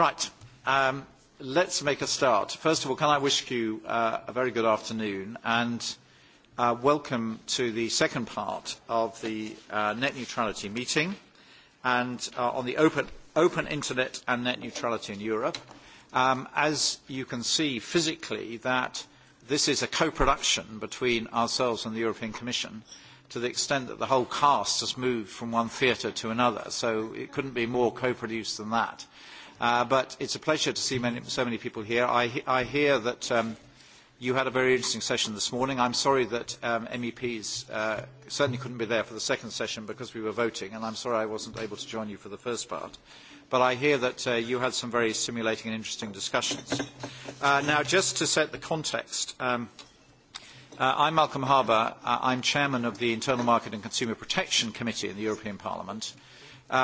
Right. Let's make a start. First of all, can I wish you a very good afternoon and welcome to the second part of the net neutrality meeting and on the open internet and net neutrality in Europe. As you can see physically that this is a co-production between ourselves and the European Commission to the extent that the whole cast has moved from one theatre to another, so it couldn't be more co-produced than that. But it's a pleasure to see so many people here. I hear that you had a very interesting session this morning. I'm sorry that MEPs certainly couldn't be there for the second session because we were voting, and I'm sorry I wasn't able to join you for the first part. But I hear that you had some very stimulating and interesting discussions. Now, just to set the context, I'm Malcolm Harbour. I'm chairman of the Internal Market and Consumer Protection Committee in the European Parliament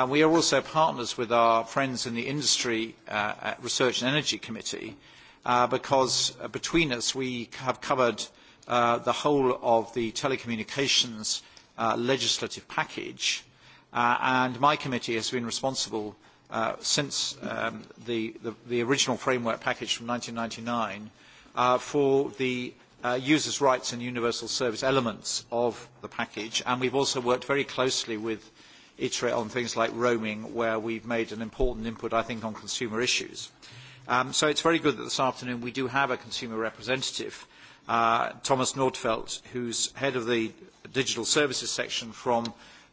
We are also partners with our friends in the Industry Research and Energy Committee because between us we have covered the whole of the telecommunications legislative package and my committee has been responsible since the original framework package from 1999 for the users' rights and universal service elements of the package and we've also worked very closely with iterate on things like roaming, where we've made an important input, I think, on consumer issues. So it's very good that this afternoon we do have a consumer representative, Thomas Nordfeldt, who's head of the digital services section from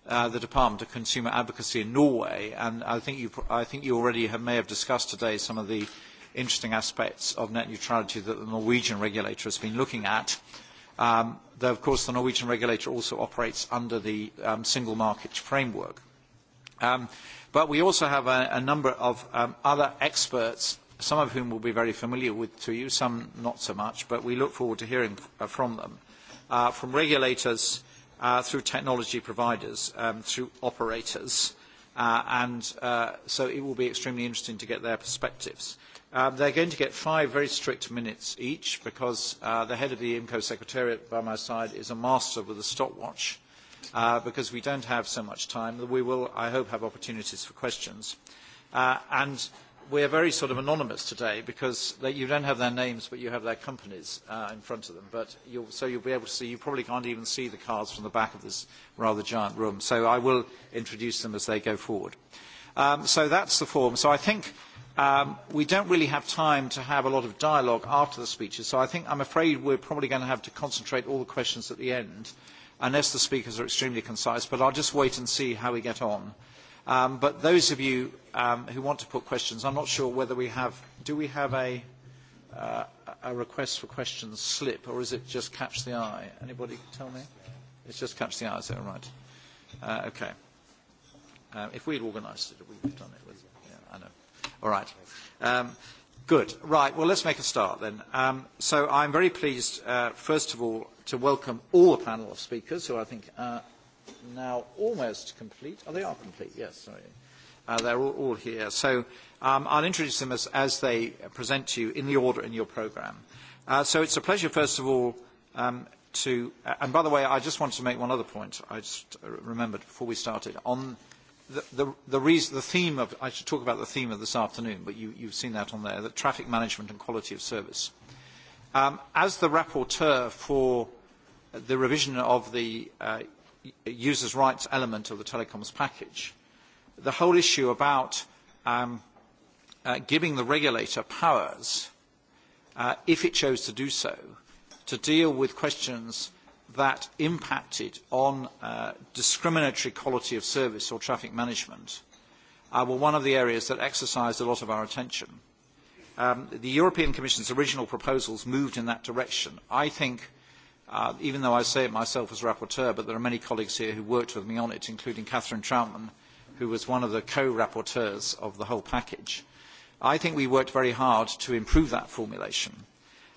the Department of Consumer Advocacy in Norway. And I think you already may have discussed today some of the interesting aspects of net neutrality that the Norwegian regulator has been looking at though of course the Norwegian regulator also operates under the single market framework. But we also have a number of other experts, some of whom will be very familiar with to you, some not so much, but we look forward to hearing from them, from regulators through technology providers, through operators, and so it will be extremely interesting to get their perspectives. They're going to get five very strict minutes each because the head of the IMCO Secretariat by my side is a master with a stopwatch because we don't have so much time. We will, I hope, have opportunities for questions. And we are very sort of anonymous today because you don't have their names but you have their companies in front of them. But So you'll be able to see, you probably can't even see the cards from the back of this rather giant room. So I will introduce them as they go forward. So that's the form. So I think We don't really have time to have a lot of dialogue after the speeches, so I think I'm afraid we're probably going to have to concentrate all the questions at the end, unless the speakers are extremely concise, but I'll just wait and see how we get on. But those of you who want to put questions, I'm not sure whether we have, do we have a request for questions slip, or is it just catch the eye? Anybody tell me? It's just catch the eye, is that right? Okay. If we'd organised it, we would have done it. All right. Good. Right. Well, let's make a start then. So I'm very pleased, first of all, to welcome all the panel of speakers, who I think are now almost complete. Oh, they are complete. Yes. Sorry. They're all here. So I'll introduce them as as they present to you in the order in your programme. So it's a pleasure, first of all, to. And by the way, I just want to make one other point. I just remembered before we started on the reason the theme of I should talk about the theme of this afternoon, but you you've seen that on there the traffic management and quality of service. As the rapporteur for the revision of the users' rights element of the telecoms package, the whole issue about giving the regulator powers, if it chose to do so, to deal with questions that impacted on discriminatory quality of service or traffic management were one of the areas that exercised a lot of our attention. The European Commission's original proposals moved in that direction. I think, even though I say it myself as rapporteur, but there are many colleagues here who worked with me on it, including Catherine Trautmann, who was one of the co-rapporteurs of the whole package. I think we worked very hard to improve that formulation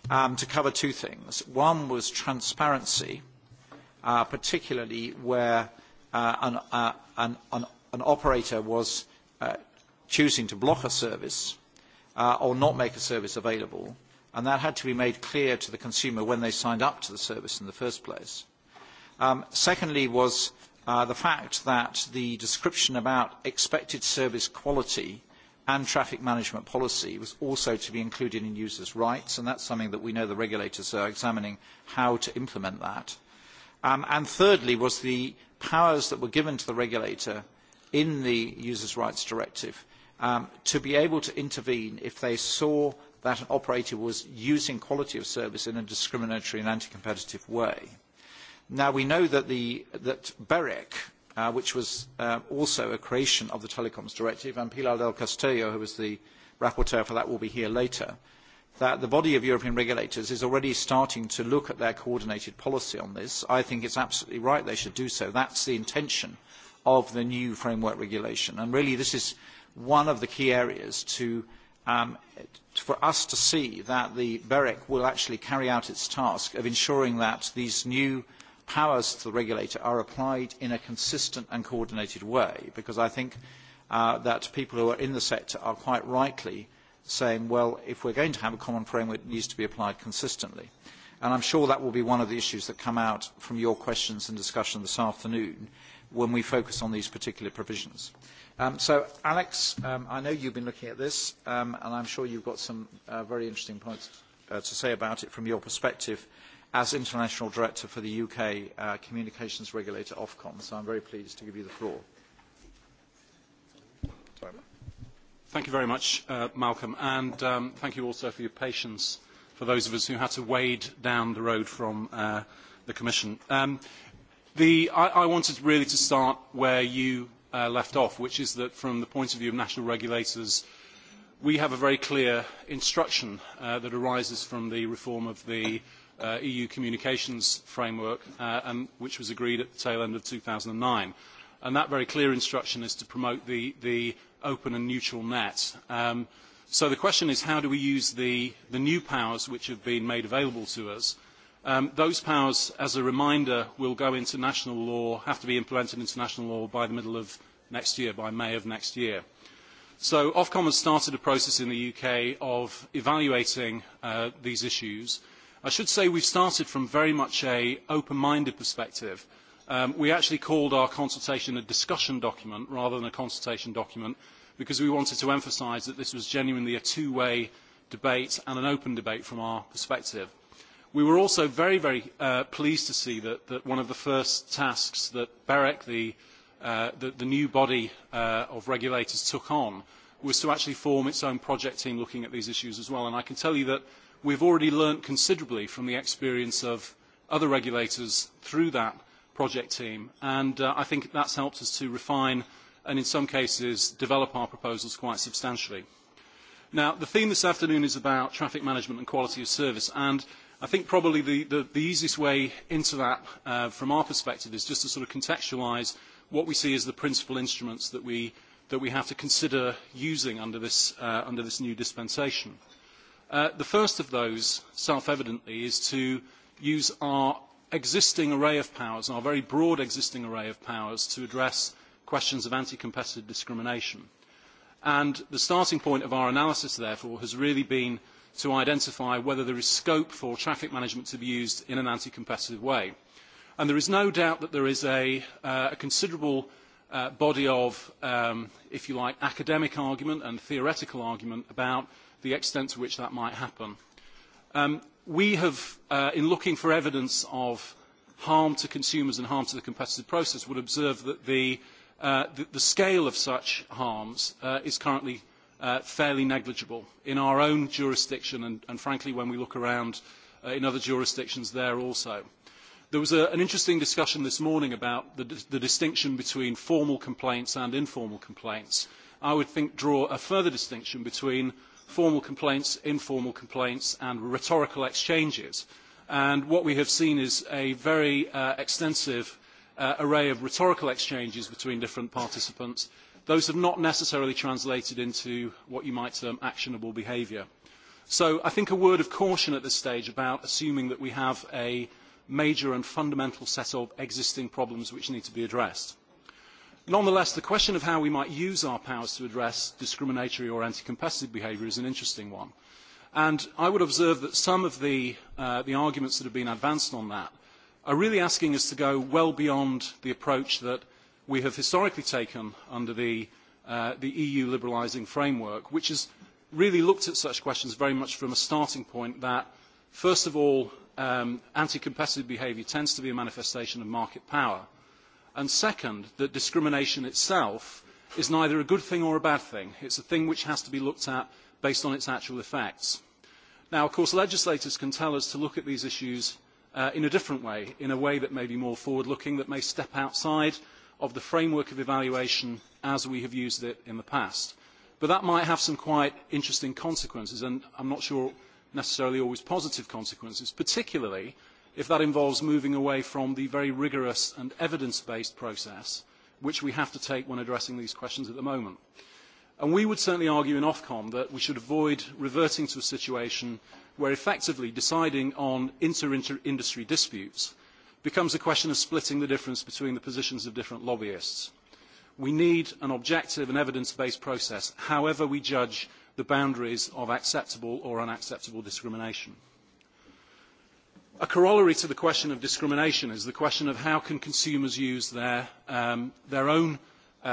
to cover two things. One was transparency, particularly where an operator was choosing to block a service or not make a service available, and that had to be made clear to the consumer when they signed up to the service in the first place. Secondly was the fact that the description about expected service quality and traffic management policy was also to be included in users' rights, and that's something that we know the regulators are examining how to implement that. And thirdly was the powers that were given to the regulator in the Users' Rights Directive to be able to intervene if they saw that an operator was using quality of service in a discriminatory and anti-competitive way. Now, we know that BEREC which was also a creation of the Telecoms Directive, and Pilar del Castillo, who was the rapporteur for that, will be here later, that the body of European regulators is already starting to look at their coordinated policy on this. I think it's absolutely right they should do so. That's the intention of the new framework regulation. And really this is one of the key areas for us to see that the BEREC will actually carry out its task of ensuring that these new powers to the regulator are applied in a consistent and coordinated way, because I think that people who are in the sector are quite rightly saying, well, if we're going to have a common framework, it needs to be applied consistently. And I'm sure that will be one of the issues that come out from your questions and discussion this afternoon when we focus on these particular provisions. So, Alex, I know you've been looking at this, and I'm sure you've got some very interesting points to say about it from your perspective as International Director for the UK Communications Regulator, Ofcom. So I'm very pleased to give you the floor. Thank you very much, Malcolm, and thank you also for your patience for those of us who had to wade down the road from the Commission. I wanted really to start where you left off, which is that from the point of view of national regulators, we have a very clear instruction that arises from the reform of the EU communications framework, which was agreed at the tail end of 2009. And that very clear instruction is to promote the open and neutral net. So the question is, how do we use the new powers which have been made available to us? Those powers, as a reminder, will go into national law, have to be implemented into national law by the middle of next year, by May of next year. So Ofcom has started a process in the UK of evaluating these issues I should say we've started from very much an open-minded perspective. We actually called our consultation a discussion document rather than a consultation document because we wanted to emphasise that this was genuinely a two-way debate and an open debate from our perspective. We were also very, very pleased to see that one of the first tasks that BEREC, the new body of regulators, took on was to actually form its own project team looking at these issues as well. And I can tell you that We've already learnt considerably from the experience of other regulators through that project team, and I think that's helped us to refine and in some cases develop our proposals quite substantially. Now, the theme this afternoon is about traffic management and quality of service, and I think probably the easiest way into that from our perspective is just to sort of contextualise what we see as the principal instruments that we have to consider using under this new dispensation. The first of those, self-evidently, is to use our existing array of powers, our very broad existing array of powers, to address questions of anti-competitive discrimination. the starting point of our analysis, therefore, has really been to identify whether there is scope for traffic management to be used in an anti-competitive way. there is no doubt that there is a considerable body of, if you like, academic argument and theoretical argument about the extent to which that might happen. We have, in looking for evidence of harm to consumers and harm to the competitive process, would observe that the scale of such harms is currently fairly negligible. In our own jurisdiction, and frankly when we look around in other jurisdictions there also. There was an interesting discussion this morning about the distinction between formal complaints and informal complaints. I would think draw a further distinction between formal complaints, informal complaints and rhetorical exchanges. And what we have seen is a very extensive array of rhetorical exchanges between different participants. Those have not necessarily translated into what you might term actionable behaviour. So I think a word of caution at this stage about assuming that we have a major and fundamental set of existing problems which need to be addressed. Nonetheless, the question of how we might use our powers to address discriminatory or anti-competitive behaviour is an interesting one. And I would observe that some of the arguments that have been advanced on that are really asking us to go well beyond the approach that we have historically taken under the EU liberalising framework, which has really looked at such questions very much from a starting point that, first of all, anti-competitive behaviour tends to be a manifestation of market power and second, that discrimination itself is neither a good thing or a bad thing. It's a thing which has to be looked at based on its actual effects. Now, of course, legislators can tell us to look at these issues in a different way, in a way that may be more forward-looking, that may step outside of the framework of evaluation as we have used it in the past. But that might have some quite interesting consequences, and I'm not sure necessarily always positive consequences, particularly if that involves moving away from the very rigorous and evidence-based process which we have to take when addressing these questions at the moment. And we would certainly argue in Ofcom that we should avoid reverting to a situation where effectively deciding on inter-industry disputes becomes a question of splitting the difference between the positions of different lobbyists. We need an objective and evidence-based process, however we judge the boundaries of acceptable or unacceptable discrimination. A corollary to the question of discrimination is the question of how can consumers use their own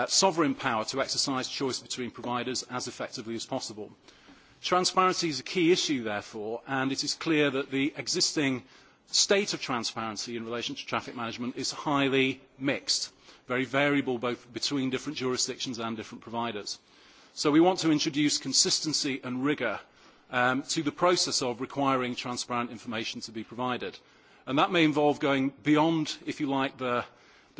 sovereign power to exercise choice between providers as effectively as possible. Transparency is a key issue, therefore, and it is clear that the existing state of transparency in relation to traffic management is highly mixed, very variable both between different jurisdictions and different providers. So we want to introduce consistency and rigour to the process of requiring transparent information to be provided. And that may involve going beyond, if you like, the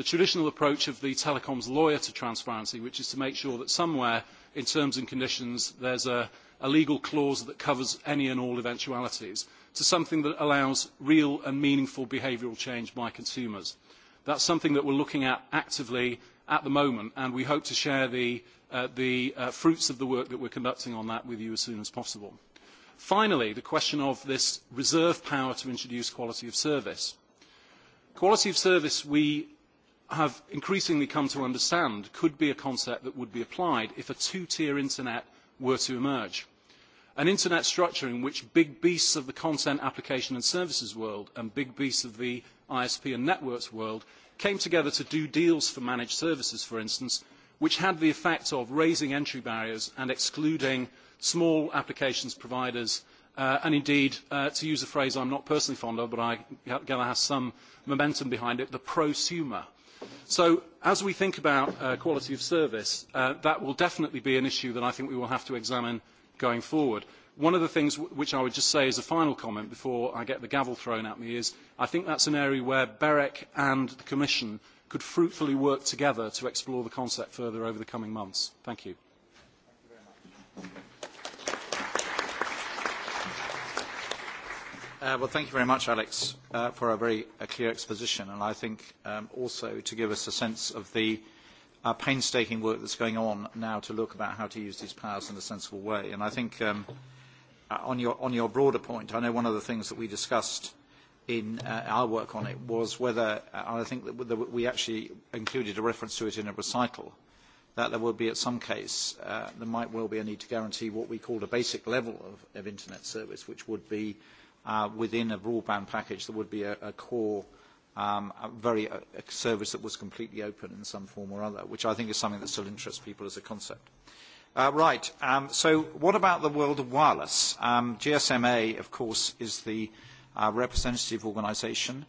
traditional approach of the telecoms lawyer to transparency, which is to make sure that somewhere in terms and conditions there's a legal clause that covers any and all eventualities, to something that allows real and meaningful behavioural change by consumers. That's something that we're looking at actively at the moment, and we hope to share the fruits of the work that we're conducting on that with you as soon as possible. Finally, the question of this reserve power to introduce quality of service. Quality of service we have increasingly come to understand could be a concept that would be applied if a two-tier internet were to emerge. An internet structure in which big beasts of the content application and services world and big beasts of the ISP and networks world came together to do deals for managed services, for instance, which had the effect of raising entry barriers and excluding small applications providers, and indeed, to use a phrase I'm not personally fond of, but I gather has some momentum behind it, the prosumer. So as we think about quality of service, that will definitely be an issue that I think we will have to examine going forward. One of the things which I would just say as a final comment before I get the gavel thrown at me is I think that's an area where BEREC and the Commission could fruitfully work together to explore the concept further over the coming months. Thank you. Well, thank you very much, Alex, for a very clear exposition, and I think also to give us a sense of the painstaking work that's going on now to look about how to use these powers in a sensible way. And I think on your broader point, I know one of the things that we discussed in our work on it was whether, and I think that we actually included a reference to it in a recital, that there would be at some case, there might well be a need to guarantee what we called a basic level of Internet service, which would be within a broadband package that would be a core very service that was completely open in some form or other, which I think is something that still interests people as a concept. Right. So what about the world of wireless? GSMA, of course, is the representative organisation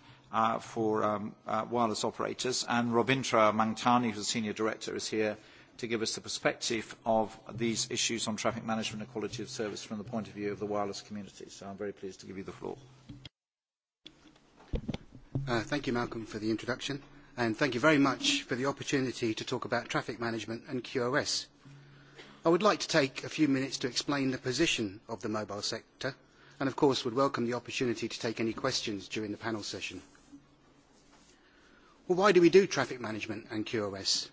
for wireless operators, and Robintra Mangtani, who's the senior director, is here to give us the perspective of these issues on traffic management and quality of service from the point of view of the wireless community. So I'm very pleased to give you the floor. Thank you, Malcolm, for the introduction, and thank you very much for the opportunity to talk about traffic management and QoS. I would like to take a few minutes to explain the position of the mobile sector, and of course would welcome the opportunity to take any questions during the panel session. Well, why do we do traffic management and QoS?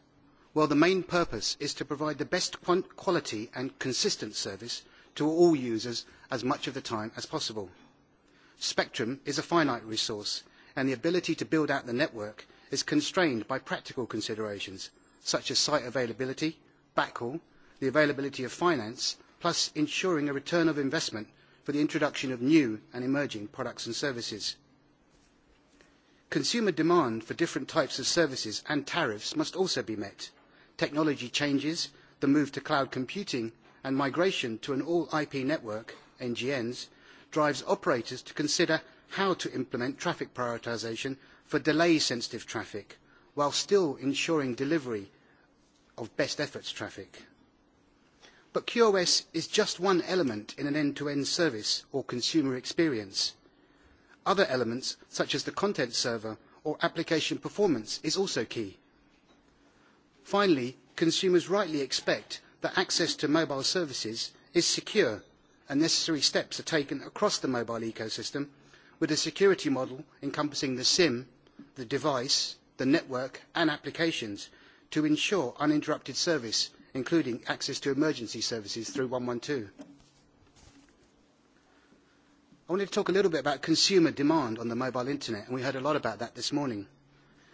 while the main purpose is to provide the best quality and consistent service to all users as much of the time as possible. Spectrum is a finite resource and the ability to build out the network is constrained by practical considerations such as site availability, backhaul, the availability of finance, plus ensuring a return of investment for the introduction of new and emerging products and services. Consumer demand for different types of services and tariffs must also be met Technology changes, the move to cloud computing and migration to an all-IP network, NGNs, drives operators to consider how to implement traffic prioritisation for delay-sensitive traffic while still ensuring delivery of best efforts traffic. But QoS is just one element in an end-to-end service or consumer experience. Other elements, such as the content server or application performance, is also key. Finally, consumers rightly expect that access to mobile services is secure and necessary steps are taken across the mobile ecosystem with a security model encompassing the SIM, the device, the network and applications to ensure uninterrupted service, including access to emergency services through 112. I wanted to talk a little bit about consumer demand on the mobile internet, and we heard a lot about that this morning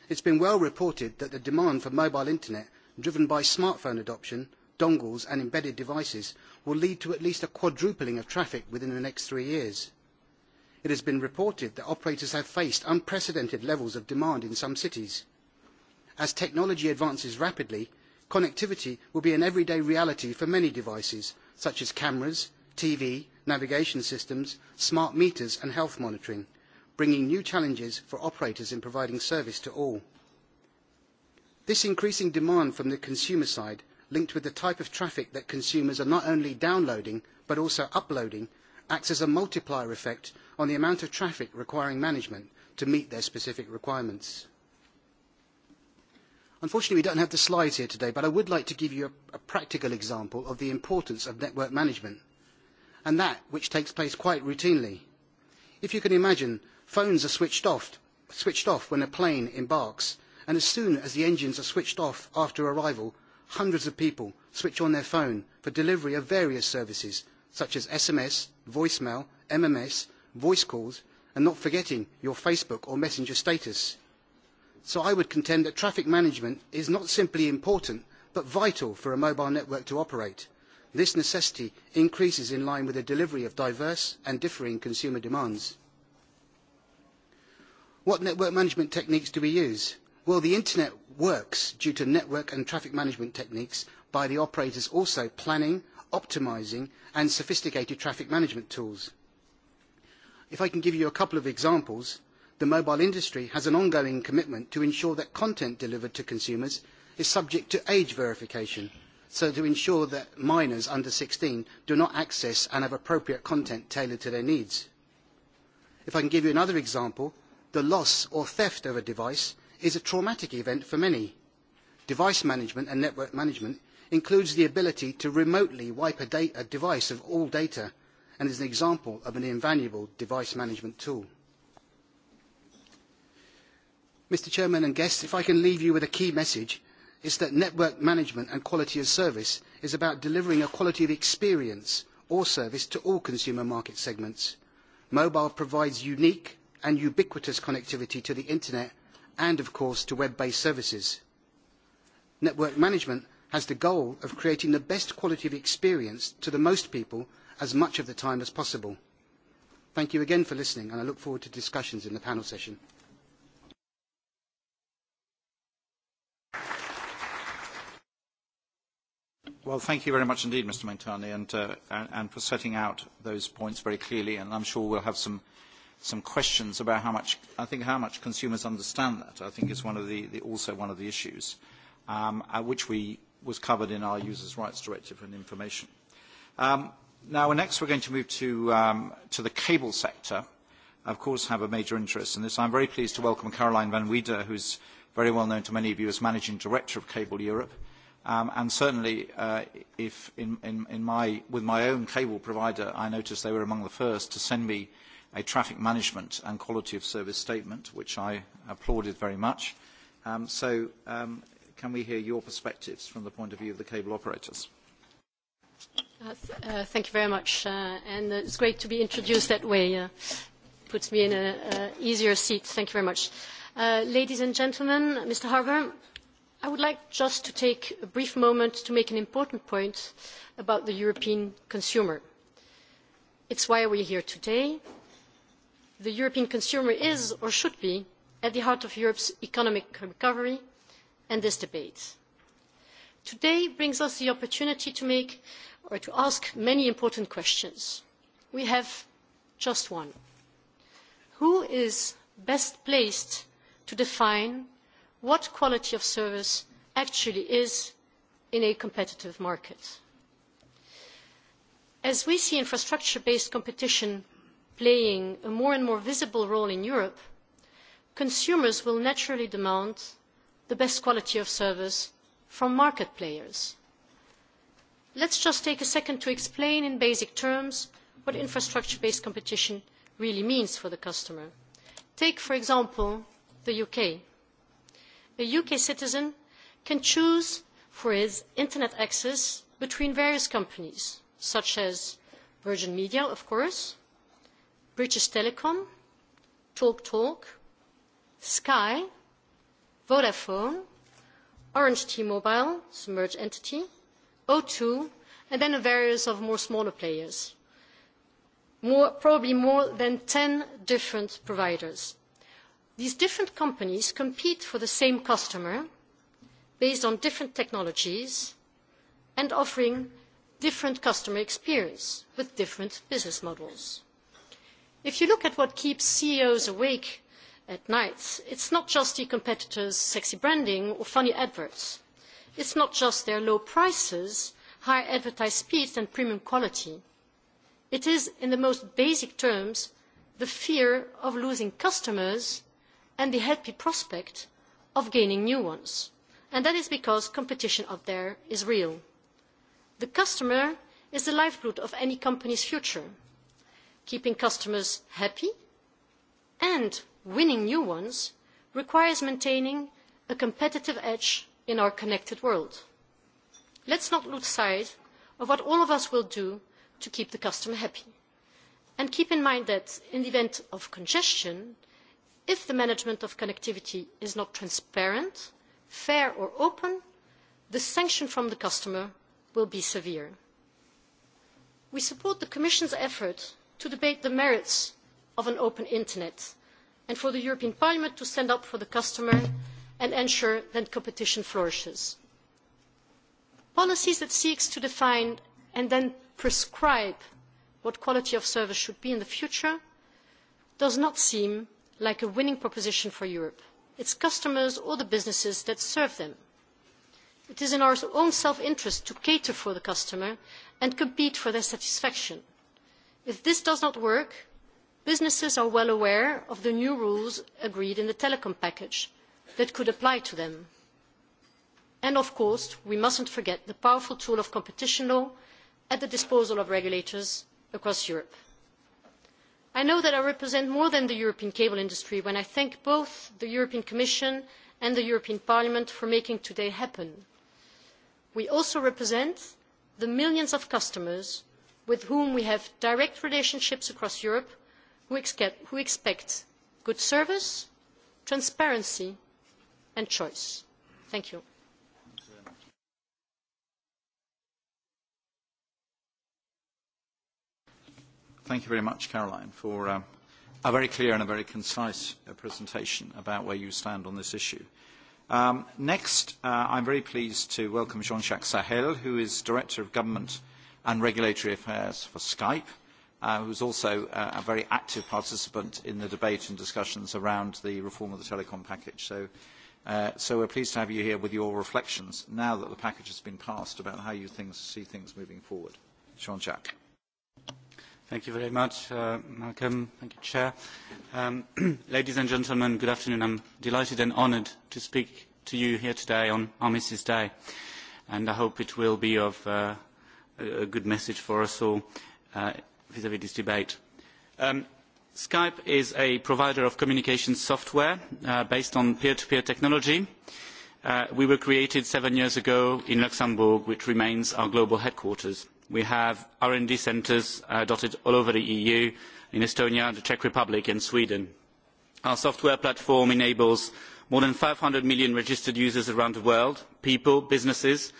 it has been well reported that the demand for mobile internet driven by smartphone adoption dongles and embedded devices will lead to at least a quadrupling of traffic within the next three years. it has been reported that operators have faced unprecedented levels of demand in some cities. as technology advances rapidly connectivity will be an everyday reality for many devices such as cameras tv navigation systems smart meters and health monitoring bringing new challenges for operators in providing service to all. This increasing demand from the consumer side, linked with the type of traffic that consumers are not only downloading but also uploading, acts as a multiplier effect on the amount of traffic requiring management to meet their specific requirements. Unfortunately, we don't have the slides here today, but I would like to give you a practical example of the importance of network management, and that which takes place quite routinely. If you can imagine phones are switched off when a plane embarks and as soon as the engines are switched off after arrival hundreds of people switch on their phone for delivery of various services such as sms voicemail mms voice calls and not forgetting your facebook or messenger status. so i would contend that traffic management is not simply important but vital for a mobile network to operate. this necessity increases in line with the delivery of diverse and differing consumer demands. What network management techniques do we use? Well, the Internet works due to network and traffic management techniques by the operators also planning, optimising and sophisticated traffic management tools. If I can give you a couple of examples, the mobile industry has an ongoing commitment to ensure that content delivered to consumers is subject to age verification, so to ensure that minors under 16 do not access and have appropriate content tailored to their needs. If I can give you another example, the loss or theft of a device is a traumatic event for many. Device management and network management includes the ability to remotely wipe a device of all data and is an example of an invaluable device management tool. Mr Chairman and guests, if I can leave you with a key message, it is that network management and quality of service is about delivering a quality of experience or service to all consumer market segments. Mobile provides unique and ubiquitous connectivity to the internet and of course to web based services. network management has the goal of creating the best quality of experience to the most people as much of the time as possible. thank you again for listening and i look forward to discussions in the panel session. Well, thank you very much indeed, Mr. Mentani, and for setting out those points very clearly, and I'm sure we'll have some some questions about how much I think how much consumers understand that. I think is one of the also one of the issues, which we was covered in our Users' Rights Directive and information. Now, next we're going to move to to the cable sector. Of course, have a major interest in this. I'm very pleased to welcome Caroline van Wieder, who's very well known to many of you as Managing Director of Cable Europe. And certainly, if in my with my own cable provider, I noticed they were among the first to send me a traffic management and quality of service statement, which I applauded very much. So can we hear your perspectives from the point of view of the cable operators? Thank you very much. And it's great to be introduced that way. Puts me in an easier seat. Thank you very much. Ladies and gentlemen, Mr. Harbour, I would like just to take a brief moment to make an important point about the European consumer. It's why we're here today the European consumer is or should be at the heart of Europe's economic recovery and this debate. Today brings us the opportunity to make or to ask many important questions. We have just one. Who is best placed to define what quality of service actually is in a competitive market? As we see infrastructure-based competition playing a more and more visible role in Europe, consumers will naturally demand the best quality of service from market players. Let's just take a second to explain in basic terms what infrastructure-based competition really means for the customer. Take, for example, the UK. A UK citizen can choose for his internet access between various companies, such as Virgin Media, of course, British Telecom, TalkTalk, Sky, Vodafone, Orange T-Mobile, submerged entity, O2, and then a various of more smaller players. Probably more than 10 different providers. These different companies compete for the same customer, based on different technologies, and offering different customer experience with different business models. If you look at what keeps CEOs awake at night, it it's not just the competitors' sexy branding or funny adverts. It's not just their low prices, high advertised speeds and premium quality. It is, in the most basic terms, the fear of losing customers and the happy prospect of gaining new ones. And that is because competition out there is real. The customer is the lifeblood of any company's future keeping customers happy and winning new ones requires maintaining a competitive edge in our connected world. Let's not lose sight of what all of us will do to keep the customer happy. And keep in mind that in the event of congestion, if the management of connectivity is not transparent, fair or open, the sanction from the customer will be severe. We support the Commission's effort to debate the merits of an open internet and for the european parliament to stand up for the customer and ensure that competition flourishes. policies that seek to define and then prescribe what quality of service should be in the future does not seem like a winning proposition for europe. It's customers or the businesses that serve them. it is in our own self interest to cater for the customer and compete for their satisfaction. If this does not work, businesses are well aware of the new rules agreed in the telecom package that could apply to them. And of course, we must not forget the powerful tool of competition law at the disposal of regulators across Europe. I know that I represent more than the European cable industry when I thank both the European Commission and the European Parliament for making today happen. We also represent the millions of customers with whom we have direct relationships across Europe, who expect good service, transparency and choice. Thank you. Thank you very much, Caroline, for a very clear and a very concise presentation about where you stand on this issue. Next, I'm very pleased to welcome Jean-Jacques Sahel, who is Director of Government and Regulatory Affairs for Skype, who is also a very active participant in the debate and discussions around the reform of the telecom package. So we're pleased to have you here with your reflections now that the package has been passed about how you see things moving forward. Sean jacques Thank you very much, Malcolm. Thank you, Chair. Ladies and gentlemen, good afternoon. I'm delighted and honoured to speak to you here today on Armistice Day, and I hope it will be of a good message for us all vis-à-vis this debate. Skype is a provider of communication software based on peer-to-peer technology. We were created seven years ago in Luxembourg, which remains our global headquarters. We have R&D centres dotted all over the EU, in Estonia, the Czech Republic and Sweden. Our software platform enables more than 500 million registered users around the world, people, businesses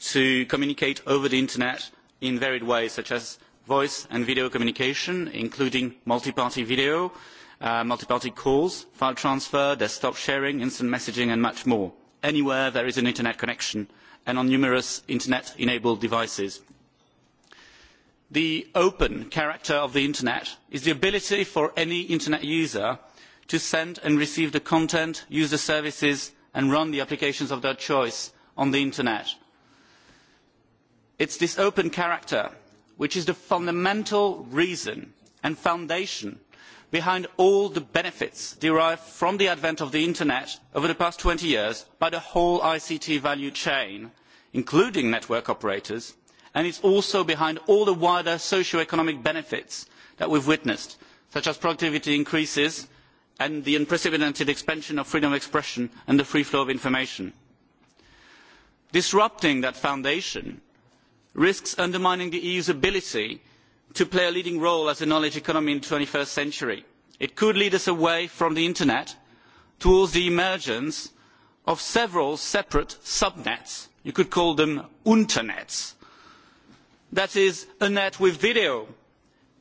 to communicate over the Internet in varied ways, such as voice and video communication, including multi-party video, multi-party calls, file transfer, desktop sharing, instant messaging, and much more, anywhere there is an Internet connection and on numerous Internet-enabled devices. The open character of the Internet is the ability for any Internet user to send and receive the content, use the services, and run the applications of their choice on the Internet it is this open character which is the fundamental reason and foundation behind all the benefits derived from the advent of the internet over the past twenty years by the whole ict value chain including network operators and it is also behind all the wider socio economic benefits that we have witnessed such as productivity increases and the unprecedented expansion of freedom of expression and the free flow of information. disrupting that foundation risks undermining the eu's ability to play a leading role as a knowledge economy in the twenty first century. it could lead us away from the internet towards the emergence of several separate subnets you could call them unternets that is a net with video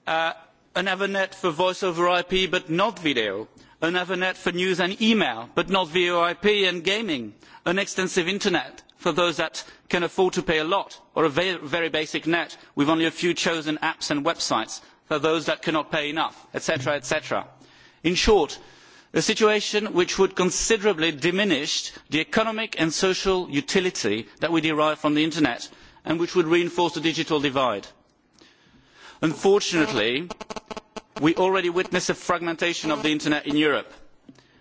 an net for voice over ip but not video an net for news and email but not voip and gaming an extensive internet for those that can afford to pay a lot or a very basic net with only a few chosen apps and websites for those that cannot pay enough, etc. etc. In short, a situation which would considerably diminish the economic and social utility that we derive from the Internet and which would reinforce the digital divide. Unfortunately, we already witness a fragmentation of the Internet in Europe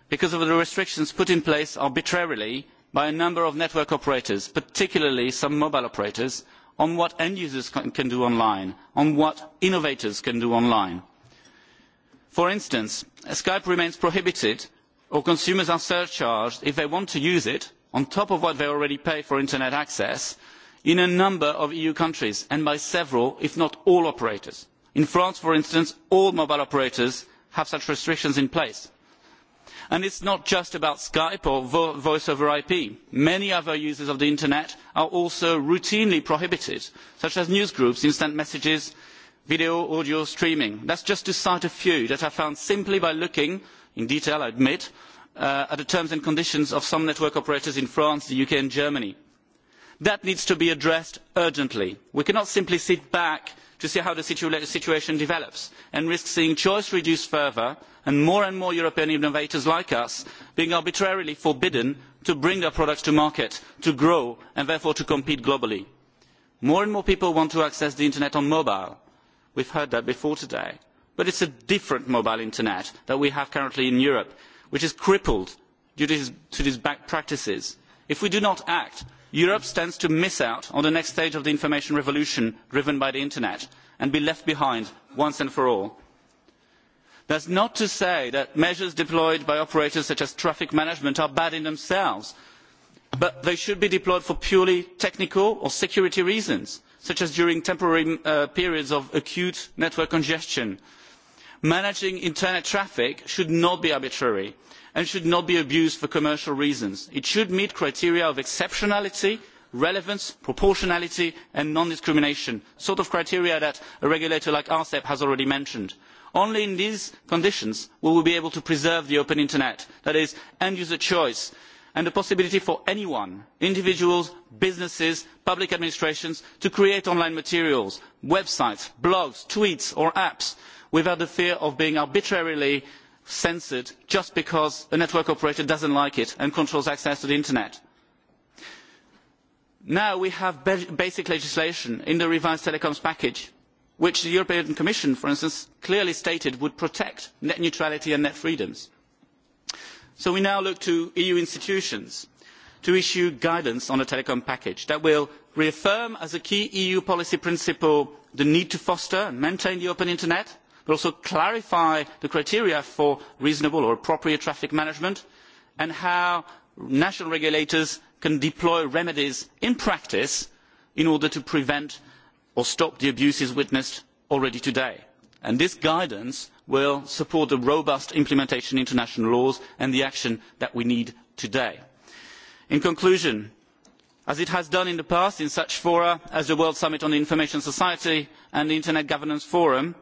because of the restrictions put in place arbitrarily by a number of network operators, particularly some mobile operators, on what end users can do online, on what innovators can do online. For instance, Skype remains prohibited or consumers are surcharged if they want to use it, on top of what they already pay for Internet access, in a number of EU countries and by several, if not all, operators. In France, for instance, all mobile operators have such restrictions in place and is not just about skype or voice over ip many other uses of the internet are also routinely prohibited such as news groups instant messages video audio streaming is just to cite a few that i found simply by looking in detail i admit at the terms and conditions of some network operators in france the uk and germany that needs to be addressed urgently we cannot simply sit back to see how the situation develops and risk seeing choice reduced further and more and more European innovators like us being arbitrarily forbidden to bring their products to market, to grow and therefore to compete globally. More and more people want to access the Internet on mobile. We have heard that before today. But it is a different mobile Internet that we have currently in Europe, which is crippled due to these bad practices. If we do not act, Europe stands to miss out on the next stage of the information revolution driven by the Internet and be left behind once and for all that is not to say that measures deployed by operators such as traffic management are bad in themselves but they should be deployed for purely technical or security reasons such as during temporary periods of acute network congestion. managing internet traffic should not be arbitrary and should not be abused for commercial reasons. it should meet criteria of exceptionality relevance proportionality and non discrimination the sort of criteria that a regulator like arcep has already mentioned only in these conditions will we be able to preserve the open internet that is end user choice and the possibility for anyone individuals businesses public administrations to create online materials websites blogs tweets or apps without the fear of being arbitrarily censored just because a network operator does not like it and controls access to the internet. now we have basic legislation in the revised telecoms package which the European Commission, for instance, clearly stated would protect net neutrality and net freedoms. So we now look to EU institutions to issue guidance on a telecom package that will reaffirm as a key EU policy principle the need to foster and maintain the open Internet, but also clarify the criteria for reasonable or appropriate traffic management and how national regulators can deploy remedies in practice in order to prevent or stop the abuses witnessed already today. And This guidance will support the robust implementation of international laws and the action that we need today. In conclusion, as it has done in the past in such fora as the World Summit on the Information Society and the Internet Governance Forum,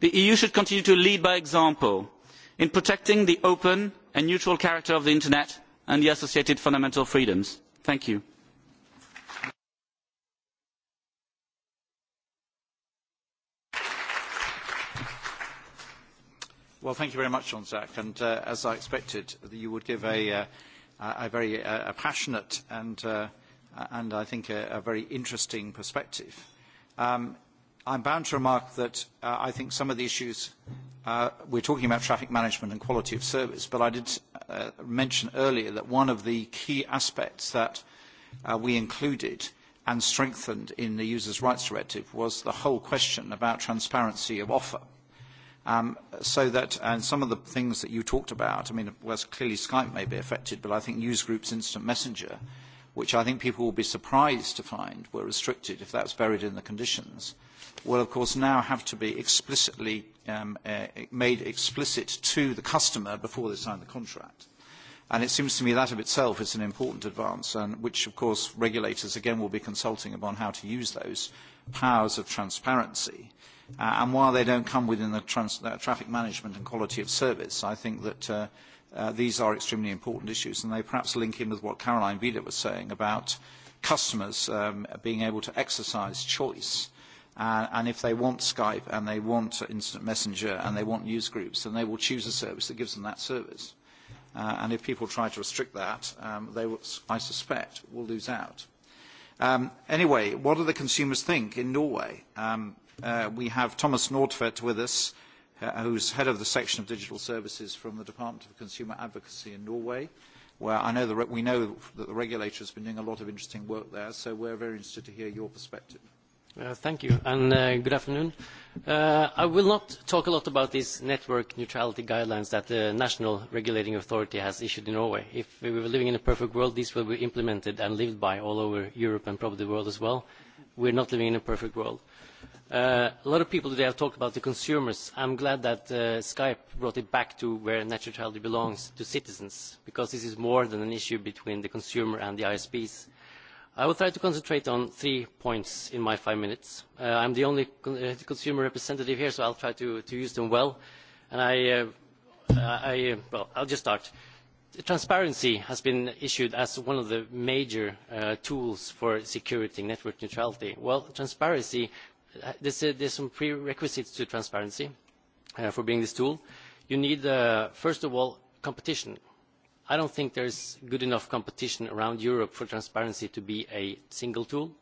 the EU should continue to lead by example in protecting the open and neutral character of the Internet and the associated fundamental freedoms. Thank you. Well, thank you very much, Jean-Jacques. And as I expected, you would give a a very passionate and I think a very interesting perspective. I'm bound to remark that I think some of the issues, we're talking about traffic management and quality of service, but I did mention earlier that one of the key aspects that we included and strengthened in the Users' Rights Directive was the whole question about transparency of offer so that and some of the things that you talked about, I mean, well, clearly Skype may be affected, but I think groups instant messenger, which I think people will be surprised to find were restricted if that's buried in the conditions, will of course now have to be explicitly made explicit to the customer before they sign the contract. And it seems to me that of itself is an important advance, and which of course regulators again will be consulting upon how to use those powers of transparency And while they don't come within the traffic management and quality of service, I think that these are extremely important issues, and they perhaps link in with what Caroline Vida was saying about customers being able to exercise choice. And if they want Skype and they want Instant Messenger and they want news groups, then they will choose a service that gives them that service. And if people try to restrict that, they, I suspect, will lose out. Anyway, what do the consumers think in Norway? we have Thomas Nordfett with us, who's head of the section of digital services from the Department of Consumer Advocacy in Norway, where I know we know that the regulator has been doing a lot of interesting work there, so we're very interested to hear your perspective. Thank you, and good afternoon. I will not talk a lot about these network neutrality guidelines that the national regulating authority has issued in Norway. If we were living in a perfect world, these will be implemented and lived by all over Europe and probably the world as well. We're not living in a perfect world. A lot of people today have talked about the consumers. I'm glad that Skype brought it back to where net neutrality belongs, to citizens, because this is more than an issue between the consumer and the ISPs. I will try to concentrate on three points in my five minutes. I'm the only consumer representative here, so I'll try to use them well. And I, well, I'll just start. Transparency has been issued as one of the major tools for security network neutrality. Well, transparency, there's some prerequisites to transparency for being this tool. You need, first of all, competition. I don't think there's good enough competition around Europe for transparency to be a single tool.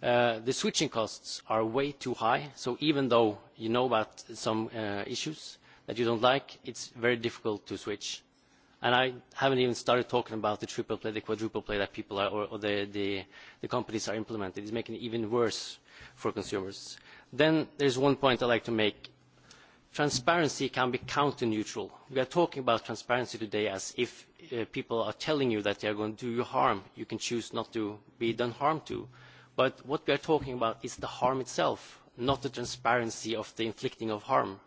The switching costs are way too high, so even though you know about some issues that you don't like, it's very difficult to switch. And I haven't even started talking about the triple play, the quadruple play that people or the companies are implementing. It's making it even worse for consumers. Then there is one point I'd like to make transparency can be counter neutral. We are talking about transparency today as if people are telling you that they are going to do you harm. You can choose not to be done harm to. But what we are talking about is the harm itself, not the transparency of the inflicting of harm.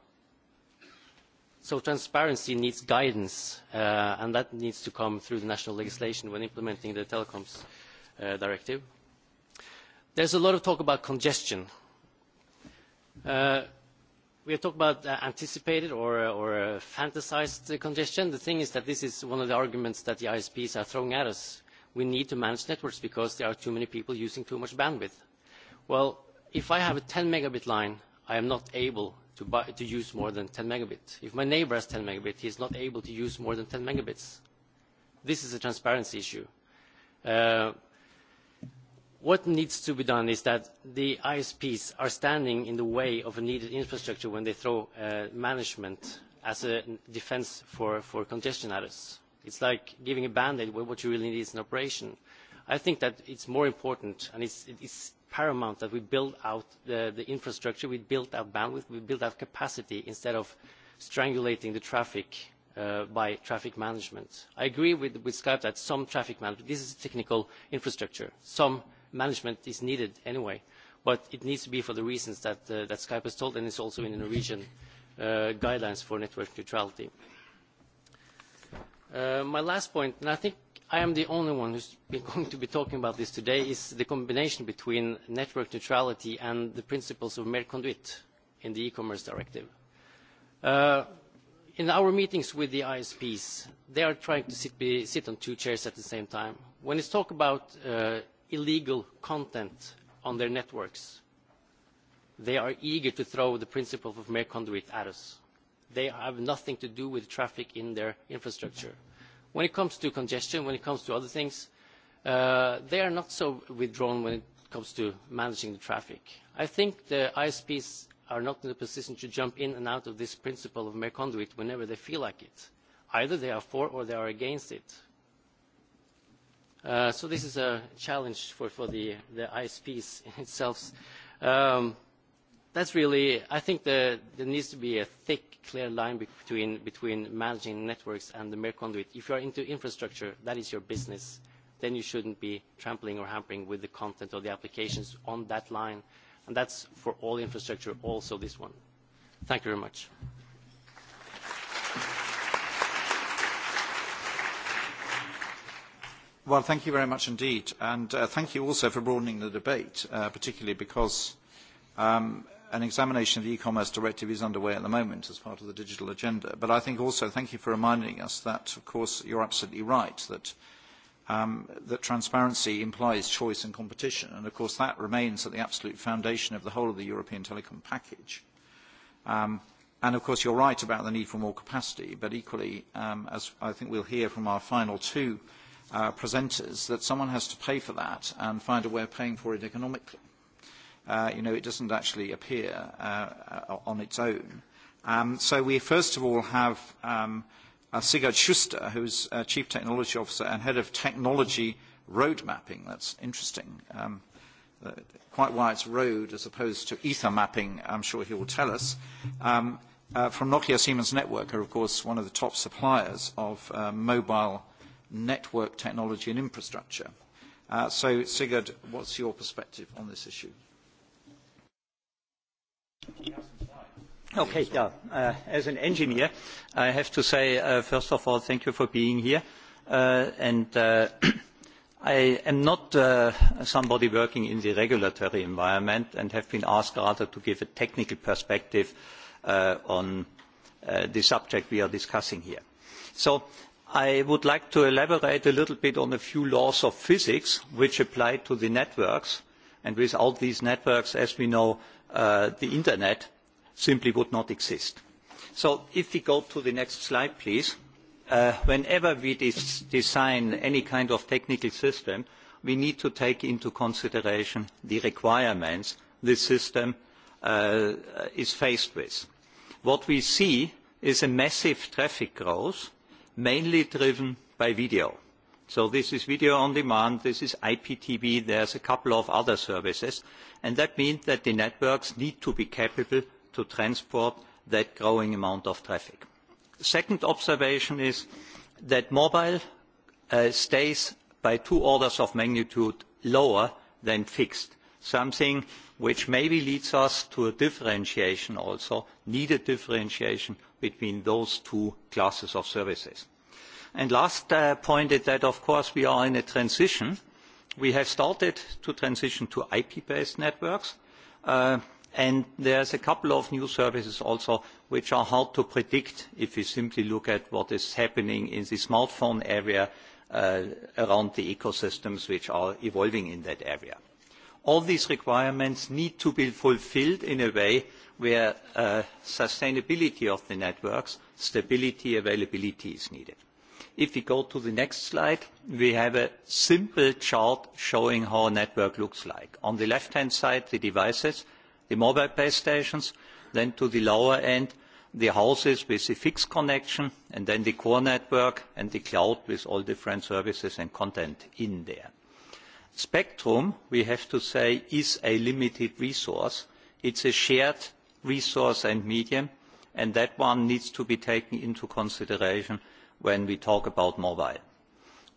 So transparency needs guidance, and that needs to come through the national legislation when implementing the telecoms directive. There's a lot of talk about congestion. We are talking about anticipated or fantasized congestion. The thing is that this is one of the arguments that the ISPs are throwing at us. We need to manage networks because there are too many people using too much bandwidth. Well, if I have a 10 megabit line, I am not able to use more than 10 megabit. If my neighbor has 10 megabit, he is not able to use more than 10 megabits. This is a transparency issue. What needs to be done is that the ISPs are standing in the way of a needed infrastructure when they throw management as a defence for congestion at us. It's like giving a band-aid when what you really need is an operation. I think that it's more important and it's paramount that we build out the infrastructure, we build out bandwidth, we build out capacity instead of strangulating the traffic by traffic management. I agree with Skype that some traffic management, this is technical infrastructure, some management is needed anyway, but it needs to be for the reasons that Skype has told, and it's also in the Norwegian guidelines for network neutrality. My last point, and I think I am the only one who's going to be talking about this today, is the combination between network neutrality and the principles of conduit in the e-commerce directive. In our meetings with the ISPs, they are trying to sit on two chairs at the same time. When it's talk about illegal content on their networks. They are eager to throw the principle of mere conduit at us. They have nothing to do with traffic in their infrastructure. When it comes to congestion, when it comes to other things, they are not so withdrawn when it comes to managing the traffic. I think the ISPs are not in a position to jump in and out of this principle of mere conduit whenever they feel like it. Either they are for or they are against it. So this is a challenge for the ISPs itself. That's really, I think there needs to be a thick, clear line between managing networks and the mere conduit. If you are into infrastructure, that is your business, then you shouldn't be trampling or hampering with the content or the applications on that line. And that's for all infrastructure, also this one. Thank you very much. Well, thank you very much indeed. And thank you also for broadening the debate, particularly because an examination of the e-commerce directive is underway at the moment as part of the digital agenda. But I think also thank you for reminding us that, of course, you're absolutely right, that that transparency implies choice and competition. And, of course, that remains at the absolute foundation of the whole of the European telecom package. And, of course, you're right about the need for more capacity. But equally, as I think we'll hear from our final two presenters that someone has to pay for that and find a way of paying for it economically. You know, it doesn't actually appear on its own. So we first of all have Sigurd Schuster, who is Chief Technology Officer and Head of Technology Road Mapping. That's interesting. Quite why it's road as opposed to ether mapping, I'm sure he will tell us. From Nokia Siemens Network, are of course one of the top suppliers of mobile network technology and infrastructure. So, Sigurd, what's your perspective on this issue? Okay, yeah. As an engineer, I have to say, first of all, thank you for being here. And I am not somebody working in the regulatory environment and have been asked rather to give a technical perspective on the subject we are discussing here. So I would like to elaborate a little bit on a few laws of physics which apply to the networks, and without these networks, as we know, the Internet simply would not exist. So if we go to the next slide, please. Whenever we design any kind of technical system, we need to take into consideration the requirements the system is faced with. What we see is a massive traffic growth mainly driven by video. So this is video on demand, this is IPTV, there's a couple of other services, and that means that the networks need to be capable to transport that growing amount of traffic. Second observation is that mobile stays by two orders of magnitude lower than fixed something which maybe leads us to a differentiation also, needed differentiation between those two classes of services. And last point is that, of course, we are in a transition. We have started to transition to IP-based networks, and there's a couple of new services also which are hard to predict if we simply look at what is happening in the smartphone area around the ecosystems which are evolving in that area all these requirements need to be fulfilled in a way where sustainability of the networks, stability, availability is needed. If we go to the next slide, we have a simple chart showing how a network looks like. On the left-hand side, the devices, the mobile base stations, then to the lower end, the houses with the fixed connection, and then the core network and the cloud with all different services and content in there. Spectrum, we have to say, is a limited resource. It is a shared resource and medium, and that one needs to be taken into consideration when we talk about mobile.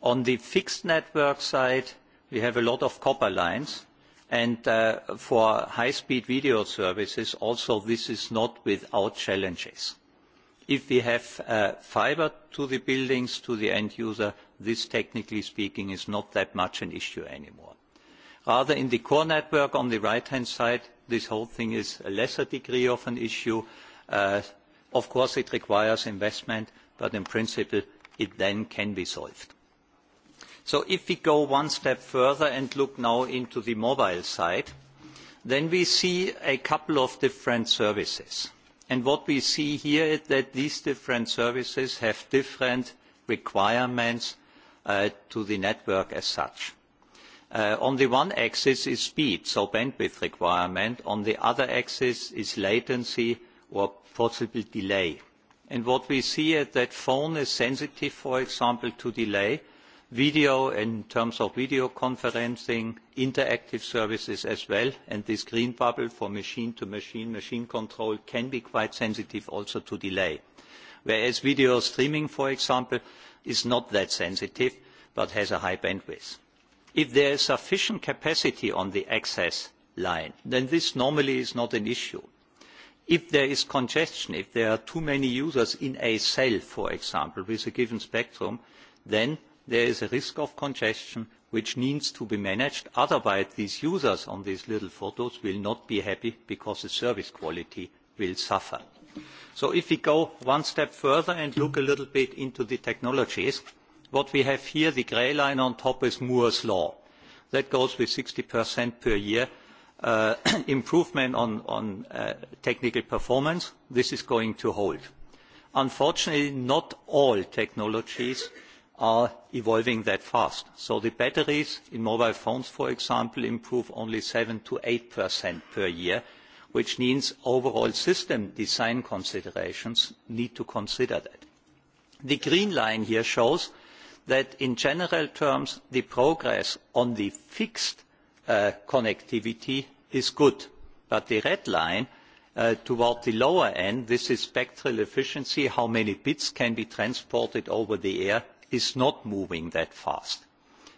On the fixed network side, we have a lot of copper lines, and for high-speed video services, also this is not without challenges. If we have fibre to the buildings, to the end user, this, technically speaking, is not that much an issue anymore. Rather, in the core network on the right-hand side, this whole thing is a lesser degree of an issue. Of course, it requires investment, but in principle, it then can be solved. So if we go one step further and look now into the mobile side, then we see a couple of different services what we see here is that these different services have different requirements to the network as such. On the one axis is speed, so bandwidth requirement. On the other axis is latency or possible delay. what we see is that phone is sensitive, for example, to delay video in terms of video conferencing, interactive services as well, and this green bubble for machine-to-machine, machine control can be quite sensitive also to delay. Whereas video streaming, for example, is not that sensitive, but has a high bandwidth. If there is sufficient capacity on the access line, then this normally is not an issue. If there is congestion, if there are too many users in a cell, for example, with a given spectrum, then there is a risk of congestion which needs to be managed. Otherwise, these users on these little photos will not be happy because the service quality will suffer. So if we go one step further and look a little bit into the technologies, what we have here, the grey line on top is Moore's law. That goes with 60% per year improvement on technical performance. This is going to hold. Unfortunately, not all technologies are evolving that fast. So the batteries in mobile phones, for example, improve only 7 to 8 per year, which means overall system design considerations need to consider that. The green line here shows that in general terms the progress on the fixed connectivity is good, but the red line toward the lower end, this is spectral efficiency, how many bits can be transported over the air is not moving that fast.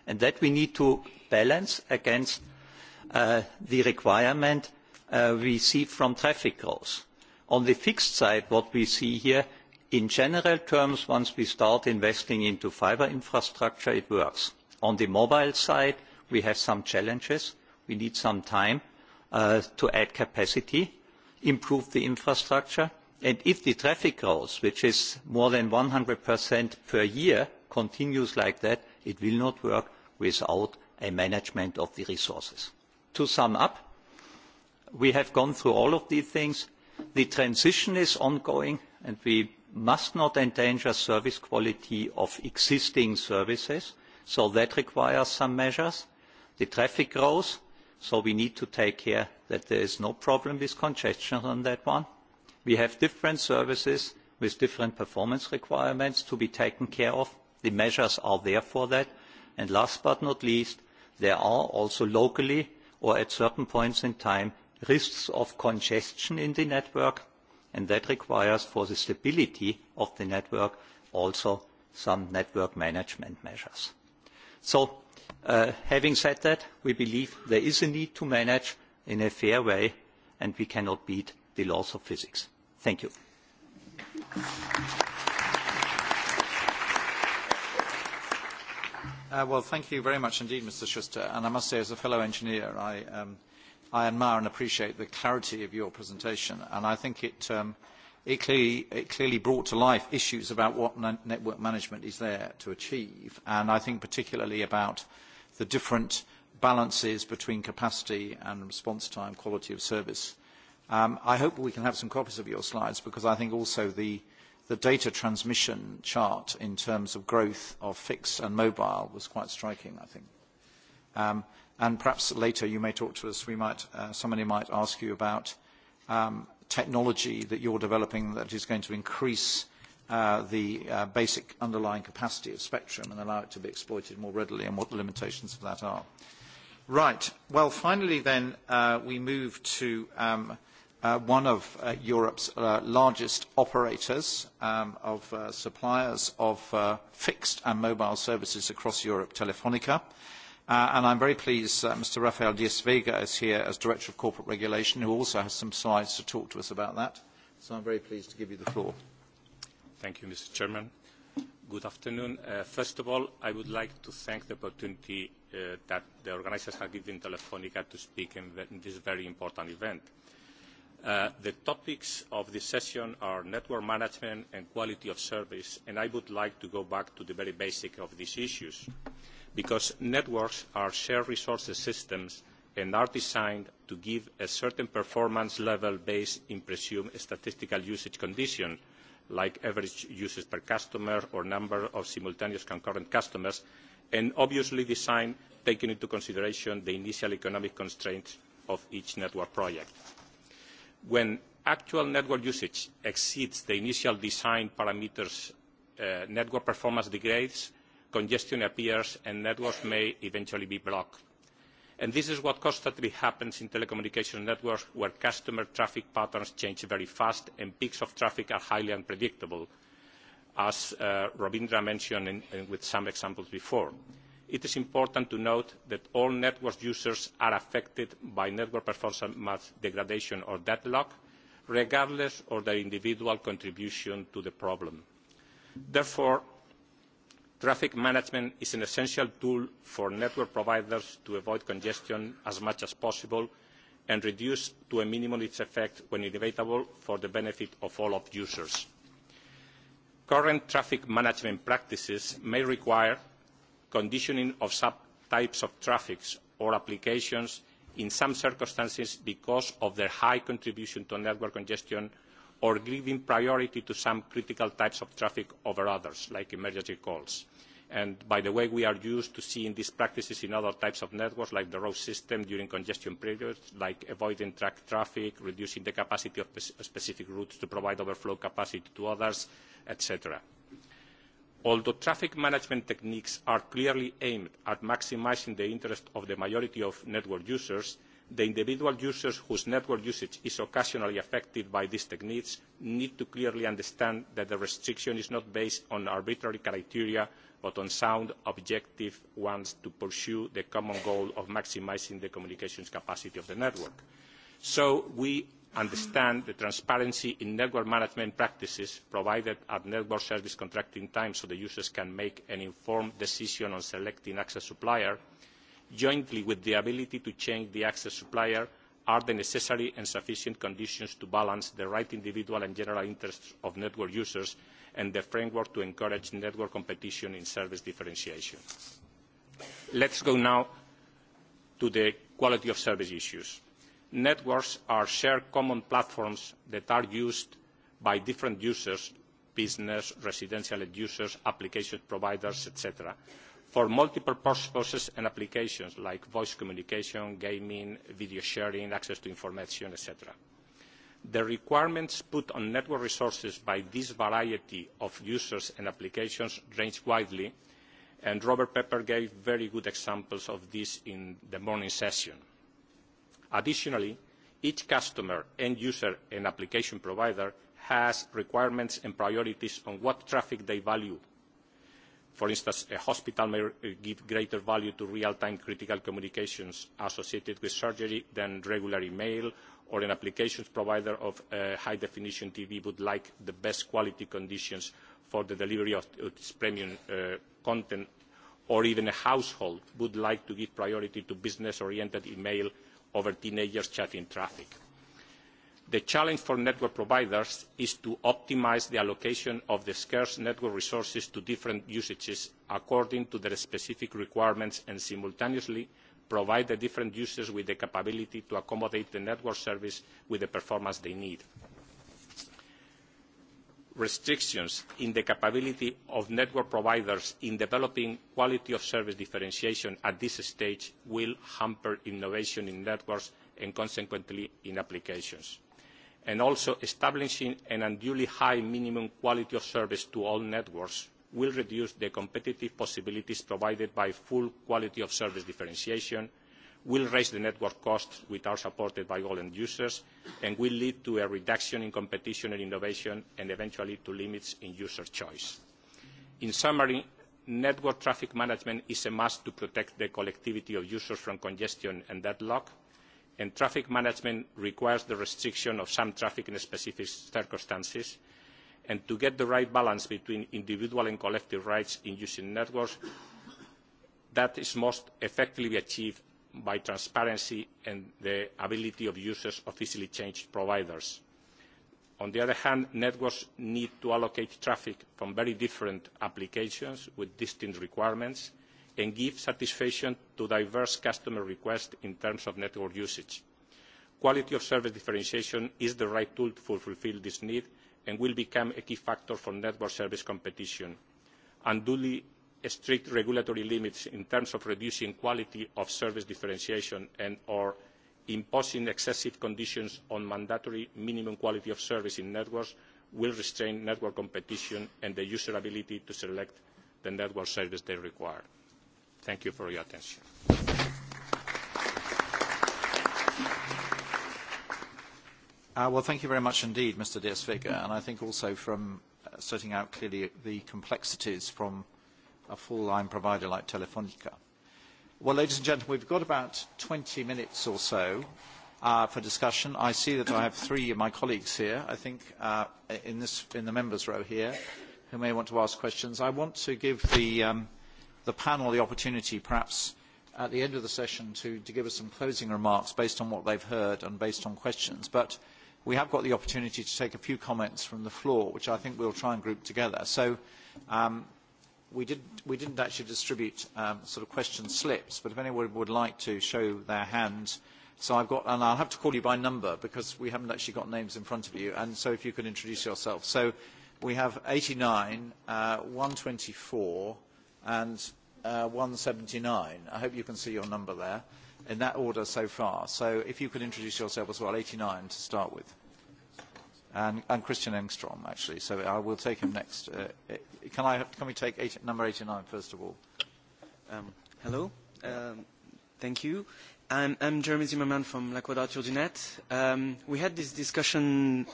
And that we need to balance against the requirement we see from traffic growth. On the fixed side, what we see here, in general terms, once we start investing into fiber infrastructure, it works. On the mobile side, we have some challenges. We need some time to add capacity, improve the infrastructure. And if the traffic growth, which is more than 100% per year, continues like that, it will not work without a management of the resources. To sum up, we have gone through all of these things. The transition is ongoing, and we must not endanger service quality of existing services, so that requires some measures. The traffic grows, so we need to take care that there is no problem with congestion on that one. We have different services with different performance requirements to be taken care of The measures are there for that. And last but not least, there are also locally or at certain points in time risks of congestion in the network, and that requires for the stability of the network also some network management measures. So having said that, we believe there is a need to manage in a fair way, and we cannot beat the laws of physics. Thank you. Well, thank you very much indeed, Mr. Schuster. And I must say, as a fellow engineer, I admire and appreciate the clarity of your presentation. And I think it clearly brought to life issues about what network management is there to achieve. And I think particularly about the different balances between capacity and response time, quality of service. I hope we can have some copies of your slides because I think also the the data transmission chart in terms of growth of fixed and mobile was quite striking, I think. And perhaps later you may talk to us, we might, somebody might ask you about technology that you're developing that is going to increase the basic underlying capacity of spectrum and allow it to be exploited more readily and what the limitations of that are. Right. Well, finally then, we move to one of Europe's largest operators of suppliers of fixed and mobile services across Europe, Telefonica. And I'm very pleased that Mr. Rafael Diaz-Vega is here as Director of Corporate Regulation, who also has some slides to talk to us about that. So I'm very pleased to give you the floor. Thank you, Mr. Chairman. Good afternoon. First of all, I would like to thank the opportunity that the organisers have given Telefonica to speak in this very important event. The topics of this session are network management and quality of service, and I would like to go back to the very basic of these issues, because networks are shared resources systems and are designed to give a certain performance level based in presumed statistical usage conditions, like average usage per customer or number of simultaneous concurrent customers, and obviously designed taking into consideration the initial economic constraints of each network project when actual network usage exceeds the initial design parameters network performance degrades congestion appears and networks may eventually be blocked. and this is what constantly happens in telecommunication networks where customer traffic patterns change very fast and peaks of traffic are highly unpredictable as robindra mentioned with some examples before it is important to note that all network users are affected by network performance degradation or deadlock regardless of their individual contribution to the problem. therefore traffic management is an essential tool for network providers to avoid congestion as much as possible and reduce to a minimum its effect when inevitable for the benefit of all of users. current traffic management practices may require conditioning of subtypes of traffic or applications in some circumstances because of their high contribution to network congestion or giving priority to some critical types of traffic over others, like emergency calls. And, by the way, we are used to seeing these practices in other types of networks, like the road system during congestion periods, like avoiding track traffic, reducing the capacity of specific routes to provide overflow capacity to others, etc. Although traffic management techniques are clearly aimed at maximising the interest of the majority of network users, the individual users whose network usage is occasionally affected by these techniques need to clearly understand that the restriction is not based on arbitrary criteria but on sound, objective ones to pursue the common goal of maximising the communications capacity of the network. So we understand the transparency in network management practices provided at network service contracting time so the users can make an informed decision on selecting access supplier, jointly with the ability to change the access supplier, are the necessary and sufficient conditions to balance the right individual and general interests of network users and the framework to encourage network competition in service differentiation. Let's go now to the quality of service issues networks are shared common platforms that are used by different users business residential users application providers etc. for multiple purposes and applications like voice communication gaming video sharing access to information etc. the requirements put on network resources by this variety of users and applications range widely and robert pepper gave very good examples of this in the morning session Additionally, each customer, end user and application provider has requirements and priorities on what traffic they value. For instance, a hospital may give greater value to real-time critical communications associated with surgery than regular email, or an applications provider of high-definition TV would like the best quality conditions for the delivery of its premium content, or even a household would like to give priority to business-oriented email over teenagers chatting traffic. The challenge for network providers is to optimise the allocation of the scarce network resources to different usages according to their specific requirements and simultaneously provide the different users with the capability to accommodate the network service with the performance they need restrictions in the capability of network providers in developing quality of service differentiation at this stage will hamper innovation in networks and consequently in applications. And also establishing an unduly high minimum quality of service to all networks will reduce the competitive possibilities provided by full quality of service differentiation will raise the network costs which are supported by all end users and will lead to a reduction in competition and innovation and eventually to limits in user choice. In summary, network traffic management is a must to protect the collectivity of users from congestion and deadlock, and traffic management requires the restriction of some traffic in specific circumstances, and to get the right balance between individual and collective rights in using networks, that is most effectively achieved by transparency and the ability of users of easily changed providers. On the other hand, networks need to allocate traffic from very different applications with distinct requirements and give satisfaction to diverse customer requests in terms of network usage. Quality of service differentiation is the right tool to fulfil this need and will become a key factor for network service competition. Unduly strict regulatory limits in terms of reducing quality of service differentiation and or imposing excessive conditions on mandatory minimum quality of service in networks will restrain network competition and the user ability to select the network service they require. Thank you for your attention. Well, thank you very much indeed, Mr. diaz and I think also from setting out clearly the complexities from a full-line provider like Telefonica. Well, ladies and gentlemen, we've got about 20 minutes or so for discussion. I see that I have three of my colleagues here, I think, in the members' row here, who may want to ask questions. I want to give the panel the opportunity, perhaps, at the end of the session to give us some closing remarks based on what they've heard and based on questions. But we have got the opportunity to take a few comments from the floor, which I think we'll try and group together. So We didn't actually distribute sort of question slips, but if anyone would like to show their hand, so I've got, and I'll have to call you by number because we haven't actually got names in front of you, and so if you could introduce yourself. So we have 89, 124, and 179. I hope you can see your number there, in that order so far. So if you could introduce yourself as well, 89 to start with and Christian Engstrom, actually. So I will take him next. Can I can we take number 89 first of all? Hello. Thank you. I'm Jeremy Zimmerman from La Quadrature du Net. We had this discussion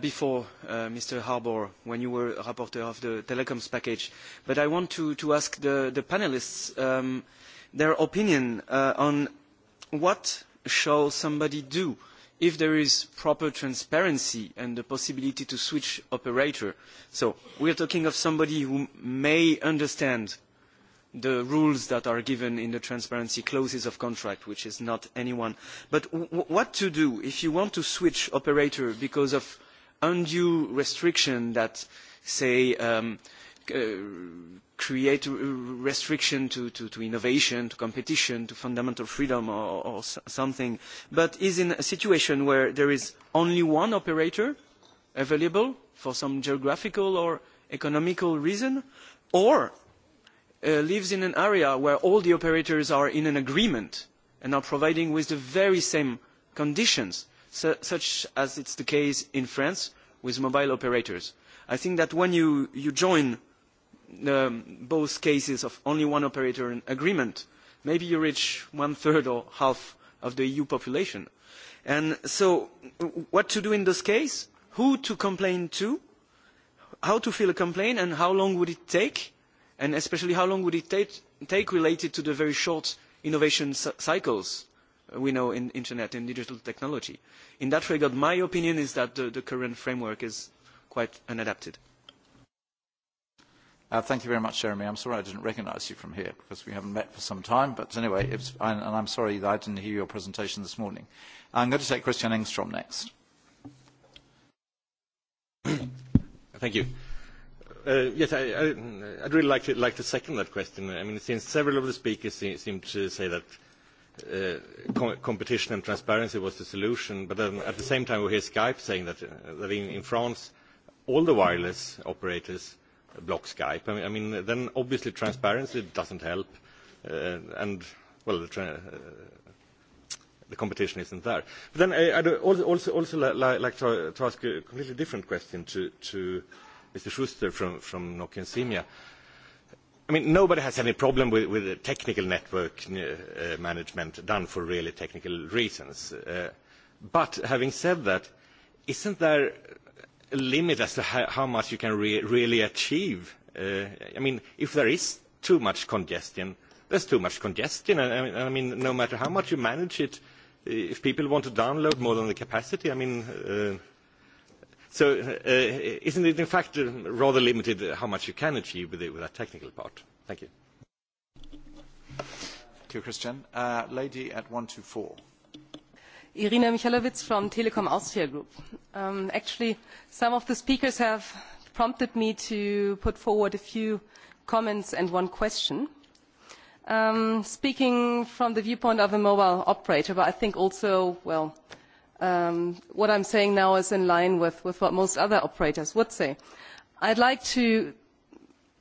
before, Mr. Harbour, when you were rapporteur of the telecoms package. But I want to ask the the panelists their opinion on what shall somebody do if there is proper transparency and the possibility to switch operator. So we are talking of somebody who may understand the rules that are given in the transparency clauses of contract, which is not anyone. But what to do if you want to switch operator because of undue restriction that, say, create restriction to innovation, to competition, to fundamental freedom or something, but is in a situation where there is only one operator available for some geographical or economical reason, or lives in an area where all the operators are in an agreement and are providing with the very same conditions, such as it's the case in France with mobile operators. I think that when you join both cases of only one operator in agreement, maybe you reach one third or half of the EU population. And so, what to do in this case? Who to complain to? How to fill a complaint and how long would it take? And especially, how long would it take related to the very short innovation cycles we know in internet and digital technology? In that regard, my opinion is that the current framework is quite unadapted. Thank you very much, Jeremy. I'm sorry I didn't recognise you from here because we haven't met for some time. But anyway, and I'm sorry that I didn't hear your presentation this morning. I'm going to take Christian Engstrom next. Thank you. Yes, I'd really like to second that question. I mean, since several of the speakers seem to say that competition and transparency was the solution, but then at the same time we hear Skype saying that in France all the wireless operators block Skype. I mean, then obviously transparency doesn't help, and well, the competition isn't there. But then I'd also like to ask a completely different question to Mr. Schuster from Nokia Simia. I mean, nobody has any problem with technical network management done for really technical reasons. But having said that, isn't there limit as to how much you can really achieve. I mean, if there is too much congestion, there's too much congestion. I mean, no matter how much you manage it, if people want to download more than the capacity, I mean, so isn't it in fact rather limited how much you can achieve with that technical part? Thank you. Thank you, Christian. Lady at 124. Irina Michalowicz from Telekom Austria Group. Actually, some of the speakers have prompted me to put forward a few comments and one question. Speaking from the viewpoint of a mobile operator, but I think also, well, what I'm saying now is in line with what most other operators would say. I'd like to,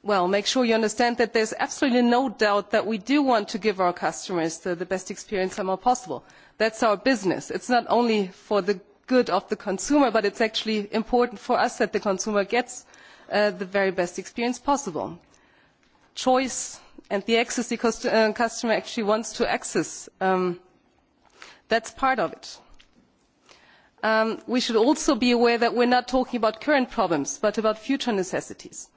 well, make sure you understand that there's absolutely no doubt that we do want to give our customers the best experience somehow possible. That's our business. It's not only for the good of the consumer, but it's actually important for us that the consumer gets the very best experience possible. Choice and the access the customer actually wants to access, that's part of it. We should also be aware that we're not talking about current problems, but about future necessities.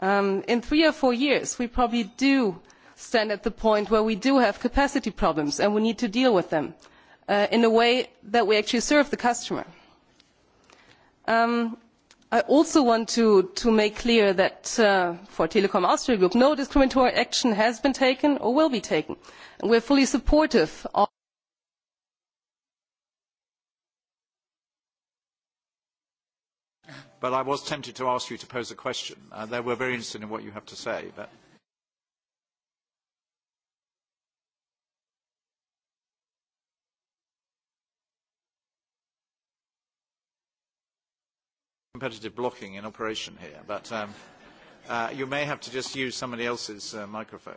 In three or four years, we probably do stand at the point where we do have capacity problems and we need to deal with them in a way that we actually serve the customer. I also want to make clear that for Telekom Austria Group, no discriminatory action has been taken or will be taken. We are fully supportive of But I was tempted to ask you to pose a question. They were very interested in what you have to say. but competitive blocking in operation here, but um, uh, you may have to just use somebody else's uh, microphone.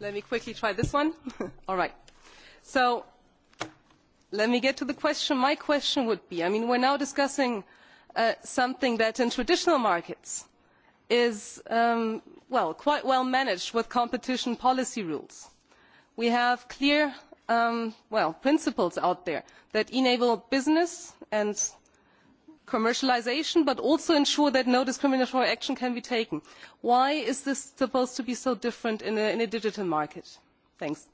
Let me quickly try this one. All right. So let me get to the question. My question would be, I mean, we're now discussing uh, something that in traditional markets is quite well managed with competition policy rules. We have clear principles out there that enable business and commercialisation, but also ensure that no discriminatory action can be taken. Why is this supposed to be so different in a digital market? Thanks.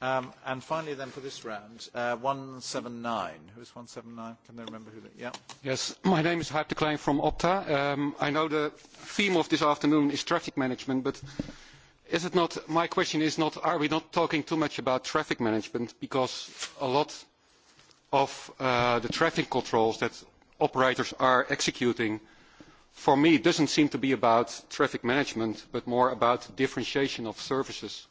And finally, then, for this round, 179. is 179? Can they remember who that? Yeah. Yes. My name is Klein from Opta. I know the theme of this afternoon is traffic management, but is it not? My question is not: Are we not talking too much about traffic management? Because a lot of the traffic controls that operators are executing, for me, doesn't seem to be about traffic management, but more about differentiation of services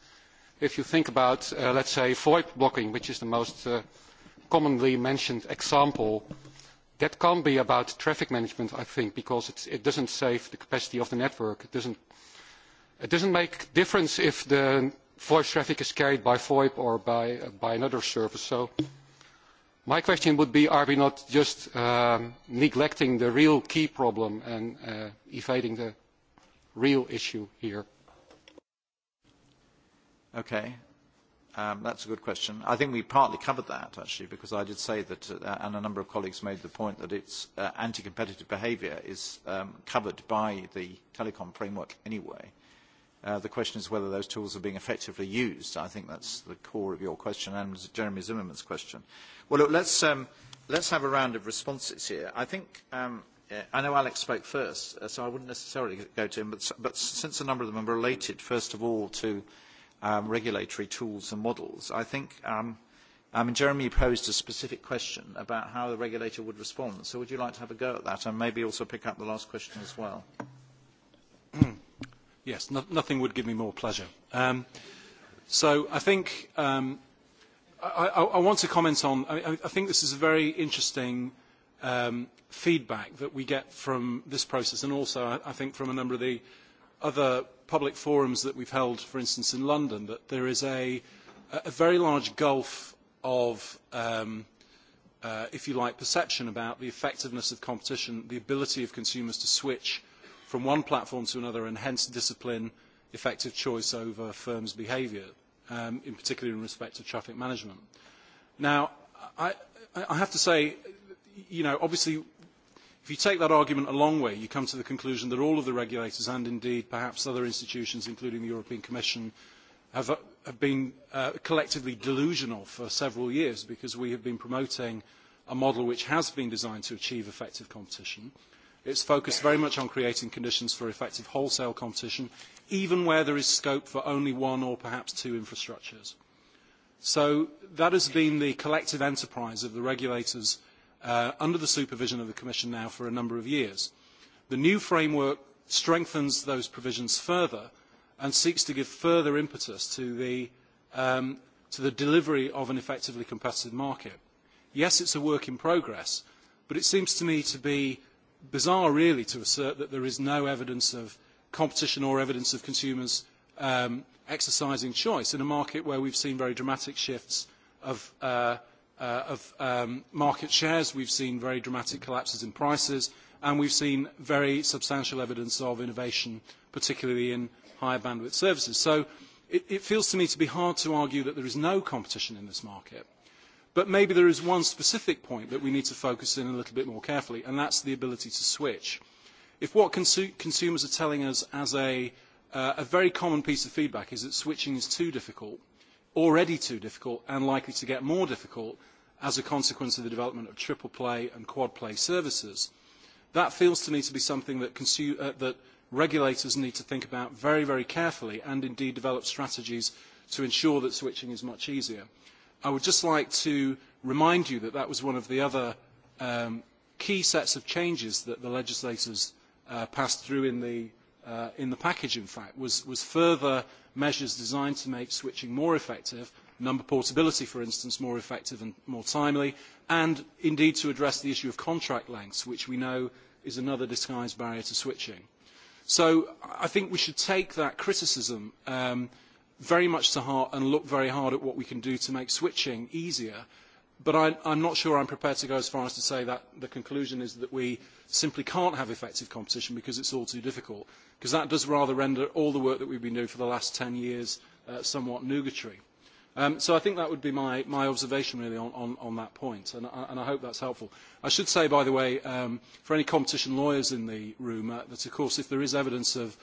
if you think about, let's say, VoIP blocking, which is the most commonly mentioned example, that can be about traffic management, I think, because it doesn't save the capacity of the network. It doesn't make a difference if the voice traffic is carried by VoIP or by another service. So my question would be, are we not just neglecting the real key problem and evading the real issue here? Okay. That's a good question. I think we partly covered that, actually, because I did say that, and a number of colleagues made the point that its anti-competitive behaviour is covered by the telecom framework anyway. The question is whether those tools are being effectively used. I think that's the core of your question and Jeremy Zimmerman's question. Well, look, let's have a round of responses here. I think I know Alex spoke first, so I wouldn't necessarily go to him, but since a number of them are related, first of all, to regulatory tools and models. I think Jeremy posed a specific question about how the regulator would respond. So would you like to have a go at that and maybe also pick up the last question as well? Yes, nothing would give me more pleasure. So I think I want to comment on, I think this is a very interesting feedback that we get from this process and also I think from a number of the other public forums that we've held, for instance, in London, that there is a very large gulf of, if you like, perception about the effectiveness of competition, the ability of consumers to switch from one platform to another and hence discipline effective choice over firms' behaviour, in particular in respect of traffic management. Now, I have to say, you know, obviously If you take that argument a long way, you come to the conclusion that all of the regulators and indeed perhaps other institutions, including the European Commission, have been collectively delusional for several years because we have been promoting a model which has been designed to achieve effective competition. It's focused very much on creating conditions for effective wholesale competition, even where there is scope for only one or perhaps two infrastructures. So that has been the collective enterprise of the regulators under the supervision of the Commission now for a number of years. The new framework strengthens those provisions further and seeks to give further impetus to the delivery of an effectively competitive market. Yes, it's a work in progress, but it seems to me to be bizarre, really, to assert that there is no evidence of competition or evidence of consumers exercising choice in a market where we've seen very dramatic shifts of of market shares. We've seen very dramatic collapses in prices, and we've seen very substantial evidence of innovation, particularly in higher bandwidth services. So it feels to me to be hard to argue that there is no competition in this market. But maybe there is one specific point that we need to focus in a little bit more carefully, and that's the ability to switch. If what consumers are telling us as a very common piece of feedback is that switching is too difficult, already too difficult and likely to get more difficult as a consequence of the development of triple play and quad play services. That feels to me to be something that regulators need to think about very, very carefully and indeed develop strategies to ensure that switching is much easier. I would just like to remind you that that was one of the other key sets of changes that the legislators passed through in the package, in fact, was further measures designed to make switching more effective, number portability, for instance, more effective and more timely, and indeed to address the issue of contract lengths, which we know is another disguised barrier to switching. So I think we should take that criticism very much to heart and look very hard at what we can do to make switching easier But I'm not sure I'm prepared to go as far as to say that the conclusion is that we simply can't have effective competition because it's all too difficult, because that does rather render all the work that we've been doing for the last 10 years somewhat nugatory. So I think that would be my observation really on that point, and I hope that's helpful. I should say, by the way, for any competition lawyers in the room, that of course if there is evidence of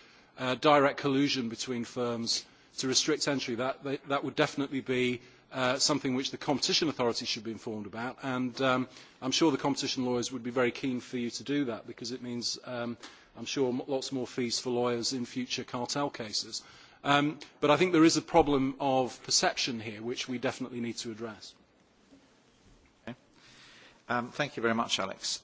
direct collusion between firms to restrict entry, that would definitely be something which the competition authority should be informed about and I'm sure the competition lawyers would be very keen for you to do that because it means I'm sure lots more fees for lawyers in future cartel cases. But I think there is a problem of perception here which we definitely need to address. Thank you very much, Alex.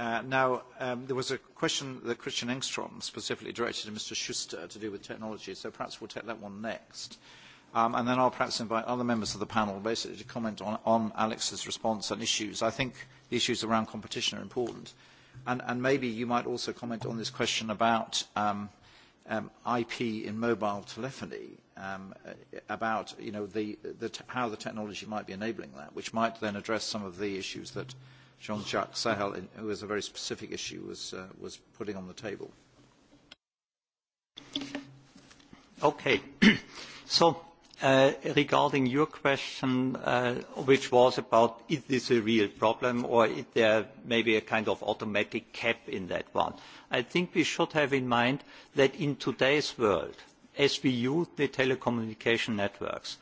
Now, there was a question that Christian Engstrom specifically directed to Mr. Schuster to do with technology, so perhaps we'll take that one next. And then I'll perhaps invite other members of the panel basically to comment on Alex's response and issues. I think the issues around competition are important. And maybe you might also comment on this question about IP in mobile telephony, about how the technology might be enabling that, which might then address some of the issues that Jean-Jacques Sahel, who has a very specific issue, was putting on the table. Okay. Regarding your question, which was about is this a real problem or is there maybe a kind of automatic cap in that one, I think we should have in mind that in today's world, as we use the telecommunication networks,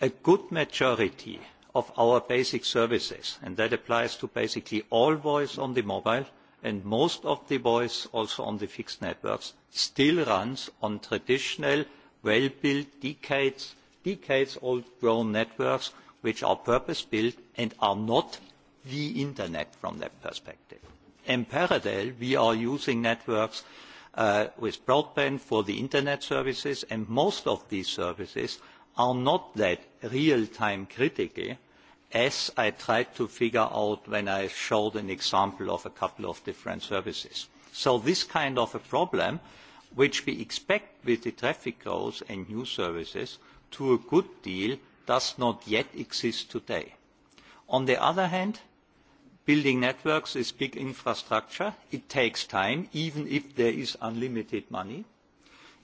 a good majority of our basic services, and that applies to basically all voice on the mobile and most of the voice also on the fixed networks, still runs on traditional, well-built, decades decades old grown networks which are purpose built and are not the internet from that perspective. In parallel, we are using networks with broadband for the internet services and most of these services are not that real time critical as I tried to figure out when I showed an example of a couple of different services. So this kind of a problem, which we expect with the traffic growth and new services, to a good deal does not yet exist today. On the other hand, building networks is big infrastructure. It takes time, even if there is unlimited money.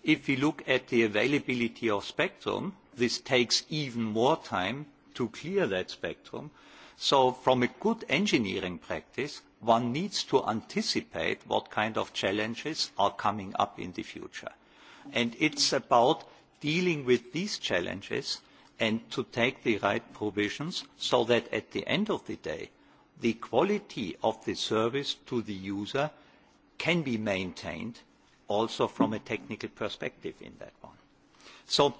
If we look at the availability of spectrum, this takes even more time to clear that spectrum. So from a good engineering practice, one needs to anticipate what kind of challenges are coming up in the future. And it's about dealing with these challenges and to take the right provisions so that at the end of the day the quality of the service to the user can be maintained also from a technical perspective in that one. So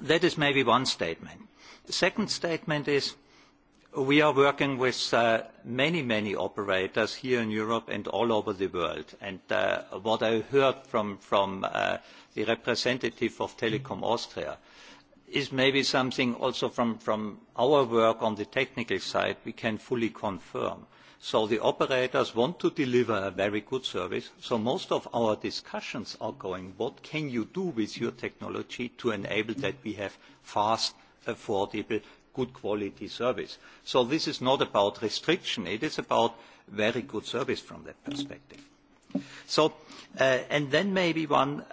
that is maybe one statement. The second statement is We are working with many, many operators here in Europe and all over the world. And what I heard from the representative of Telekom Austria is maybe something also from our work on the technical side we can fully confirm. So the operators want to deliver a very good service. So most of our discussions are going, what can you do with your technology to enable that we have fast, affordable good quality service. So this is not about restriction. It is about very good service from that perspective. So, and then maybe one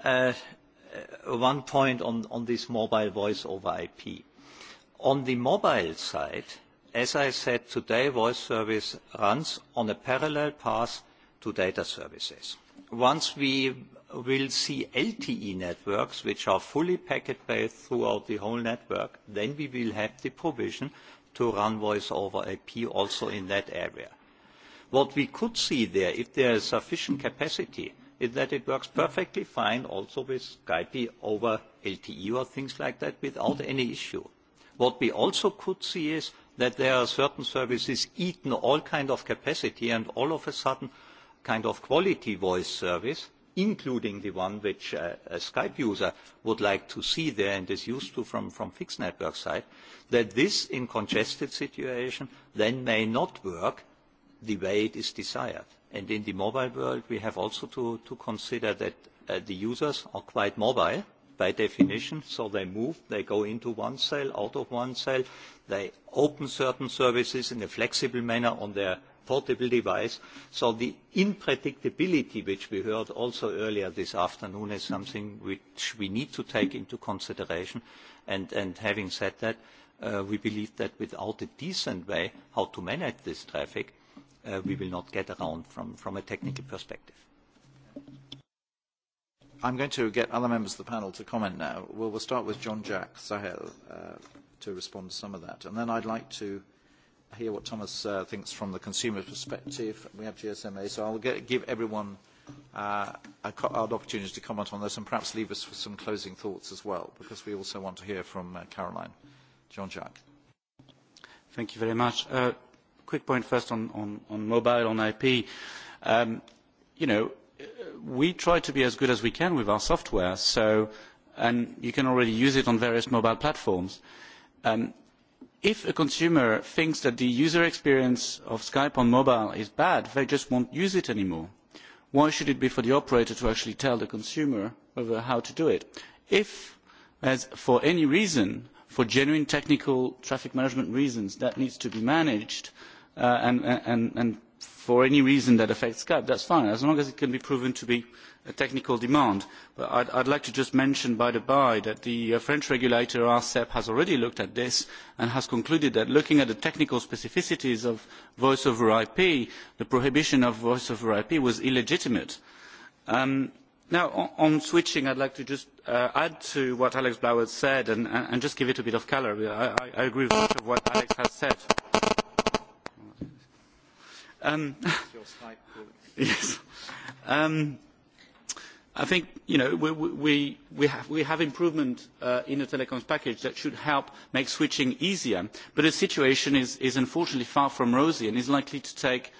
one point on this mobile voice over IP. On the mobile side, as I said, today voice service runs on a parallel path to data services. Once we will see LTE networks which are fully packet-based throughout the whole network, then we will have the provision to run voice over IP also in that area. What we could see there, if there is sufficient capacity, is that it works perfectly fine also with Skype over LTE or things like that without any issue. What we also could see is that there are certain services eaten all kind of capacity and all of a sudden kind of quality voice service including the one which a Skype user would like to see there and is used to from fixed network side, that this in congested situation then may not work the way it is desired. And in the mobile world, we have also to consider that the users are quite mobile by definition, so they move, they go into one cell, out of one cell, they open certain services in a flexible manner on their portable device. So the unpredictability which we heard also earlier this afternoon is something which we need to take into consideration. And having said that, we believe that without a decent way how to manage this traffic, we will not get around from a technical perspective. I'm going to get other members of the panel to comment now. We'll start with John Jack Sahel to respond to some of that. And then I'd like to hear what Thomas thinks from the consumer perspective. We have GSMA, so I'll give everyone an opportunity to comment on this and perhaps leave us with some closing thoughts as well, because we also want to hear from Caroline. Jean-Jacques. Thank you very much. Quick point first on mobile, on IP. You know, we try to be as good as we can with our software, so and you can already use it on various mobile platforms if a consumer thinks that the user experience of Skype on mobile is bad, they just won't use it anymore. Why should it be for the operator to actually tell the consumer how to do it? If, as for any reason, for genuine technical traffic management reasons, that needs to be managed, and for any reason that affects Skype, that's fine, as long as it can be proven to be technical demand. But I would like to just mention by the by that the French regulator ARCEP has already looked at this and has concluded that looking at the technical specificities of voice over IP, the prohibition of voice over IP was illegitimate. Now, on switching, I'd like to just add to what Alex Blauer said and just give it a bit of colour. I agree with much of what Alex has said. I think we have improvement in the telecoms package that should help make switching easier, but the situation is unfortunately far from rosy and is likely to take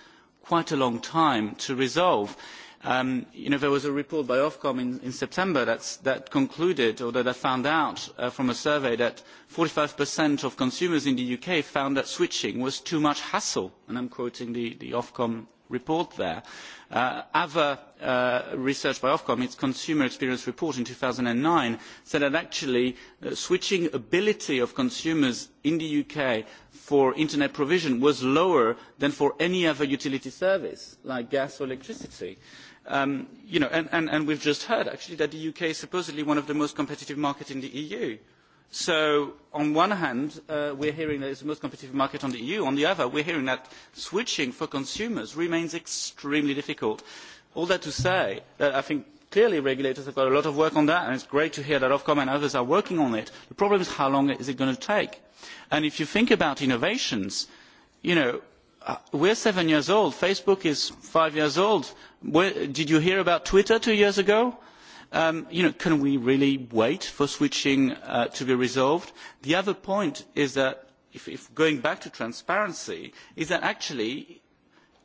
quite a long time to resolve. There was a report by Ofcom in September that concluded or that I found out from a survey that 45% of consumers in the UK found that switching was too much hassle, and I'm quoting the Ofcom report there. Other research by Ofcom, its consumer experience report in 2009, said that actually switching ability of consumers in the UK for internet provision was lower than for any other utility service, like gas or electricity. And we've just heard actually that the UK is supposedly one of the most competitive markets in the EU. So on one hand, we are hearing that it is the most competitive market on the EU. On the other, we are hearing that switching for consumers remains extremely difficult. All that to say that I think clearly regulators have got a lot of work on that, and it is great to hear that Ofcom and others are working on it. The problem is how long is it going to take? And if you think about innovations, you know, we're seven years old. Facebook is five years old. Did you hear about Twitter two years ago? can we really wait for switching to be resolved? The other point is that, if going back to transparency, is that actually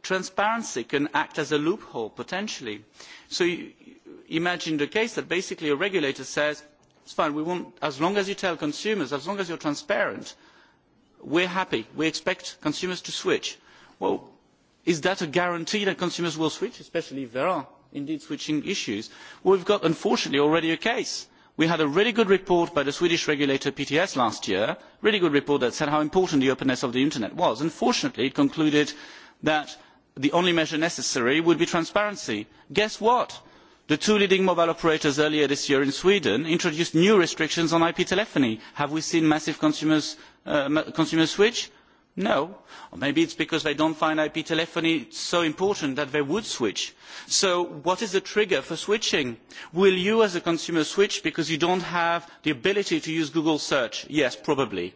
transparency can act as a loophole potentially. So imagine the case that basically a regulator says, it's fine, we won't, as long as you tell consumers, as long as you're transparent, we're happy, we expect consumers to switch. Well, is that a guarantee that consumers will switch, especially if there are indeed switching issues. We've got, unfortunately, already a case. We had a really good report by the Swedish regulator PTS last year, a really good report that said how important the openness of the Internet was. Unfortunately, it concluded that the only measure necessary would be transparency. Guess what? The two leading mobile operators earlier this year in Sweden introduced new restrictions on IP telephony. Have we seen massive consumer switch? No. Or maybe it's because they don't find IP telephony so important that they would switch. So what is the trigger for switching? Will you as a consumer switch because you don't have the ability to use Google search? Yes, probably.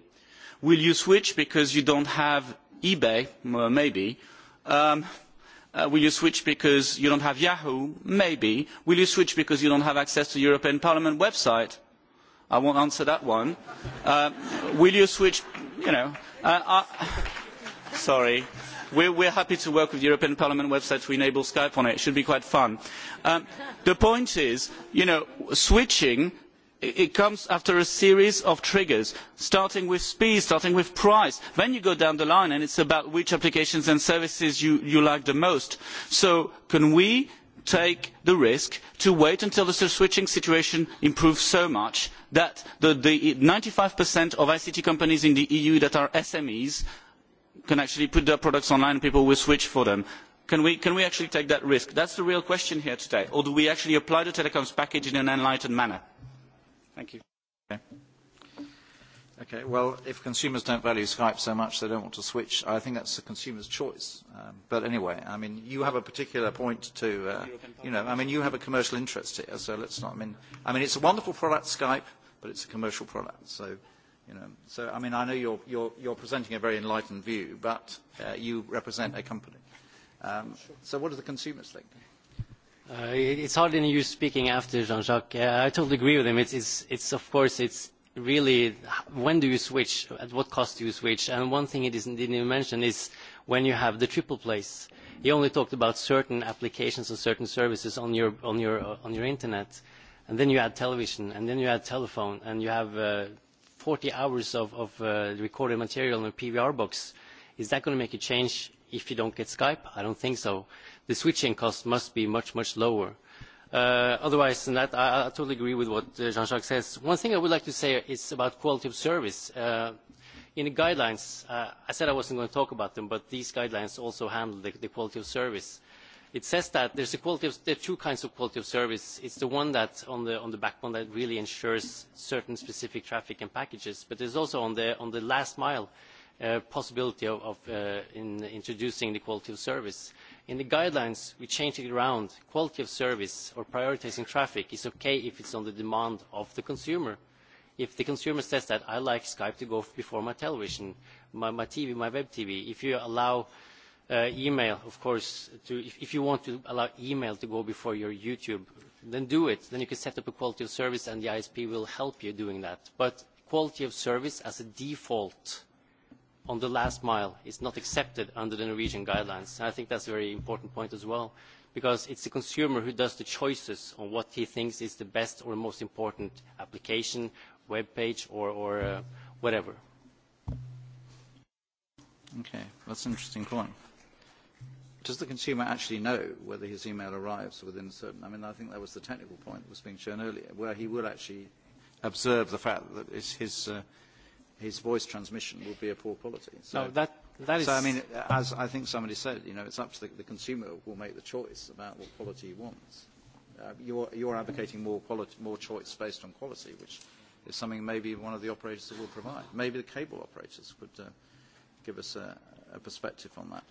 Will you switch because you don't have eBay? Maybe. Will you switch because you don't have Yahoo? Maybe. Will you switch because you don't have access to the European Parliament website? I won't answer that one. Will you switch you know, sorry. We're happy to work with the European Parliament website to enable Skype on it. It should be quite fun. The point is, you know, switching it comes after a series of triggers starting with speed starting with price then you go down the line and it's about which applications and services you like the most. so can we take the risk to wait until the switching situation improves so much that the ninety five of ict companies in the eu that are smes can actually put their products online and people will switch for them. can we actually take that risk? that is the real question here today or do we actually apply the telecoms package in an enlightened manner? Okay, well, if consumers don't value Skype so much they don't want to switch, I think that's the consumer's choice. But anyway, I mean, you have a particular point to, you know, I mean, you have a commercial interest here, so let's not, I mean, I mean, it's a wonderful product, Skype, but it's a commercial product, so, you know, so, I mean, I know you're, you're, you're presenting a very enlightened view, but you represent a company. So what do the consumers think? It's hardly any use speaking after Jean-Jacques. I totally agree with him. It's, it's, it's, of course, it's, really when do you switch, at what cost do you switch? And one thing he didn't even mention is when you have the triple plays. He only talked about certain applications and certain services on your on your on your internet, and then you add television, and then you add telephone, and you have 40 hours of recorded material in a PVR box. Is that going to make a change if you don't get Skype? I don't think so. The switching cost must be much much lower. Otherwise than that, I totally agree with what Jean-Jacques says. One thing I would like to say is about quality of service. In the guidelines, I said I wasn't going to talk about them, but these guidelines also handle the quality of service. It says that there's a quality of, there are two kinds of quality of service. It's the one that on the backbone that really ensures certain specific traffic and packages, but there's also on the last mile possibility of introducing the quality of service in the guidelines we change it around quality of service or prioritising traffic is okay if it's on the demand of the consumer if the consumer says that i like skype to go before my television my tv my web tv if you allow email of course if you want to allow email to go before your youtube then do it then you can set up a quality of service and the isp will help you doing that but quality of service as a default on the last mile is not accepted under the Norwegian guidelines. I think that's a very important point as well, because it's the consumer who does the choices on what he thinks is the best or most important application, web page, or whatever. Okay, that's an interesting point. Does the consumer actually know whether his email arrives within a certain... I mean, I think that was the technical point that was being shown earlier, where he will actually observe the fact that it's his his voice transmission will be a poor quality. So, that, is... so I mean, as I think somebody said, you know, it's up to the, the consumer will make the choice about what quality he wants. Uh, you're, you're advocating more, quality, more choice based on quality, which is something maybe one of the operators will provide. Maybe the cable operators could give us a perspective on that.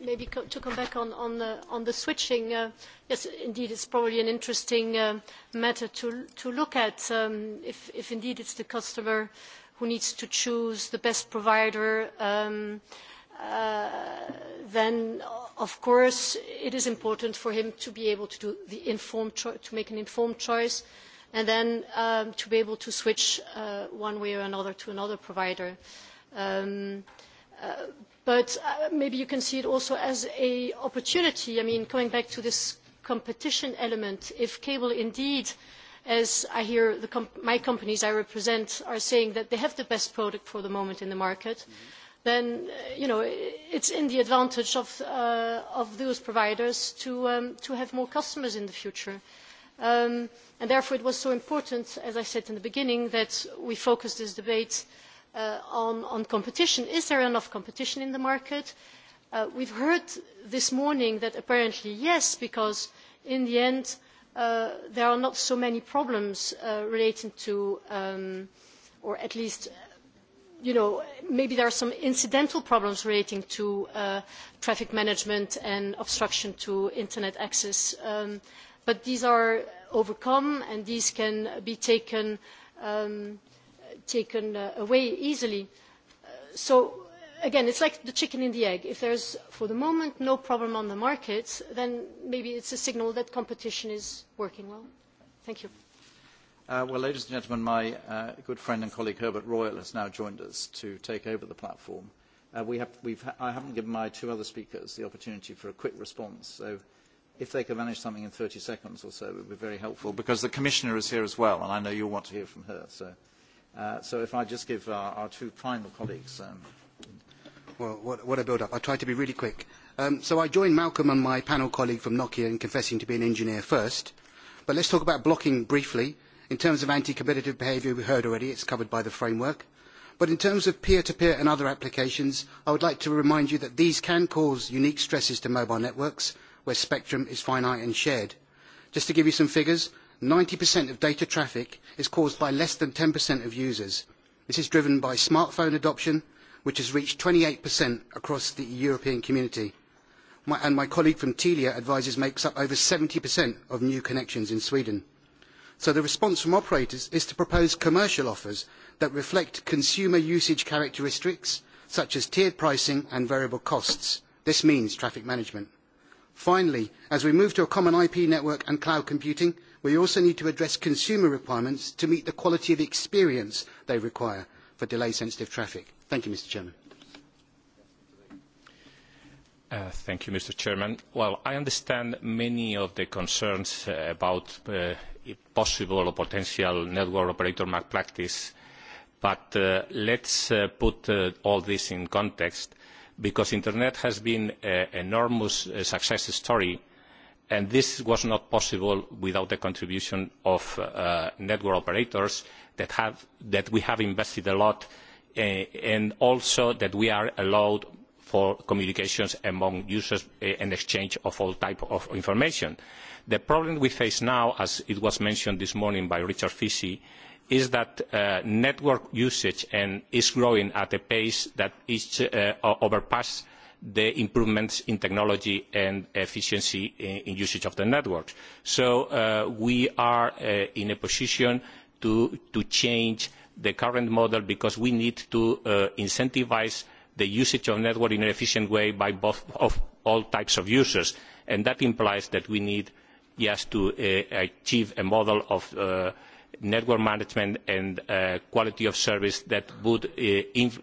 Maybe to come back on the switching, yes, indeed, it's probably an interesting matter to look at. If indeed it's the customer who needs to choose the best provider, then of course it is important for him to be able to to make an informed choice, and then to be able to switch one way or another to another provider but maybe you can see it also as an opportunity. I mean, coming back to this competition element, if cable indeed, as I hear my companies I represent are saying that they have the best product for the moment in the market, then it's in the advantage of those providers to have more customers in the future. And therefore it was so important, as I said in the beginning, that we focus this debate on competition. Is there enough competition in the market? We've heard this morning that apparently yes, because in the end there are not so many problems relating to, or at least maybe there are some incidental problems relating to traffic management and obstruction to internet access, but these are overcome and these can be taken taken away easily. So again, it's like the chicken in the egg. If there is, for the moment, no problem on the market, then maybe it's a signal that competition is working well. Thank you. Well, ladies and gentlemen, my good friend and colleague Herbert Royal has now joined us to take over the platform. I haven't given my two other speakers the opportunity for a quick response, so if they could manage something in 30 seconds or so, it would be very helpful, because the Commissioner is here as well, and I know you'll want to hear from her. So So if I just give our two final colleagues. Well, what a build-up. I'll try to be really quick. So I joined Malcolm and my panel colleague from Nokia in confessing to be an engineer first. But let's talk about blocking briefly. In terms of anti-competitive behaviour, we heard already, it's covered by the framework. But in terms of peer-to-peer and other applications, I would like to remind you that these can cause unique stresses to mobile networks where spectrum is finite and shared. Just to give you some figures, 90% of data traffic is caused by less than 10% of users. This is driven by smartphone adoption, which has reached 28% across the European community. And my colleague from Telia advises makes up over 70% of new connections in Sweden. So the response from operators is to propose commercial offers that reflect consumer usage characteristics, such as tiered pricing and variable costs. This means traffic management. Finally, as we move to a common IP network and cloud computing, we also need to address consumer requirements to meet the quality of experience they require for delay sensitive traffic. Thank you, Mr. Chairman. Thank you, Mr. Chairman. Well, I understand many of the concerns about possible or potential network operator malpractice, but let's put all this in context, because Internet has been an enormous success story and this was not possible without the contribution of network operators that we have invested a lot and also that we are allowed for communications among users and exchange of all types of information. The problem we face now, as it was mentioned this morning by Richard Fisey, is that network usage is growing at a pace that is overpass the improvements in technology and efficiency in usage of the networks. So we are in a position to change the current model because we need to incentivise the usage of network in an efficient way by all types of users. And that implies that we need to achieve a model of network management and quality of service that would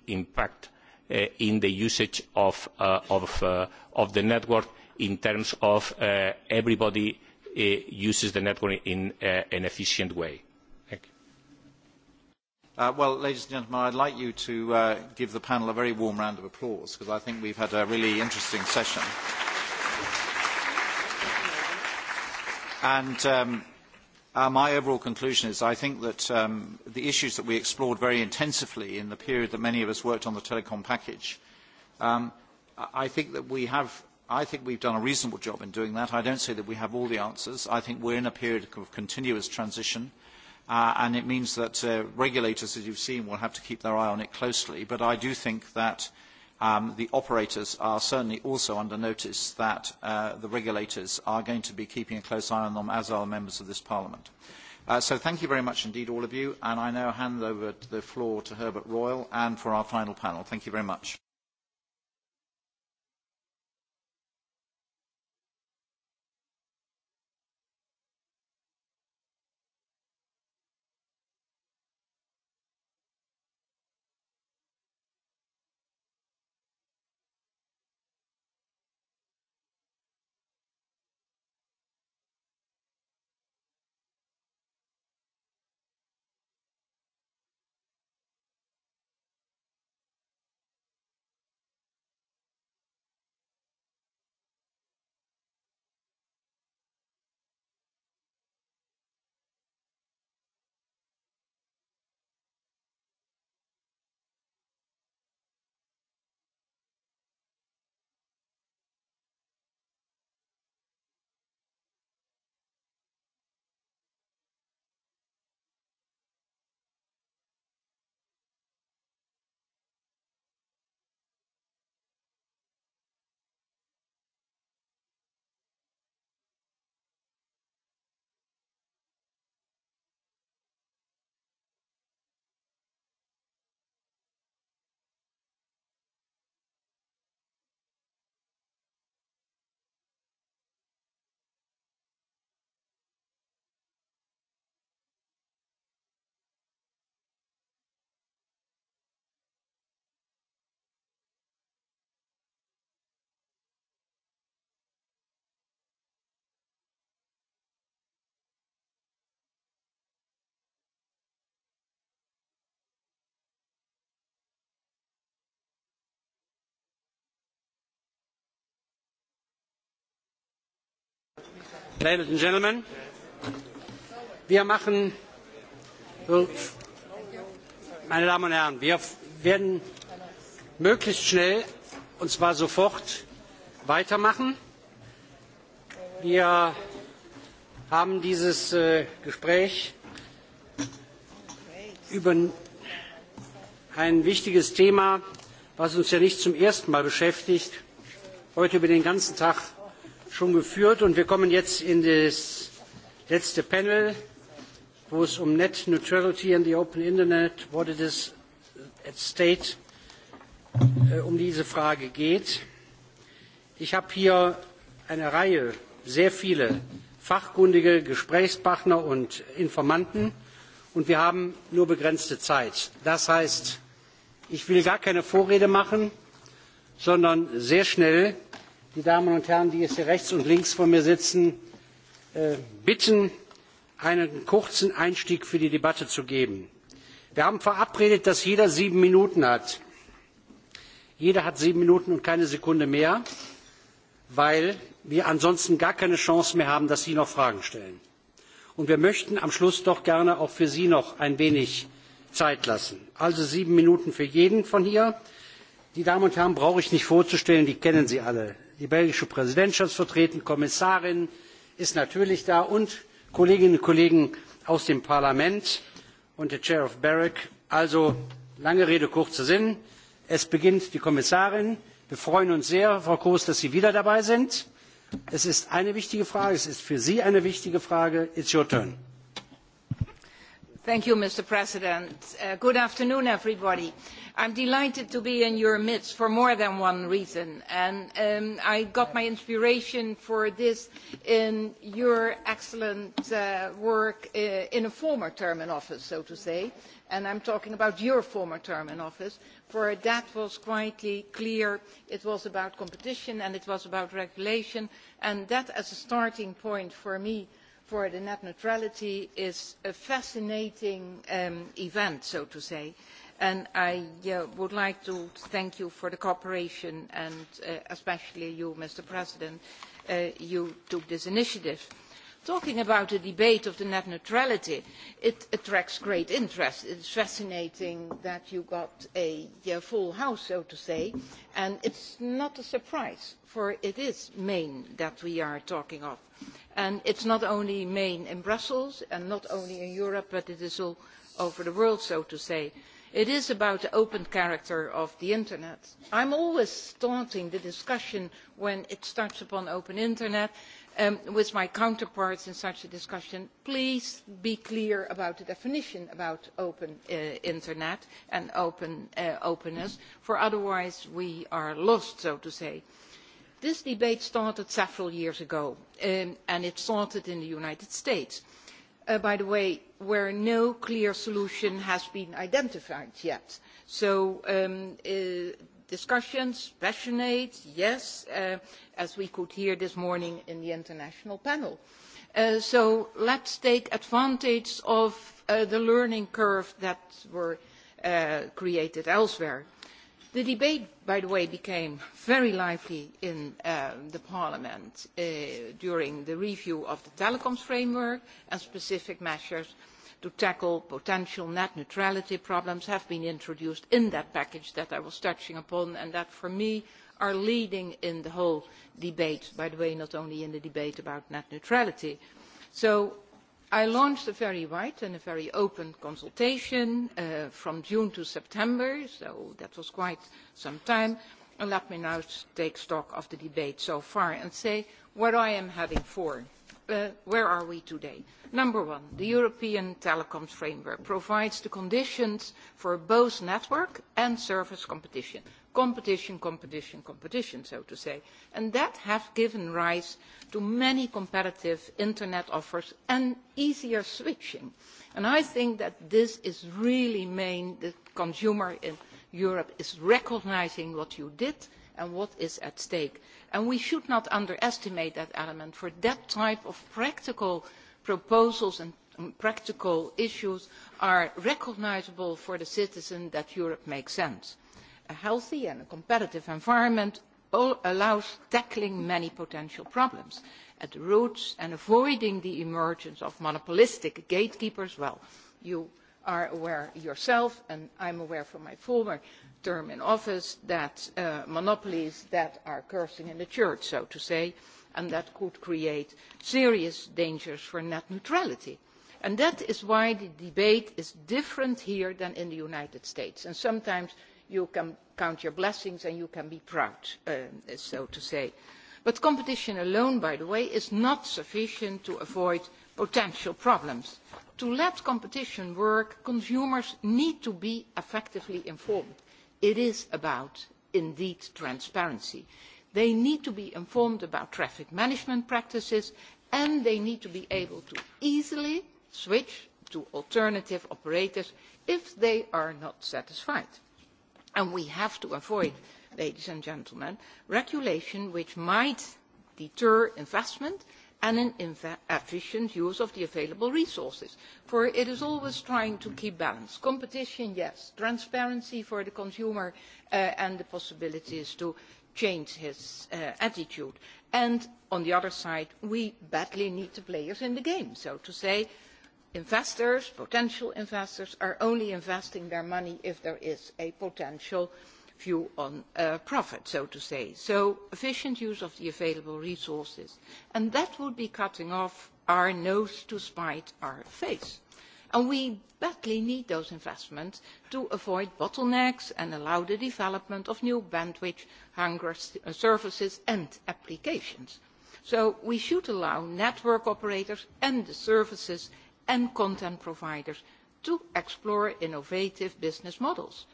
impact in the usage of the network in terms of everybody uses the network in an efficient way. Well, ladies and gentlemen, I'd like you to give the panel a very warm round of applause because I think we've had a really interesting session. My overall conclusion is I think that the issues that we explored very intensively in the period that many of us worked on the telecom package, I think that we have, I think we've done a reasonable job in doing that. I don't say that we have all the answers. I think we're in a period of continuous transition, and it means that regulators, as you've seen, will have to keep their eye on it closely. But I do think that The operators are certainly also under notice that the regulators are going to be keeping a close eye on them, as are members of this Parliament. So thank you very much indeed, all of you, and I now hand over the floor to Herbert Royal and for our final panel. Thank you very much. Ladies and gentlemen, wir machen, meine Damen und Herren, wir werden möglichst schnell, und zwar sofort, weitermachen. Wir haben dieses Gespräch über ein wichtiges Thema, das uns ja nicht zum ersten Mal beschäftigt, heute über den ganzen Tag schon geführt und wir kommen jetzt in das letzte Panel, wo es um Net Neutrality and the Open Internet, what it is at stake, um diese Frage geht. Ich habe hier eine Reihe, sehr viele fachkundige Gesprächspartner und Informanten und wir haben nur begrenzte Zeit. Das heißt, ich will gar keine Vorrede machen, sondern sehr schnell die Damen und Herren, die jetzt hier rechts und links von mir sitzen, bitten, einen kurzen Einstieg für die Debatte zu geben. Wir haben verabredet, dass jeder sieben Minuten hat. Jeder hat sieben Minuten und keine Sekunde mehr, weil wir ansonsten gar keine Chance mehr haben, dass Sie noch Fragen stellen. Und wir möchten am Schluss doch gerne auch für Sie noch ein wenig Zeit lassen. Also sieben Minuten für jeden von hier. Die Damen und Herren brauche ich nicht vorzustellen, die kennen Sie alle die belgische präsidentschaft vertreten kommissarin ist natürlich da und kolleginnen und kollegen aus dem parlament und der chair of berec. also lange rede kurzer sinn es beginnt die kommissarin. wir freuen uns sehr frau kroes dass sie wieder dabei sind. es ist eine wichtige frage es ist für sie eine wichtige frage. it's your turn mr president good afternoon everybody. i am delighted to be in your midst for more than one reason and i got my inspiration for this in your excellent work in a former term in office so to say and i am talking about your former term in office for that was quite clear it was about competition and it was about regulation and that as a starting point for me for the net neutrality is a fascinating event, so to say. And I would like to thank you for the cooperation and especially you, Mr. President. You took this initiative talking about the debate of the net neutrality, it attracts great interest. It is fascinating that you got a full house, so to say, and it's not a surprise, for it is Maine that we are talking of. And it's not only Maine in Brussels and not only in Europe, but it is all over the world, so to say. It is about the open character of the Internet. I am always starting the discussion when it starts upon open Internet with my counterparts in such a discussion, please be clear about the definition about open internet and open openness, for otherwise we are lost, so to say. This debate started several years ago, and it started in the United States, by the way, where no clear solution has been identified yet. So discussions, passionate, yes, as we could hear this morning in the international panel. So let let's take advantage of the learning curve that were created elsewhere. The debate, by the way, became very lively in Parliament during the review of the telecoms framework and specific measures to tackle potential net neutrality problems have been introduced in that package that I was touching upon and that for me are leading in the whole debate, by the way, not only in the debate about net neutrality. So I launched a very wide and a very open consultation from June to September, so that was quite some time. And let me now take stock of the debate so far and say what I am heading for where are we today? Number one, the European Telecoms Framework provides the conditions for both network and service competition. Competition, competition, competition, so to say. And that has given rise to many competitive Internet offers and easier switching. And I think that this is really main, the consumer in Europe is recognising what you did and what is at stake. And we should not underestimate that element. For that type of practical proposals and practical issues are recognisable for the citizen that Europe makes sense. A healthy and competitive environment allows tackling many potential problems at the roots and avoiding the emergence of monopolistic gatekeepers. Well, you are aware yourself, and I'm aware from my former term in office, that monopolies that are cursing in the church, so to say, and that could create serious dangers for net neutrality. And that is why the debate is different here than in the United States. And sometimes you can count your blessings and you can be proud, so to say. But competition alone, by the way, is not sufficient to avoid potential problems to let competition work, consumers need to be effectively informed. It is about, indeed, transparency. They need to be informed about traffic management practices and they need to be able to easily switch to alternative operators if they are not satisfied. And we have to avoid, ladies and gentlemen, regulation which might deter investment and an efficient use of the available resources. For it is always trying to keep balance. Competition, yes. Transparency for the consumer and the possibilities to change his attitude. And on the other side, we badly need the players in the game, so to say. Investors, potential investors, are only investing their money if there is a potential view on profit, so to say. So efficient use of the available resources. And that would be cutting off our nose to spite our face. And we badly need those investments to avoid bottlenecks and allow the development of new bandwidth hunger services and applications. So we should allow network operators and the services and content providers to explore innovative business models.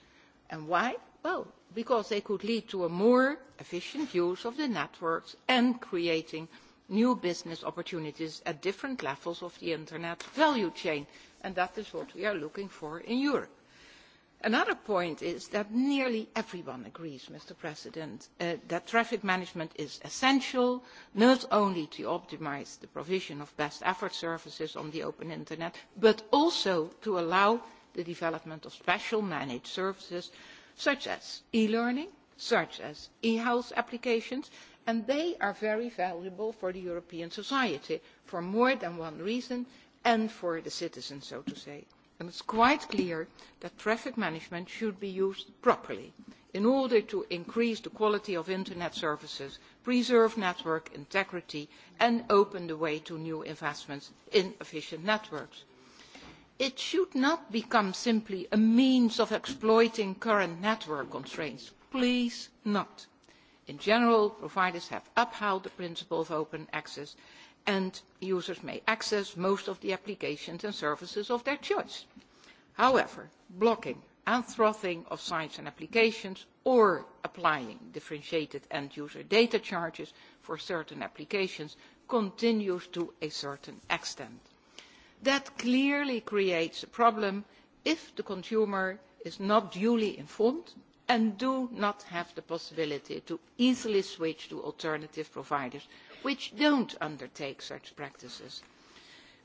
And why? Well, because they could lead to a more efficient use of the networks and creating new business opportunities at different levels of the Internet value chain. And that is what we are looking for in Europe. Another point is that nearly everyone agrees, Mr. President, that traffic management is essential, not only to optimise the provision of best effort services on the open Internet, but also to allow the development of special managed services such as e-learning, such as e-health applications, and they are very valuable for the European society for more than one reason and for the citizens, so to say. And it's quite clear that traffic management should be used properly in order to increase the quality of Internet services, preserve network integrity, and open the way to new investments in efficient networks it should not become simply a means of exploiting current network constraints. Please not. In general, providers have upheld the principle of open access and users may access most of the applications and services of their choice. However, blocking and throttling of sites and applications or applying differentiated end-user data charges for certain applications continues to a certain extent that clearly creates a problem if the consumer is not duly informed and do not have the possibility to easily switch to alternative providers which do not undertake such practices.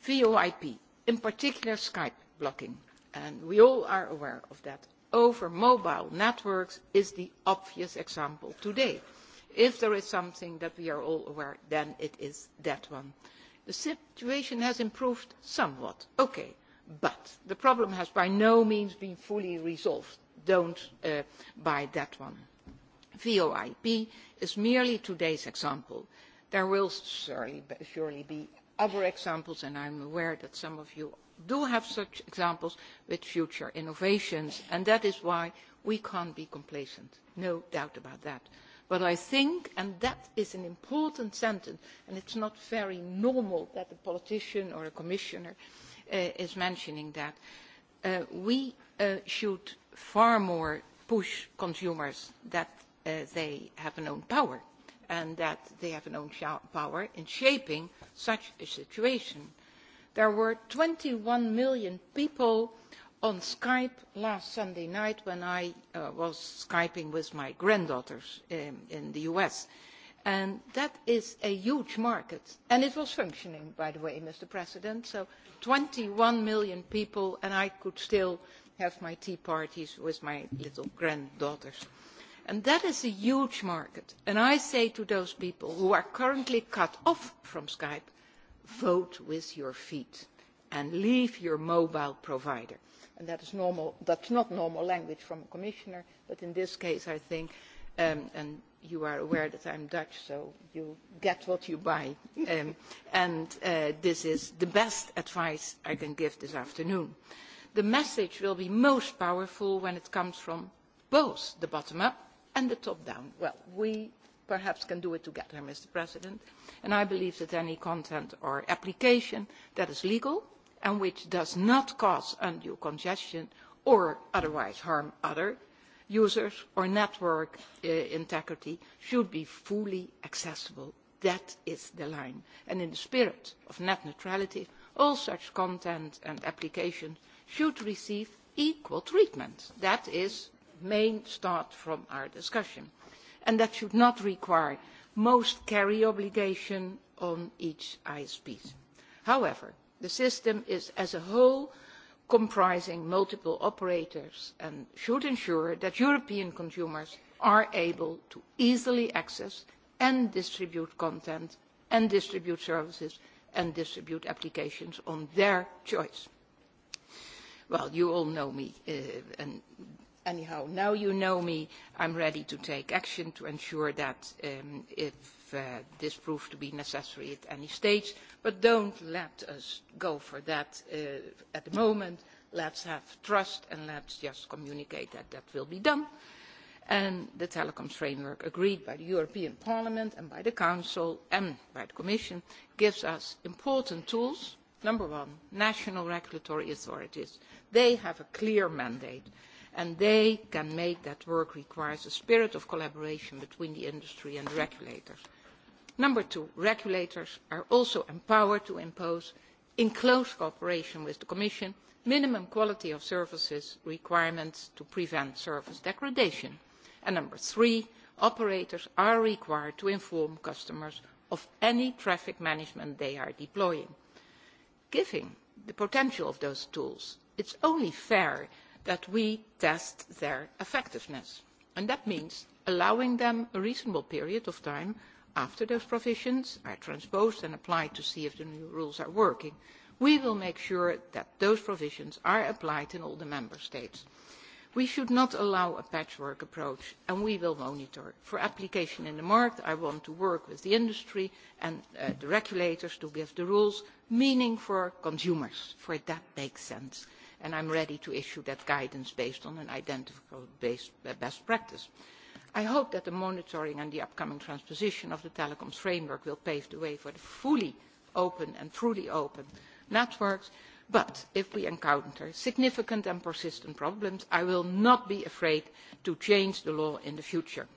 voip in particular skype blocking and we all are aware of that over mobile networks is the obvious example today. if there is something that we are all aware then it is that one. The situation has improved somewhat, okay, but the problem has by no means been fully resolved. Don't buy that one. VOIP is merely today's example. There will surely be other examples, and I am aware that some of you do have such examples with future innovations, and that is why we cannot be complacent. No doubt about that. But I think, and that is an important sentence, and it is not very normal that a politician or a commissioner is mentioning that, we should far more push consumers that they have an own power and that they have an own power in shaping such a situation. There were twenty one million people on Skype last Sunday night when I was Skyping with my granddaughters in the US. And that is a huge market. And it was functioning, by the way, Mr. President. So twenty one million people, and I could still have my tea parties with my little granddaughters. And that is a huge market. And I say to those people who are currently cut off from Skype, vote with your feet and leave your mobile provider and that is normal that's not normal language from a commissioner but in this case i think and you are aware that I am dutch so you get what you buy and this is the best advice i can give this afternoon the message will be most powerful when it comes from both the bottom up and the top down well we perhaps can do it together mr president and i believe that any content or application that is legal and which does not cause undue congestion or otherwise harm other users or network integrity should be fully accessible. That is the line. And in the spirit of net neutrality, all such content and applications should receive equal treatment. That is the main start from our discussion. And that should not require most carry obligation on each ISP. However, The system is as a whole comprising multiple operators and should ensure that European consumers are able to easily access and distribute content and distribute services and distribute applications on their choice. Well, you all know me and anyhow now you know me I am ready to take action to ensure that this proved to be necessary at any stage. But don't let us go for that at the moment. Let's have trust and let's just communicate that that will be done. And the telecoms framework agreed by the European Parliament and by the Council and by the Commission gives us important tools. Number one, national regulatory authorities. They have a clear mandate and they can make that work requires a spirit of collaboration between the industry and the regulators number two regulators are also empowered to impose in close cooperation with the commission minimum quality of services requirements to prevent service degradation and number three operators are required to inform customers of any traffic management they are deploying. given the potential of those tools it is only fair that we test their effectiveness and that means allowing them a reasonable period of time after those provisions are transposed and applied to see if the new rules are working, we will make sure that those provisions are applied in all the member states. We should not allow a patchwork approach, and we will monitor. For application in the market, I want to work with the industry and the regulators to give the rules meaning for consumers, for that makes sense, and I am ready to issue that guidance based on an identifiable best practice. I hope that the monitoring and the upcoming transposition of the telecoms framework will pave the way for the fully open and truly open networks, but if we encounter significant and persistent problems, I will not be afraid to change the law in the future.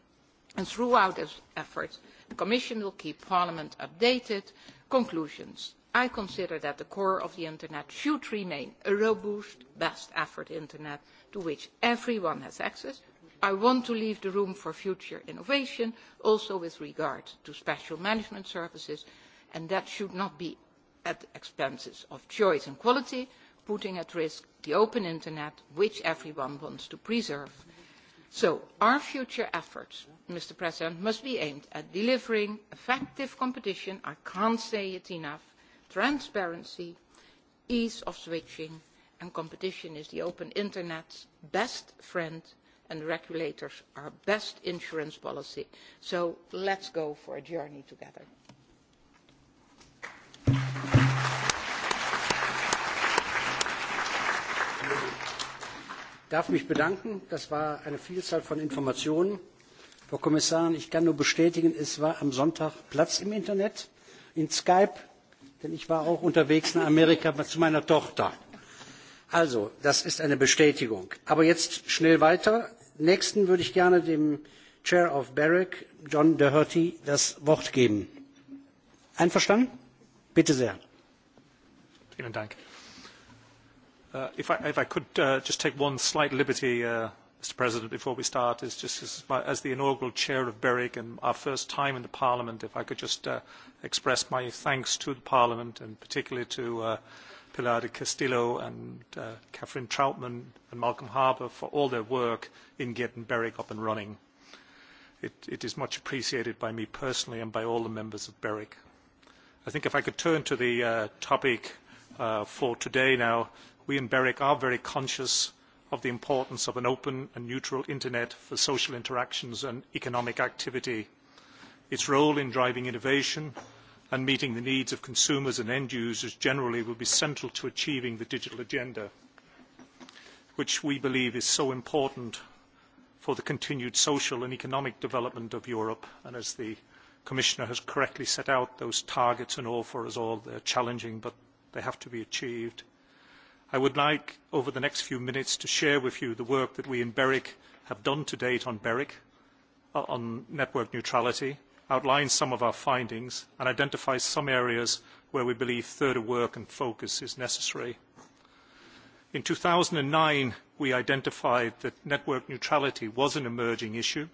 throughout this effort, the Commission will keep Parliament updated. Conclusions. I consider that the core of the Internet should remain a robust best effort Internet to which everyone has access I want to leave the room for future innovation, also with regard to special management services, and that should not be at the expense of choice and quality, putting at risk the open internet, which everyone wants to preserve. So our future efforts, must be aimed at delivering effective competition I can't say it enough transparency, ease of switching, and competition is the open internet's best friend and regulators our best insurance policy. So let's go for a journey together. Ich darf mich bedanken. Das war eine Vielzahl von Informationen. Frau Kommissarin, ich kann nur bestätigen, es war am Sonntag Platz im Internet, in Skype, denn ich war auch unterwegs in Amerika zu meiner Tochter. Also, das ist eine Bestätigung. Aber jetzt schnell weiter nächsten würde ich gerne dem Chair of BEREC, John Doherty, das Wort geben. Einverstanden? Bitte sehr. Vielen Dank. If I if I could just take one slight liberty, Mr. President, before we start, is just as the inaugural Chair of BEREC and our first time in the Parliament, if I could just express my thanks to the Parliament and particularly to Pilar de Castillo and Catherine Troutman and Malcolm Harbour for all their work in getting BEREC up and running. It is much appreciated by me personally and by all the members of BEREC. I think if I could turn to the topic for today now, we in BEREC are very conscious of the importance of an open and neutral Internet for social interactions and economic activity, its role in driving innovation and meeting the needs of consumers and end users generally will be central to achieving the digital agenda, which we believe is so important for the continued social and economic development of Europe. And as the Commissioner has correctly set out, those targets and all for us all, are challenging, but they have to be achieved. I would like, over the next few minutes, to share with you the work that we in BEREC have done to date on BEREC, on network neutrality Outline some of our findings and identify some areas where we believe further work and focus is necessary. In 2009, we identified that network neutrality was an emerging issue,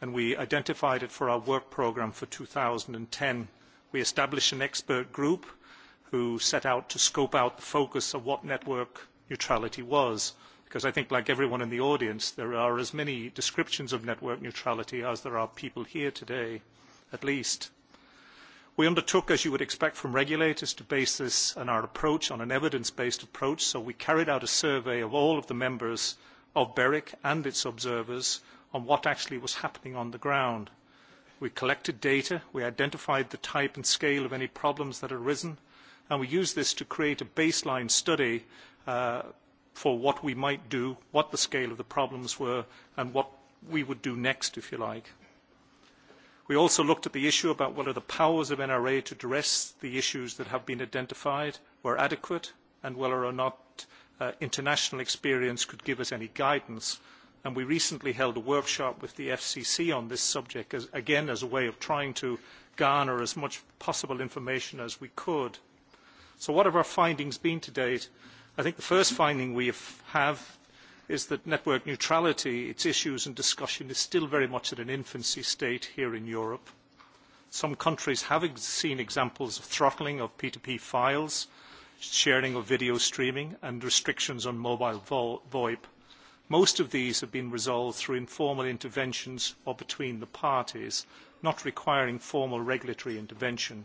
and we identified it for our work programme for 2010. We established an expert group who set out to scope out the focus of what network neutrality was, because I think, like everyone in the audience, there are as many descriptions of network neutrality as there are people here today at least. We undertook, as you would expect from regulators, to base this and our approach on an evidence-based approach, so we carried out a survey of all of the members of BEREC and its observers on what actually was happening on the ground. We collected data, we identified the type and scale of any problems that had arisen, and we used this to create a baseline study for what we might do, what the scale of the problems were, and what we would do next, if you like. We also looked at the issue about whether the powers of NRA to address the issues that have been identified were adequate and whether or not international experience could give us any guidance. And we recently held a workshop with the FCC on this subject, again as a way of trying to garner as much possible information as we could. So what have our findings been to date? I think the first finding we have is that network neutrality, its issues and discussion is still very much at an infancy state here in Europe. Some countries have seen examples of throttling of P2P files, sharing of video streaming and restrictions on mobile VoIP. Most of these have been resolved through informal interventions or between the parties, not requiring formal regulatory intervention.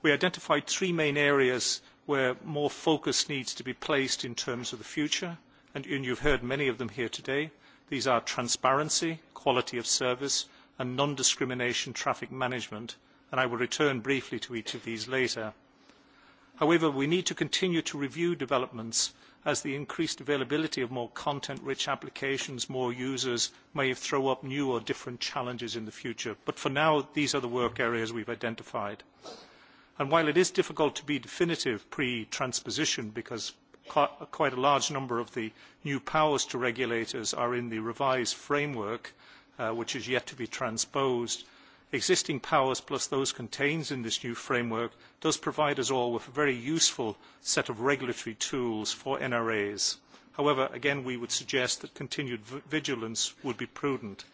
We identified three main areas where more focus needs to be placed in terms of the future and have heard many of them here today. These are transparency, quality of service and non-discrimination traffic management, and I will return briefly to each of these later. However, we need to continue to review developments as the increased availability of more content-rich applications, more users, may throw up new or different challenges in the future. But for now, these are the work areas we have identified. And while it is difficult to be definitive pre-transposition because quite a large number of the new powers to regulators are in the revised framework, which is yet to be transposed. Existing powers plus those contained in this new framework does provide us all with a very useful set of regulatory tools for NRAs. However, again, we would suggest that continued vigilance would be prudent.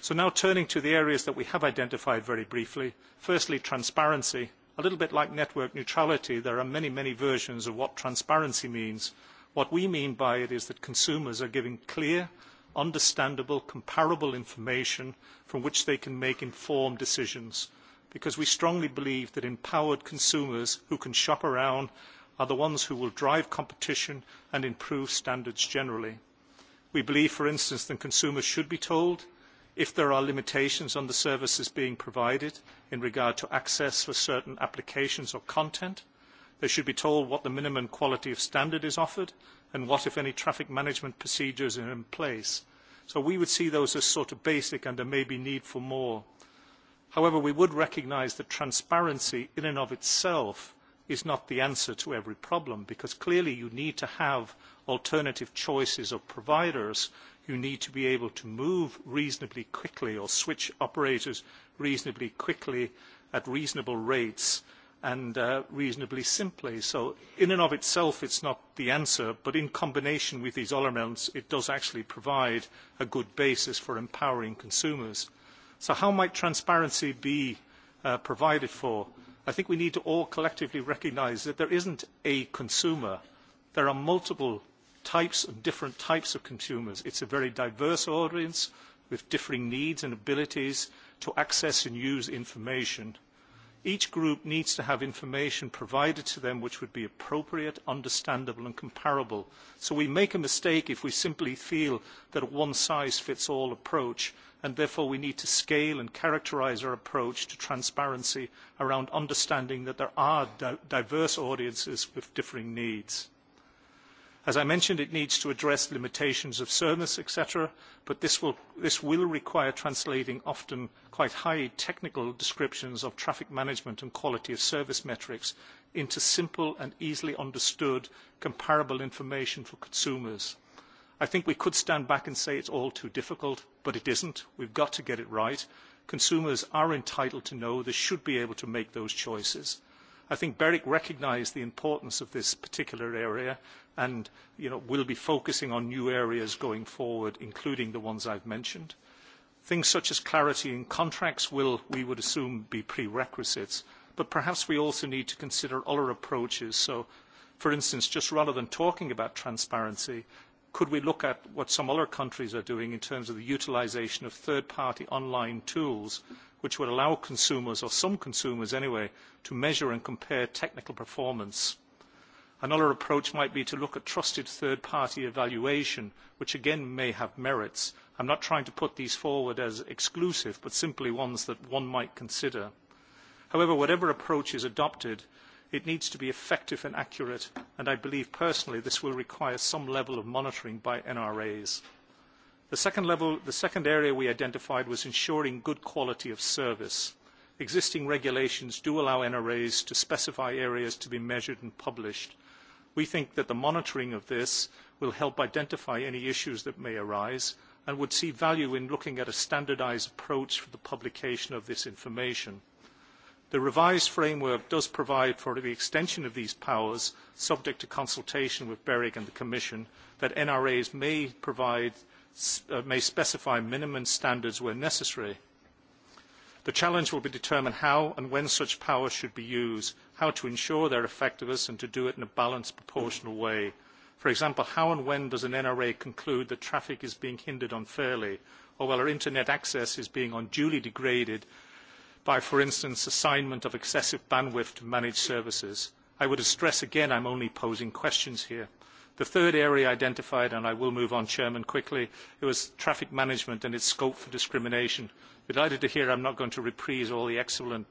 So now turning to the areas that we have identified very briefly. Firstly, transparency a little bit like network neutrality, there are many, many versions of what transparency means. What we mean by it is that consumers are given clear, understandable, comparable information from which they can make informed decisions, because we strongly believe that empowered consumers who can shop around are the ones who will drive competition and improve standards generally. We believe, for instance, that consumers should be told if there are limitations on the services being provided in regard to access for certain applications or content they should be told what the minimum quality of standard is offered and what if any traffic management procedures are in place so we would see those as sort of basic and there may be need for more however we would recognise that transparency in and of itself is not the answer to every problem because clearly you need to have alternative choices of providers you need to be able to move reasonably quickly or switch operators reasonably quickly at reasonable rates and reasonably simply. So in and of itself it's not the answer, but in combination with these elements it does actually provide a good basis for empowering consumers. So how might transparency be provided for? I think we need to all collectively recognise that there isn't a consumer. There are multiple types and different types of consumers. It's a very diverse audience with differing needs and abilities to access and use information. Each group needs to have information provided to them which would be appropriate, understandable and comparable. So we make a mistake if we simply feel that a one-size-fits-all approach and therefore we need to scale and characterise our approach to transparency around understanding that there are diverse audiences with differing needs. As I mentioned, it needs to address limitations of service, etc., but this will require translating often quite high technical descriptions of traffic management and quality of service metrics into simple and easily understood, comparable information for consumers. I think we could stand back and say it's all too difficult, but it isn't. We've got to get it right. Consumers are entitled to know. They should be able to make those choices. I think BEREC recognised the importance of this particular area and will be focusing on new areas going forward, including the ones I've mentioned. Things such as clarity in contracts will, we would assume, be prerequisites, but perhaps we also need to consider other approaches. So, for instance, just rather than talking about transparency, could we look at what some other countries are doing in terms of the utilisation of third-party online tools which would allow consumers, or some consumers anyway, to measure and compare technical performance Another approach might be to look at trusted third-party evaluation, which again may have merits. I'm not trying to put these forward as exclusive, but simply ones that one might consider. However, whatever approach is adopted, it needs to be effective and accurate, and I believe personally this will require some level of monitoring by NRAs. The second area we identified was ensuring good quality of service. Existing regulations do allow NRAs to specify areas to be measured and published We think that the monitoring of this will help identify any issues that may arise and would see value in looking at a standardised approach for the publication of this information. The revised framework does provide for the extension of these powers, subject to consultation with BEREC and the Commission, that NRAs may specify minimum standards where necessary. The challenge will be to determine how and when such powers should be used, how to ensure their effectiveness and to do it in a balanced, proportional way. For example, how and when does an NRA conclude that traffic is being hindered unfairly, or whether internet access is being unduly degraded by, for instance, assignment of excessive bandwidth to managed services? I would stress again I'm only posing questions here. The third area identified, and I will move on, Chairman, quickly, was traffic management and its scope for discrimination delighted to hear I'm not going to reprise all the excellent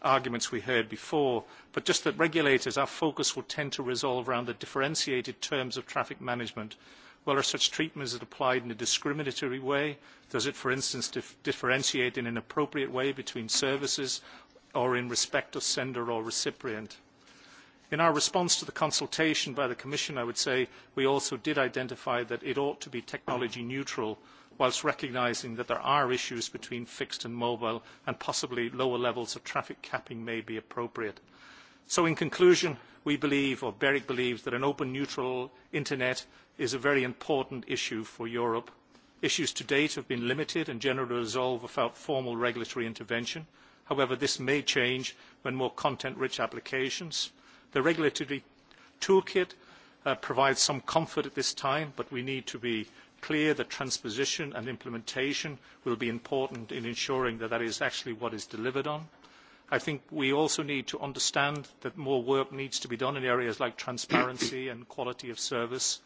arguments we heard before, but just that regulators, our focus will tend to resolve around the differentiated terms of traffic management. Whether such treatment is applied in a discriminatory way, does it, for instance, differentiate in an appropriate way between services or in respect of sender or recipient? In our response to the consultation by the Commission, I would say we also did identify that it ought to be technology neutral whilst recognising that there are issues between fixed and mobile and possibly lower levels of traffic capping may be appropriate. So in conclusion, we believe, or BERIC believes, that an open neutral internet is a very important issue for Europe. Issues to date have been limited and generally resolved without formal regulatory intervention. However, this may change when more content-rich applications. The regulatory toolkit provides some comfort at this time, but we need to be clear that transposition and implementation will be important in ensuring that that is actually what is delivered on. I think we also need to understand that more work needs to be done in areas like transparency and quality of service.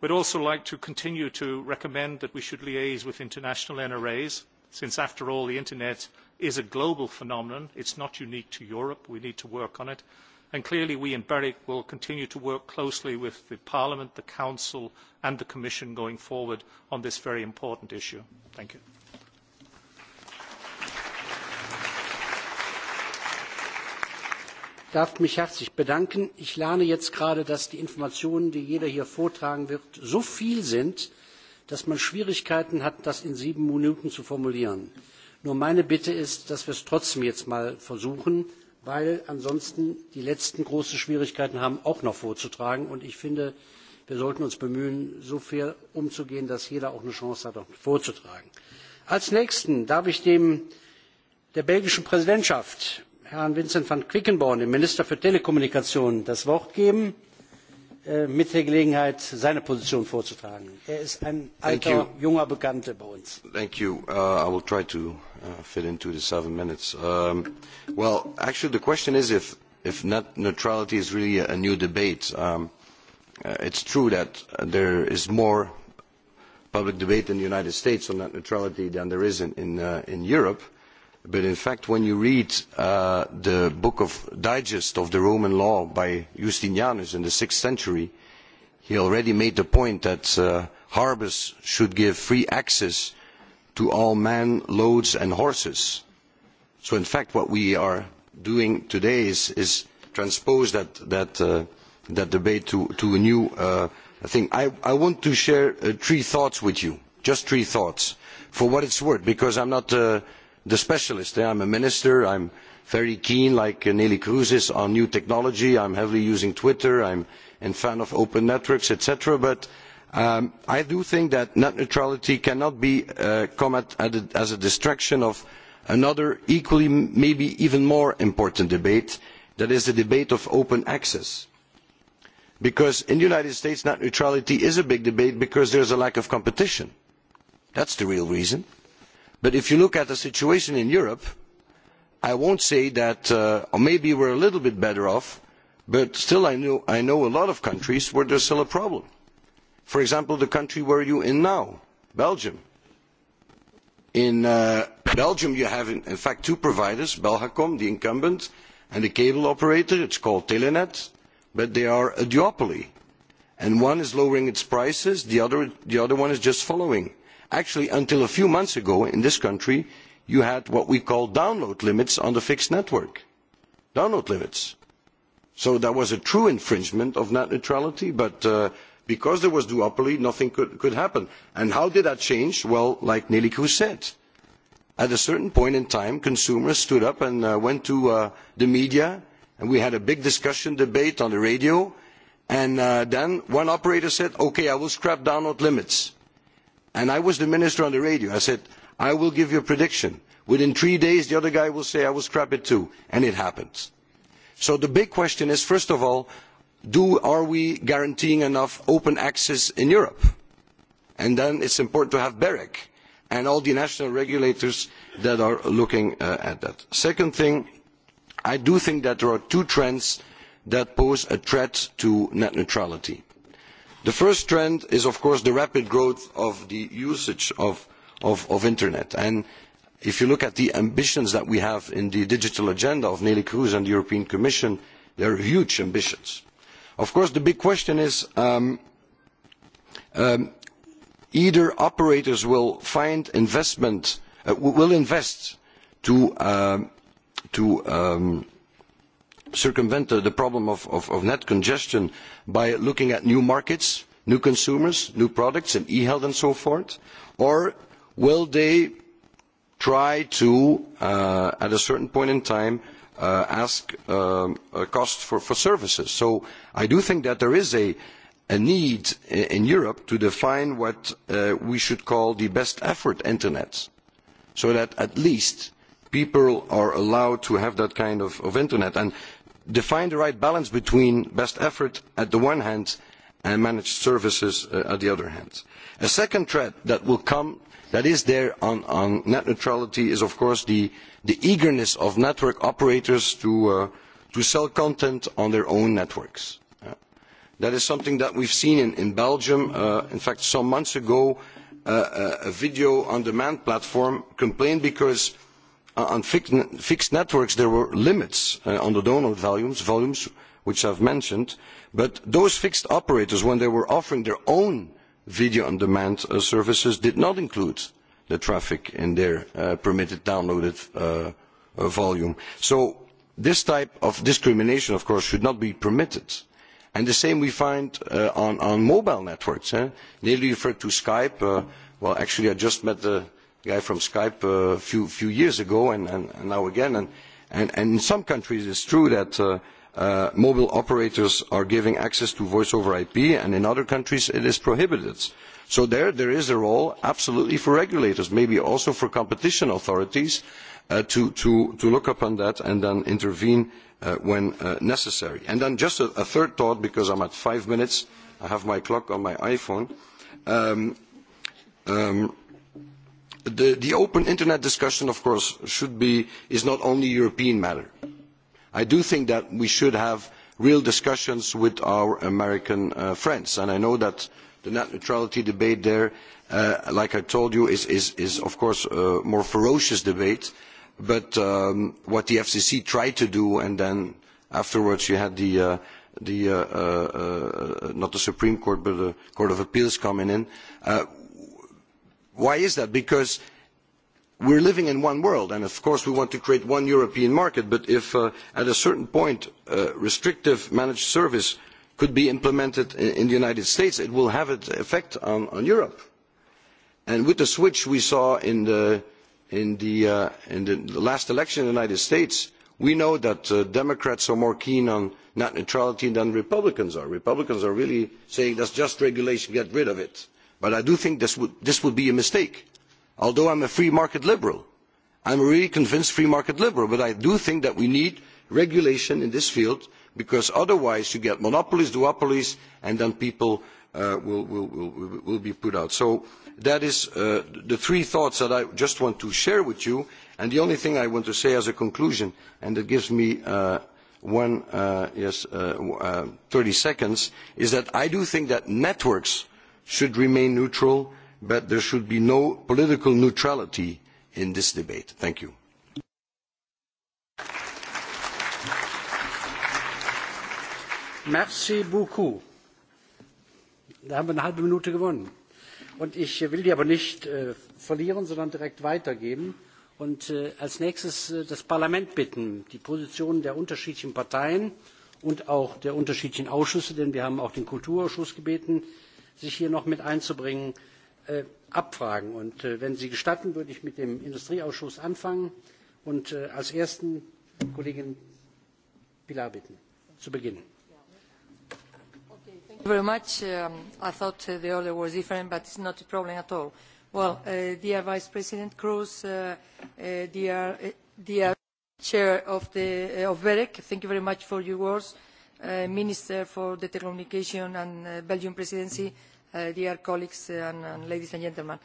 We would also like to continue to recommend that we should liaise with international NRAs, since after all the internet is a global phenomenon. it is not unique to Europe. We need to work on it and clearly we in berec will continue to work closely with parliament the council and the commission going forward on this very important issue. thank you. ich darf mich herzlich bedanken. ich lerne jetzt gerade dass die informationen die jeder hier vortragen wird so viel sind dass man schwierigkeiten hat das in sieben minuten zu formulieren. nur meine bitte ist dass wir es trotzdem jetzt mal versuchen weil ansonsten die letzten großen Schwierigkeiten haben, auch noch vorzutragen. Und ich finde, wir sollten uns bemühen, so fair umzugehen, dass jeder auch eine Chance hat, auch vorzutragen. Als Nächsten darf ich dem der belgischen Präsidentschaft, Herrn Vincent van Quickenborn, dem Minister für Telekommunikation, das Wort geben mit der Gelegenheit, seine Position vorzutragen. Er ist ein alter, junger Bekannter bei uns. Thank you. I will try to fit into the seven minutes. Well, actually, the question is if net neutrality is really a new debate. It's true that there is more public debate in the United States on net neutrality than there is in in Europe But in fact, when you read the book of digest of the Roman law by Justinianus in the sixth century, he already made the point that harbours should give free access to all men, loads and horses. So in fact, what we are doing today is transpose that debate to a new thing. I want to share three thoughts with you, just three thoughts, for what it's worth, because I'm not the specialist. I am a minister, I am very keen, like Nelly Cruz on new technology, I am heavily using Twitter, I am a fan of open networks, etc. But I do think that net neutrality cannot be come as a distraction of another equally, maybe even more important debate, that is the debate of open access. Because in the United States net neutrality is a big debate because there is a lack of competition. That is the real reason but if you look at the situation in europe i won't say that maybe we're a little bit better off but still i know a lot of countries where there is still a problem for example the country where you in now belgium in belgium you have in fact two providers belgacom the incumbent and a cable operator it's called telenet but they are a duopoly and one is lowering its prices the other one is just following actually until a few months ago in this country you had what we call download limits on the fixed network download limits so that was a true infringement of net neutrality but because there was duopoly nothing could happen and how did that change well like neelie said at a certain point in time consumers stood up and went to the media and we had a big discussion debate on the radio and then one operator said okay i will scrap download limits and i was the minister on the radio i said i will give you a prediction within three days the other guy will say i was scrap it too' and it happened. so the big question is first of all are we guaranteeing enough open access in europe? and then it is important to have berec and all the national regulators that are looking at that. second thing i do think that there are two trends that pose a threat to net neutrality the first trend is of course the rapid growth of the usage of internet and if you look at the ambitions that we have in the digital agenda of neelie Cruz and the european commission they are huge ambitions. of course the big question is either operators will find investment will invest to circumvent the problem of net congestion by looking at new markets, new consumers, new products and e health and so forth, or will they try to, at a certain point in time, ask a cost for services? So I do think that there is a need in Europe to define what we should call the best effort internet, so that at least people are allowed to have that kind of internet define the right balance between best effort at the one hand and managed services on the other hand. A second threat that will come that is there on net neutrality is of course the eagerness of network operators to sell content on their own networks. That is something that we have seen in Belgium. In fact, some months ago a video on demand platform complained because On fixed networks, there were limits on the download volumes, which I've mentioned, but those fixed operators, when they were offering their own video-on-demand services, did not include the traffic in their permitted downloaded volume. So this type of discrimination, of course, should not be permitted. And the same we find on mobile networks. Nearly referred to Skype. Well, actually, I just met the guy from Skype a few years ago and now again. And in some countries it is true that mobile operators are giving access to voice over IP, and in other countries it is prohibited. So there there is a role absolutely for regulators, maybe also for competition authorities, to look upon that and then intervene when necessary. And then just a third thought, because I'm at five minutes, I have my clock on my iPhone The open internet discussion, of course, should be is not only a European matter. I do think that we should have real discussions with our American friends, and I know that the net neutrality debate there, like I told you, is of course a more ferocious debate. But what the FCC tried to do, and then afterwards you had the not the Supreme Court but the Court of Appeals coming in Why is that? Because we are living in one world and of course we want to create one European market, but if at a certain point restrictive managed service could be implemented in the United States, it will have an effect on Europe. And with the switch we saw in the last election in the United States, we know that Democrats are more keen on net neutrality than Republicans are. Republicans are really saying that's just regulation, get rid of it but i do think this would be a mistake although i am a free market liberal i am a really convinced free market liberal but i do think that we need regulation in this field because otherwise you get monopolies duopolies and then people will be put out. so that is the three thoughts that i just want to share with you and the only thing i want to say as a conclusion and that gives me thirty seconds is that i do think that networks should remain neutral, but there should be no political neutrality in this debate. Thank you. Merci beaucoup. Da haben wir eine halbe Minute gewonnen. Und ich will die aber nicht verlieren, sondern direkt weitergeben und als nächstes das Parlament bitten, die Positionen der unterschiedlichen Parteien und auch der unterschiedlichen Ausschüsse, denn wir haben auch den Kulturausschuss gebeten, sich hier noch mit einzubringen, abfragen. Und wenn Sie gestatten, würde ich mit dem Industrieausschuss anfangen und als Ersten Kollegin Pilar bitten, zu beginnen. Thank you very much. I thought the order was different, but it's not a problem at all. Well, dear Vice President Cruz, dear Chair of BEREC, thank you very much for your words Minister for the Telecommunication and Belgian Presidency, dear colleagues and ladies and gentlemen.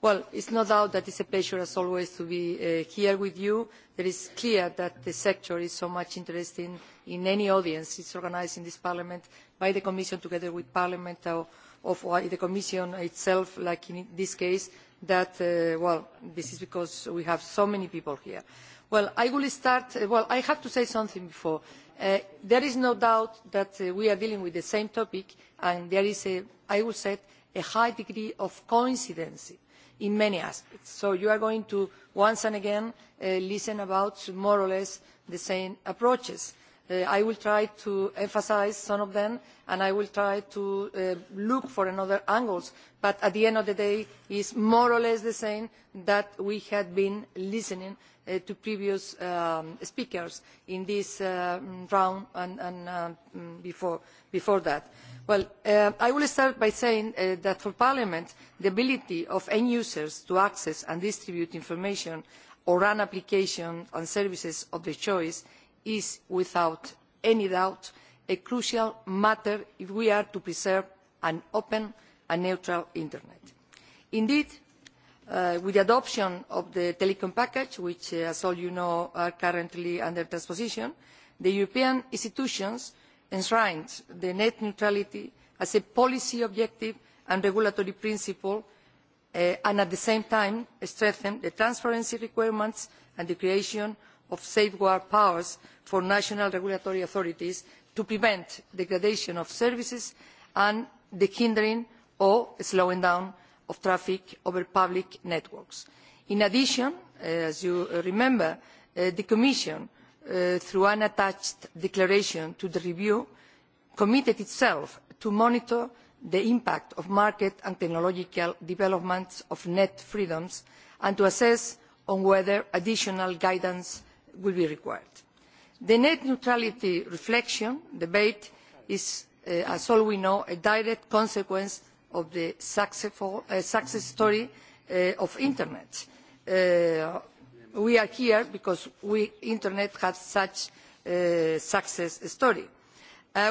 Well, is no doubt that is a pleasure, as always, to be here with you. It is clear that the sector is so much interesting in any audience. is organised in this Parliament by the Commission together with Parliament of the Commission itself, like in this case, that, well, this is because we have so many people here. Well, I will start. Well, I have to say something before. There is no doubt that we are dealing with the same topic, and there is, I would say, a high degree of coincidence in many aspects. So you are going to once and again listen about more or less the same approaches. I will try to emphasise some of them, and I will try to look for another angles. But at the end of the day, it is more or less the same that we had been listening to previous speakers in this round and before that. Well, I will start by saying that for Parliament, the ability of end users to access and distribute information or run applications and services of their choice is, without any doubt, a crucial matter if we are to preserve an open and neutral Internet. Indeed, With the adoption of the telecom package, which, as all you know, are currently under transposition, the European institutions enshrined the net neutrality as a policy objective and regulatory principle, and at the same time strengthened the transparency requirements and the creation of safeguard powers for national regulatory authorities to prevent degradation of services and the hindering or slowing down of traffic over public networks. In addition, as you remember, the Commission, through an attached declaration to the review, committed itself to monitor the impact of market and technological developments of net freedoms and to assess on whether additional guidance will be required. The net neutrality reflection debate is, as all we know, a direct consequence of the success story of Internet. We are here because we Internet has such a success story.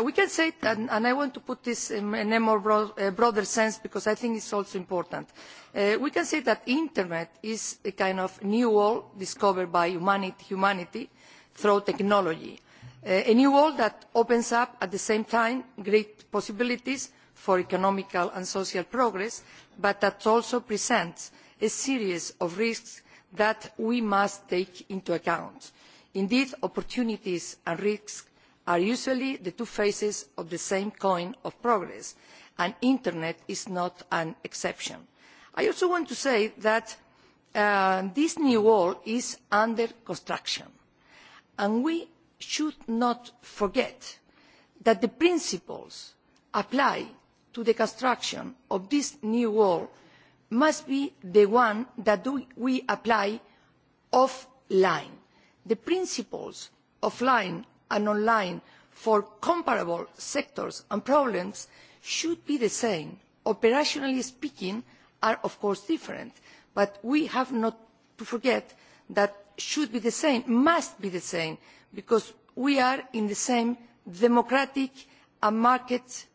We can say, and I want to put this in a more broader sense because I think it is also important, we can say that Internet is a kind of new world discovered by humanity through technology. A new world that opens up at the same time great possibilities for economic and social progress, but that also presents a series of risks that we must take into account. Indeed, opportunities and risks are usually the two faces of the same coin of progress, and the Internet is not an exception. I also want to say that this new wall is under construction, and we should not forget that the principles apply to the construction of this new world must be the one that we apply offline. The principles offline and online for comparable sectors and problems should be the same. Operationally speaking, are of course different, but we have not to forget that should be the same, must be the same, because we are in the same democratic and market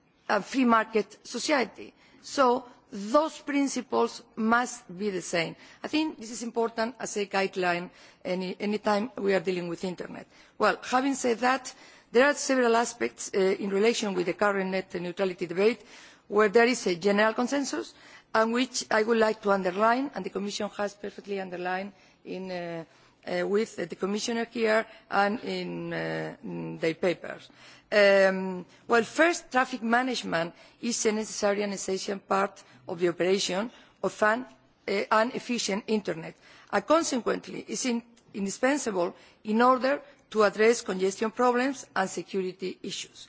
free market society. So those principles must be the same. I think this is important as a guideline any time we are dealing with Internet. Well, having said that, there are several aspects in relation with the current net neutrality debate where there is a general consensus and which I would like to underline and the Commission has perfectly underlined in with the Commissioner here and in their papers. Well, first, traffic management is a necessary and essential part of the operation of an efficient Internet, and consequently is indispensable in order to address congestion problems and security issues.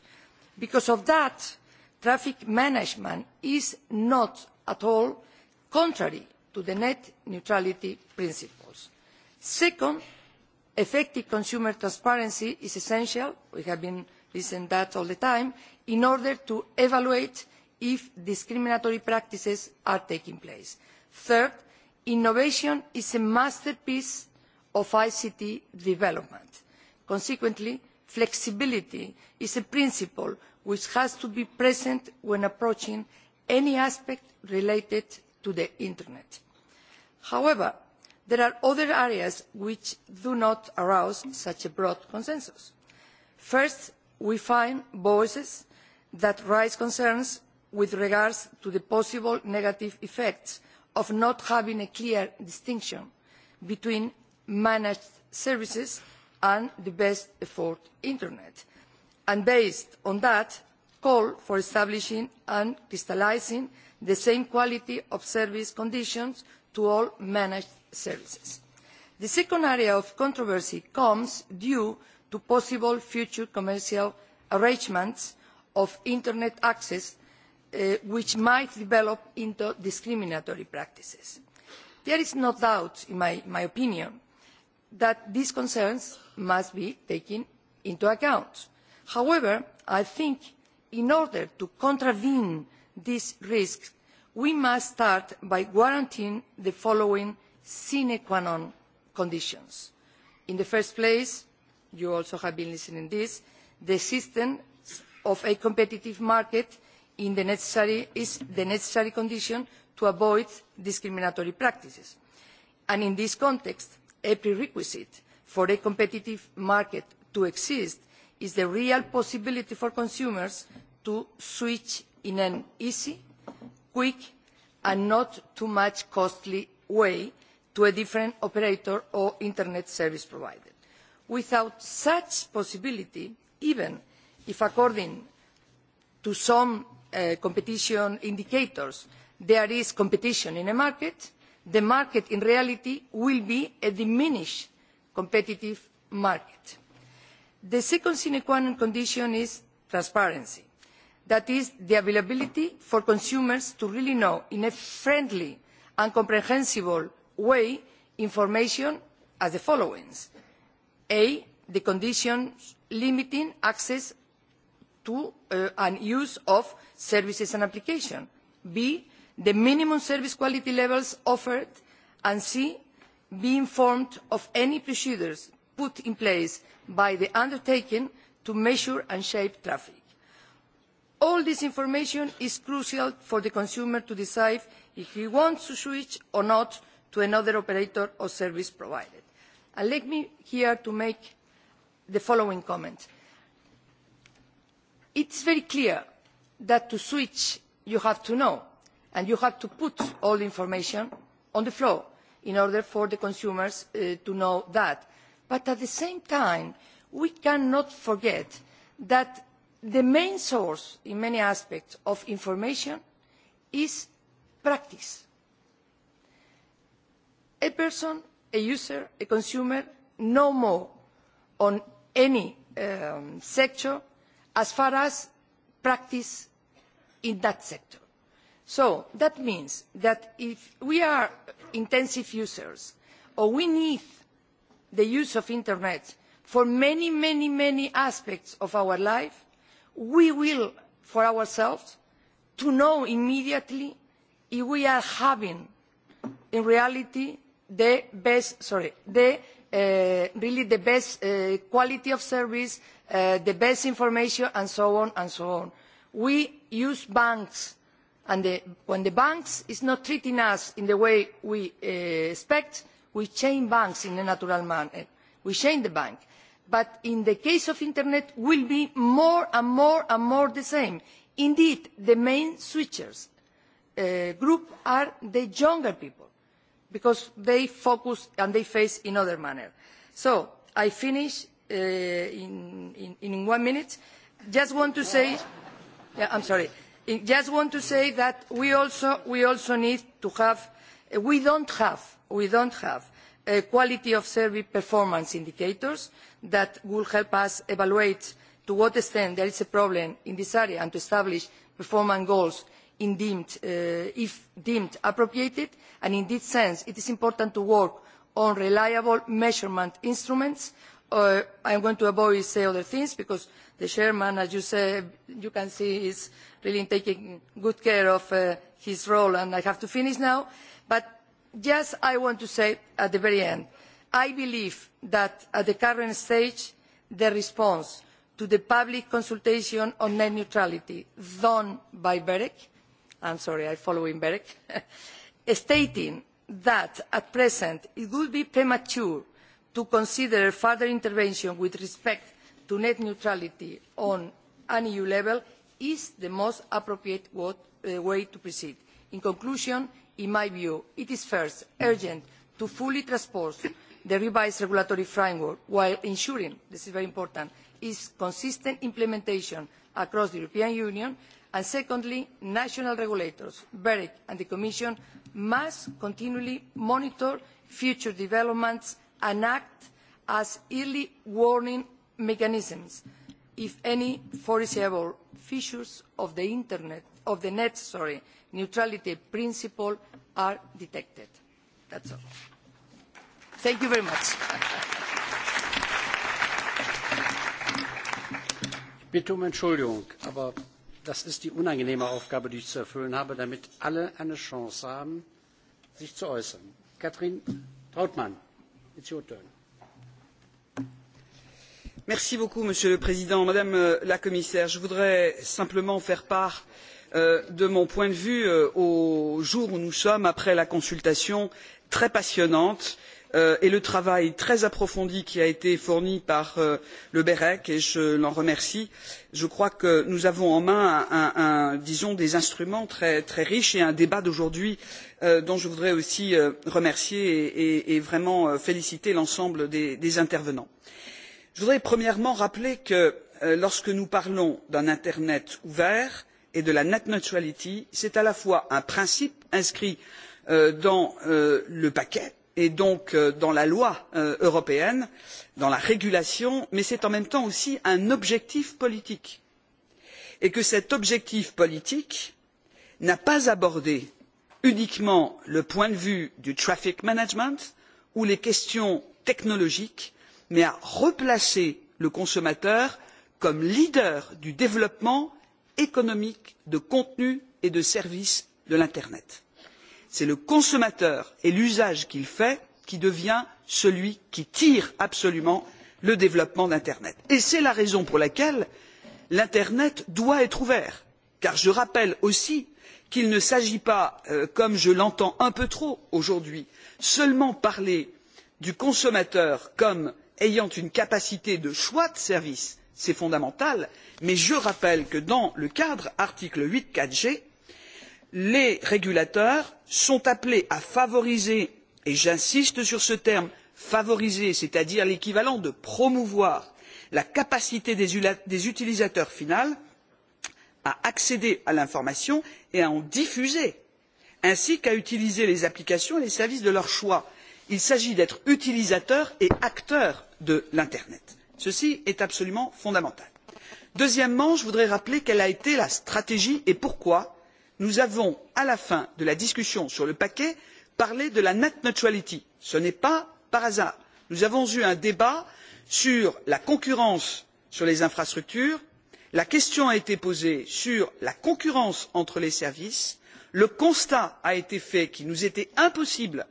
Because of that, traffic management is not at all contrary to the net neutrality principles Second, effective consumer transparency is essential. We have been listening to that all the time in order to evaluate if discriminatory practices are taking place. Third, innovation is a masterpiece of ICT development. Consequently, flexibility is a principle which has to be present when approaching any aspect related to the Internet. However, there are other areas which do not arouse such a broad consensus. first we find voices that raise concerns with regard to the possible negative effects of not having a clear distinction between managed services and the best effort internet and based on that call for establishing and crystallising the same quality of service conditions to all managed services. The second area of controversy comes due to possible future commercial arrangements of Internet access which might develop into discriminatory practices. There is no doubt, in my opinion, that these concerns must be taken into account. However, I think in order to contravene these risks, we must start by guaranteeing the following sine qua non conditions. In the first place, you also have been listening to this, the existence of a competitive market is the necessary condition to avoid discriminatory practices. And in this context, a prerequisite for a competitive market to exist is the real possibility for consumers to switch in an easy, quick and not too much costly way to a different operator or internet service provider. Without such possibility, even if according to some competition indicators there is competition in a market, the market in reality will be a diminished competitive market. The second sine qua non condition is transparency, that is the availability for consumers to really know in a friendly and comprehensible weigh information as the following a the conditions limiting access to and use of services and applications b the minimum service quality levels offered and c be informed of any procedures put in place by the undertaking to measure and shape traffic. all this information is crucial for the consumer to decide if he wants to switch or not to another operator or service provider. And let me here to make the following comment. It's very clear that to switch you have to know and you have to put all the information on the floor in order for the consumers to know that. But at the same time, we cannot forget that the main source in many aspects of information is practice a person a user a consumer no more on any sector as far as practice in that sector. so that means that if we are intensive users or we need the use of internet for many many many aspects of our life we will for ourselves to know immediately if we are having in reality the best sorry the really the best quality of service the best information and so on and so on. we use banks and when the banks is not treating us in the way we expect we change banks in a natural manner we change the bank but in the case of internet will be more and more and more the same. indeed the main switchers group are the younger people because they focus and they face in other manner. So I finish in one minute. Just want to say, I'm sorry, just want to say that we also we also need to have, we don't have, we don't have quality of service performance indicators that will help us evaluate to what extent there is a problem in this area and to establish performance goals if deemed appropriate and in this sense it is important to work on reliable measurement instruments. I am going to avoid saying other things because the chairman, as you you can see is really taking good care of his role and I have to finish now. But just I want to say at the very end, I believe that at the current stage the response to the public consultation on net neutrality done by BEREC I'm sorry, I follow in Berg. stating that at present it would be premature to consider further intervention with respect to net neutrality on an EU level is the most appropriate way to proceed. In conclusion, in my view, it is first urgent to fully transpose the revised regulatory framework while ensuring this is very important its consistent implementation across the European Union and secondly national regulators berec and the commission must continually monitor future developments and act as early warning mechanisms if any foreseeable features of the net neutrality principle are detected. That's all. Thank you very much das ist die unangenehme Aufgabe, die ich zu erfüllen habe, damit alle eine Chance haben, sich zu äußern. Katrin Trautmann, it's your turn. Merci beaucoup, Monsieur le Président. Madame la Commissaire, je voudrais simplement faire part de mon point de vue au jour où nous sommes après la consultation très passionnante et le travail très approfondi qui a été fourni par le berec et je l'en remercie je crois que nous avons en main disons des instruments très riches et un débat d'aujourd'hui dont je voudrais aussi remercier et vraiment féliciter l'ensemble des intervenants. je voudrais premièrement rappeler que lorsque nous parlons d'un internet ouvert et de la net neutrality c'est à la fois un principe inscrit dans le paquet et donc dans la loi européenne dans la régulation mais c'est en même temps aussi un objectif politique et que cet objectif politique n'a pas abordé uniquement le point de vue du traffic management ou les questions technologiques mais a replacé le consommateur comme leader du développement économique de contenus et de services de l'internet c'est le consommateur et l'usage qu'il fait qui devient celui qui tire absolument le développement d'internet, et c'est la raison pour laquelle l'internet doit être ouvert car je rappelle aussi qu'il ne s'agit pas comme je l'entends un peu trop aujourd'hui seulement de parler du consommateur comme ayant une capacité de choix de service c'est fondamental mais je rappelle que dans le cadre article huit paragraphe quatre g les régulateurs sont appelés à favoriser et j'insiste sur ce terme favoriser c'est à dire l'équivalent de promouvoir la capacité des utilisateurs finaux à accéder à l'information et à en diffuser ainsi qu'à utiliser les applications et les services de leur choix. il s'agit d'être utilisateurs et acteurs de l'internet. ceci est absolument fondamental. deuxièmement je voudrais rappeler quelle a été la stratégie et pourquoi nous avons à la fin de la discussion sur le paquet parlé de la net neutrality. ce n'est pas par hasard. nous avons eu un débat sur la concurrence sur les infrastructures la question a été posée sur la concurrence entre les services le constat a été fait qu'il nous était impossible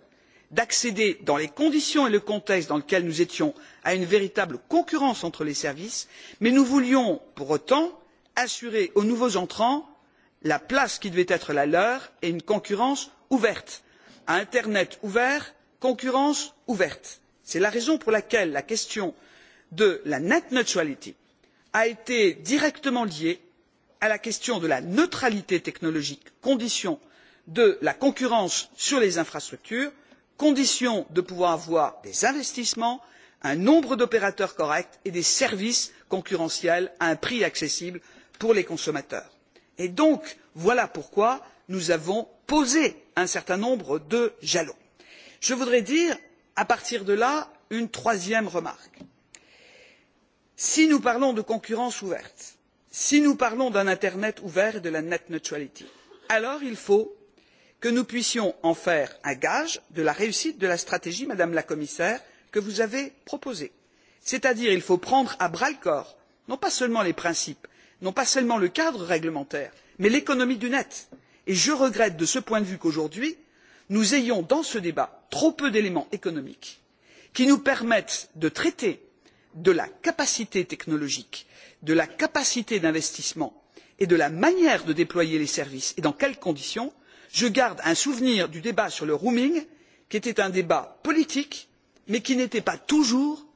d'accéder dans les conditions et le contexte dans lequel nous étions à une véritable concurrence entre les services mais nous voulions pour autant assurer aux nouveaux entrants la place qui devait être la leur et une concurrence ouverte internet ouvert concurrence ouverte. c'est la raison pour laquelle la question de la net neutrality a été directement liée à la question de la neutralité technologique condition de la concurrence sur les infrastructures condition de pouvoir avoir des investissements un nombre d'opérateurs correct et des services concurrentiels à un prix accessible pour les consommateurs et donc voilà pourquoi nous avons posé un certain nombre de jalons. je voudrais dire à partir de là une troisième remarque si nous parlons de concurrence ouverte si nous parlons d'un internet ouvert et de la net neutrality alors il faut que nous puissions en faire un gage de la réussite de la stratégie madame la commissaire que vous avez proposée c'est à dire qu'il faut prendre à bras le corps non pas seulement les principes non pas seulement le cadre réglementaire mais l'économie du net et je regrette de ce point de vue qu'aujourd'hui nous ayons dans ce débat trop peu d'éléments économiques qui nous permettent de traiter de la capacité technologique de la capacité d'investissement et de la manière de déployer les services et dans quelles conditions. je garde un souvenir du débat sur le roaming qui était un débat politique mais qui n'était pas toujours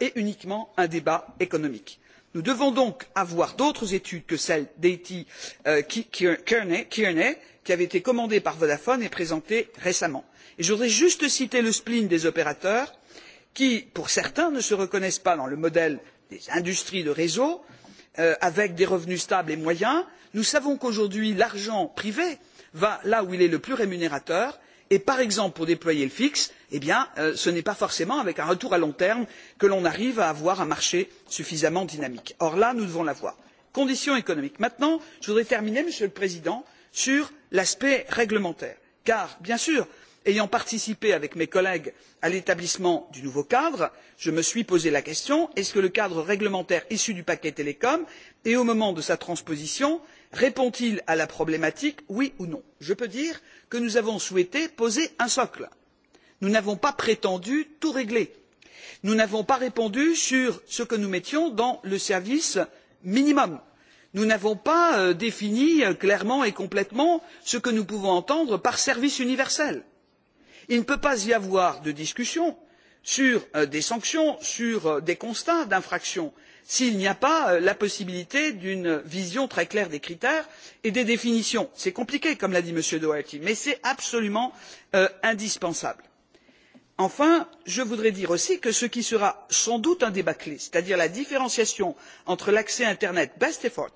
et uniquement un débat économique nous devons donc avoir d'autres études que celle d'eighty kearney qui avait été commandée par vodafone et présentée récemment. je voudrais juste citer le spleen des opérateurs qui pour certains ne se reconnaissent pas dans le modèle des industries de réseau avec des revenus stables et moyens. nous savons qu'aujourd'hui l'argent privé va là où il est le plus rémunérateur et par exemple pour déployer le fixe ce n'est pas forcément avec un retour à long terme que l'on arrive à avoir un marché suffisamment dynamique. or là nous devons l'avoir. conditions économiques. maintenant je voudrais terminer monsieur le président sur l'aspect réglementaire car bien sûr ayant participé avec mes collègues à l'établissement du nouveau cadre je me suis posé la question est ce que le cadre réglementaire issu du paquet télécom et au moment de sa transposition répond il à la problématique oui ou non? je peux dire que nous avons souhaité poser un socle. nous n'avons pas prétendu tout régler nous n'avons pas répondu sur ce que nous mettions dans le service minimum nous n'avons pas défini clairement et complètement ce que nous pouvons entendre par service universel. il ne peut pas y avoir de discussion sur des sanctions sur des constats d'infraction s'il n'y a pas la possibilité d'une vision très claire des critères et des définitions. c'est compliqué comme l'a dit m. doherty mais c'est absolument indispensable. enfin je voudrais dire aussi que ce qui sera sans doute un débat clé c'est à dire la différenciation entre l'accès internet best effort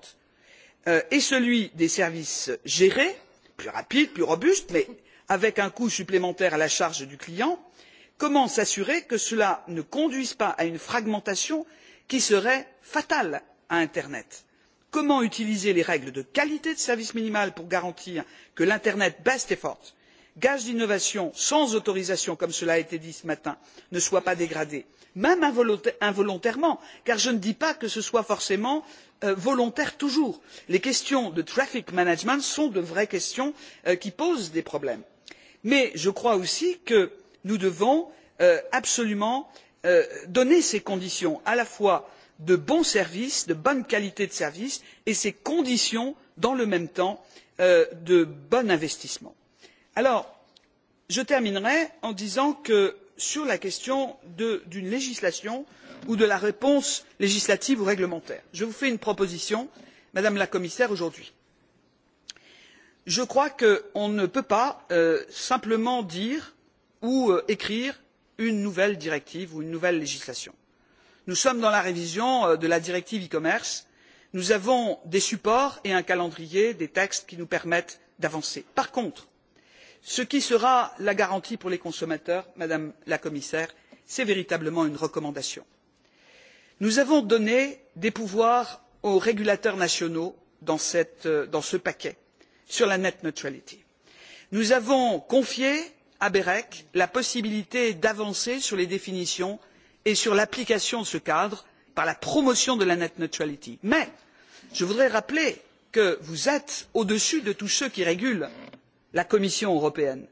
et celui des services gérés plus rapides plus robustes mais avec un coût supplémentaire à la charge du client comment s'assurer que cela ne conduise pas à une fragmentation qui serait fatal à internet. comment utiliser les règles de qualité de service minimal pour garantir que l'internet best effort gage d'innovation sans autorisation comme cela a été dit ce matin ne soit pas dégradé même involontairement car je ne dis pas que ce soit forcément volontaire toujours. les questions de traffic management sont de vraies questions qui posent des problèmes. mais je crois aussi que nous devons absolument donner ces conditions à la fois de bons services de bonne qualité de service et ces conditions dans le même temps de bon investissement. je terminerai en disant que sur la question d'une législation ou de la réponse législative ou réglementaire je vous fais une proposition madame la commissaire aujourd'hui. je crois qu'on ne peut pas simplement dire ou écrire une nouvelle directive ou une nouvelle législation. nous sommes dans la révision de la directive e commerce nous avons des supports et un calendrier des textes qui nous permettent d'avancer. par contre ce qui sera la garantie pour les consommateurs madame la commissaire c'est véritablement une recommandation. nous avons donné des pouvoirs aux régulateurs nationaux dans ce paquet sur la net neutrality. nous avons confié à berec la possibilité d'avancer sur les définitions et sur l'application de ce cadre par la promotion de la net neutrality. mais je voudrais rappeler que vous êtes au dessus de tous ceux qui régulent la commission européenne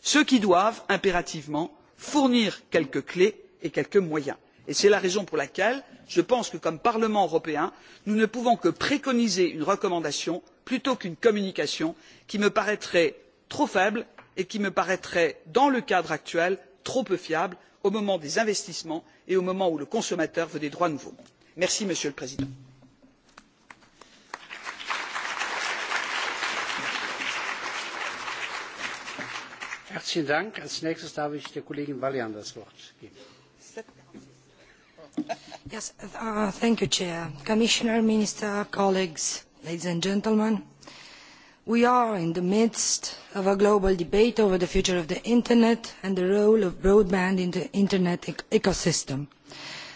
ceux qui doivent impérativement fournir quelques clés et quelques moyens c'est la raison pour laquelle je pense que comme parlement européen nous ne pouvons que préconiser une recommandation plutôt qu'une communication qui me paraîtrait trop faible et qui me paraîtrait dans le cadre actuel trop peu fiable au moment des investissements et au moment où le consommateur veut des droits nouveaux. merci monsieur le président. We are in the midst of a global debate over the future of the Internet and the role of broadband in the Internet ecosystem.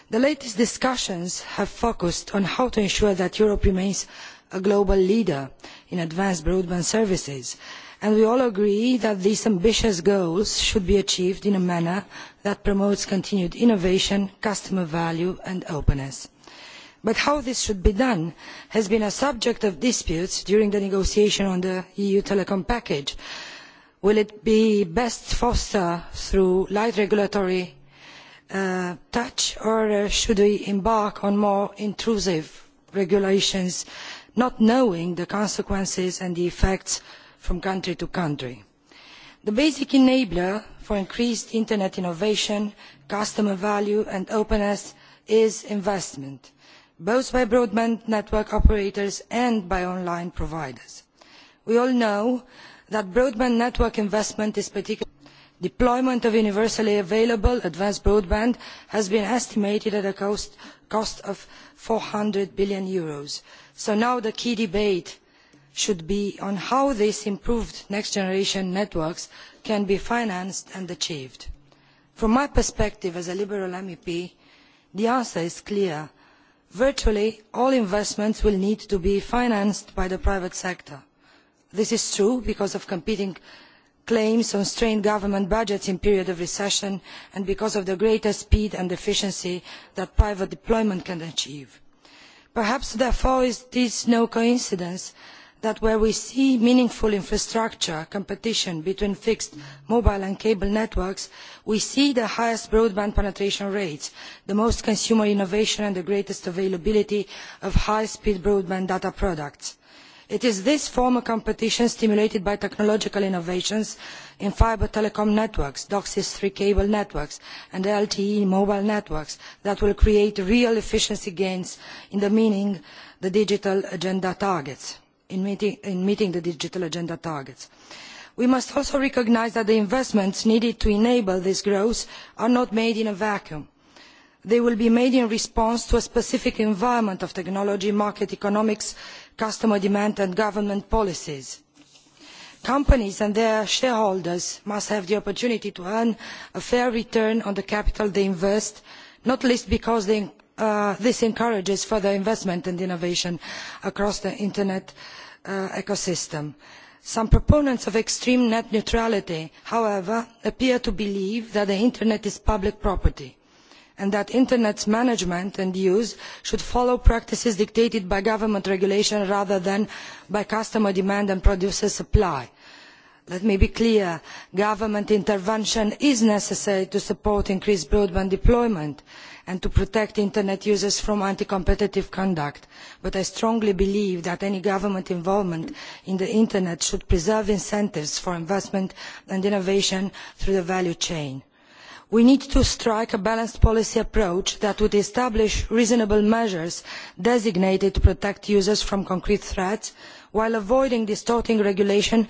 The latest discussions have focused on how to ensure that Europe remains a global leader in advanced broadband services, and we all agree that these ambitious goals should be achieved in a manner that promotes continued innovation, customer value and openness but how this should be done has been a subject of disputes during the negotiation on the eu telecom package. will it be best fostered through light regulatory touch or should we embark on more intrusive regulations not knowing the consequences and the effects from country to country? the basic enabler for increased internet innovation customer value and openness is investment both by broadband network operators and by online providers. We all know that broadband network investment is particularly deployment of universally available advanced broadband has been estimated at a cost of eur four hundred billion. so now the key debate should be on how these improved next generation networks can be financed and achieved. from my perspective as a liberal mep the answer is clear virtually all investments will need to be financed by the private sector. this is true because of competing claims on strained government budgets in a period of recession and because of the greater speed and efficiency that private deployment can achieve. perhaps therefore it is no coincidence that that where we see meaningful infrastructure competition between fixed mobile and cable networks we see the highest broadband penetration rates the most consumer innovation and the greatest availability of high speed broadband data products. it is this form of competition stimulated by technological innovations in fibre telecom networks doxis three cable networks and lte mobile networks that will create real efficiency gains in meeting the digital agenda targets in meeting the digital agenda targets. we must also recognise that the investments needed to enable this growth are not made in a vacuum. they will be made in response to a specific environment of technology market economics customer demand and government policies. companies and their shareholders must have the opportunity to earn a fair return on the capital they invest not least because they this encourages further investment and innovation across the internet ecosystem. some proponents of extreme net neutrality however appear to believe that the internet is public property and that internet's management and use should follow practices dictated by government regulation rather than by customer demand and producer supply. let me be clear government intervention is necessary to support increased broadband deployment and to protect internet users from anti competitive conduct but i strongly believe that any government involvement in the internet should preserve incentives for investment and innovation through the value chain. we need to strike a balanced policy approach that would establish reasonable measures designated to protect users from concrete threats while avoiding distorting regulation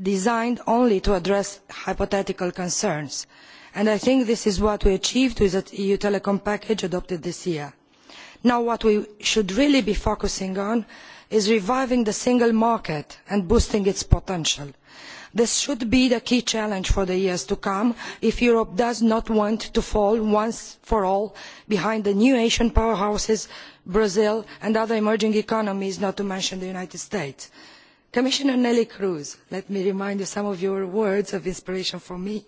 designed only to address hypothetical concerns and i think this is what we achieved with the eu telecom package adopted this year. now what we should really be focusing on is reviving the single market and boosting its potential. this should be the key challenge for the years to come if europe does not want to fall once for all behind the new asian powerhouses brazil and other emerging economies not to mention the united states. Commissioner Nelly Cruz, let me remind you some of your words of inspiration for me.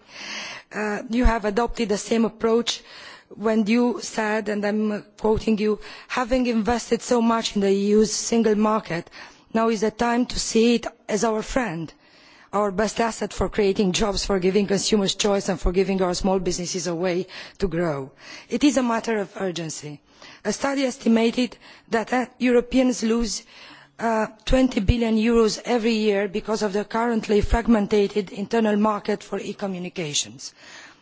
You have adopted the same approach when you said, and I'm quoting you, having invested so much in the EU's single market, now is the time to see it as our friend, our best asset for creating jobs, for giving consumers choice and for giving our small businesses a way to grow. It is a matter of urgency. A study estimated that Europeans lose eur twenty billion every year because of the currently fragmented internal market for e communications.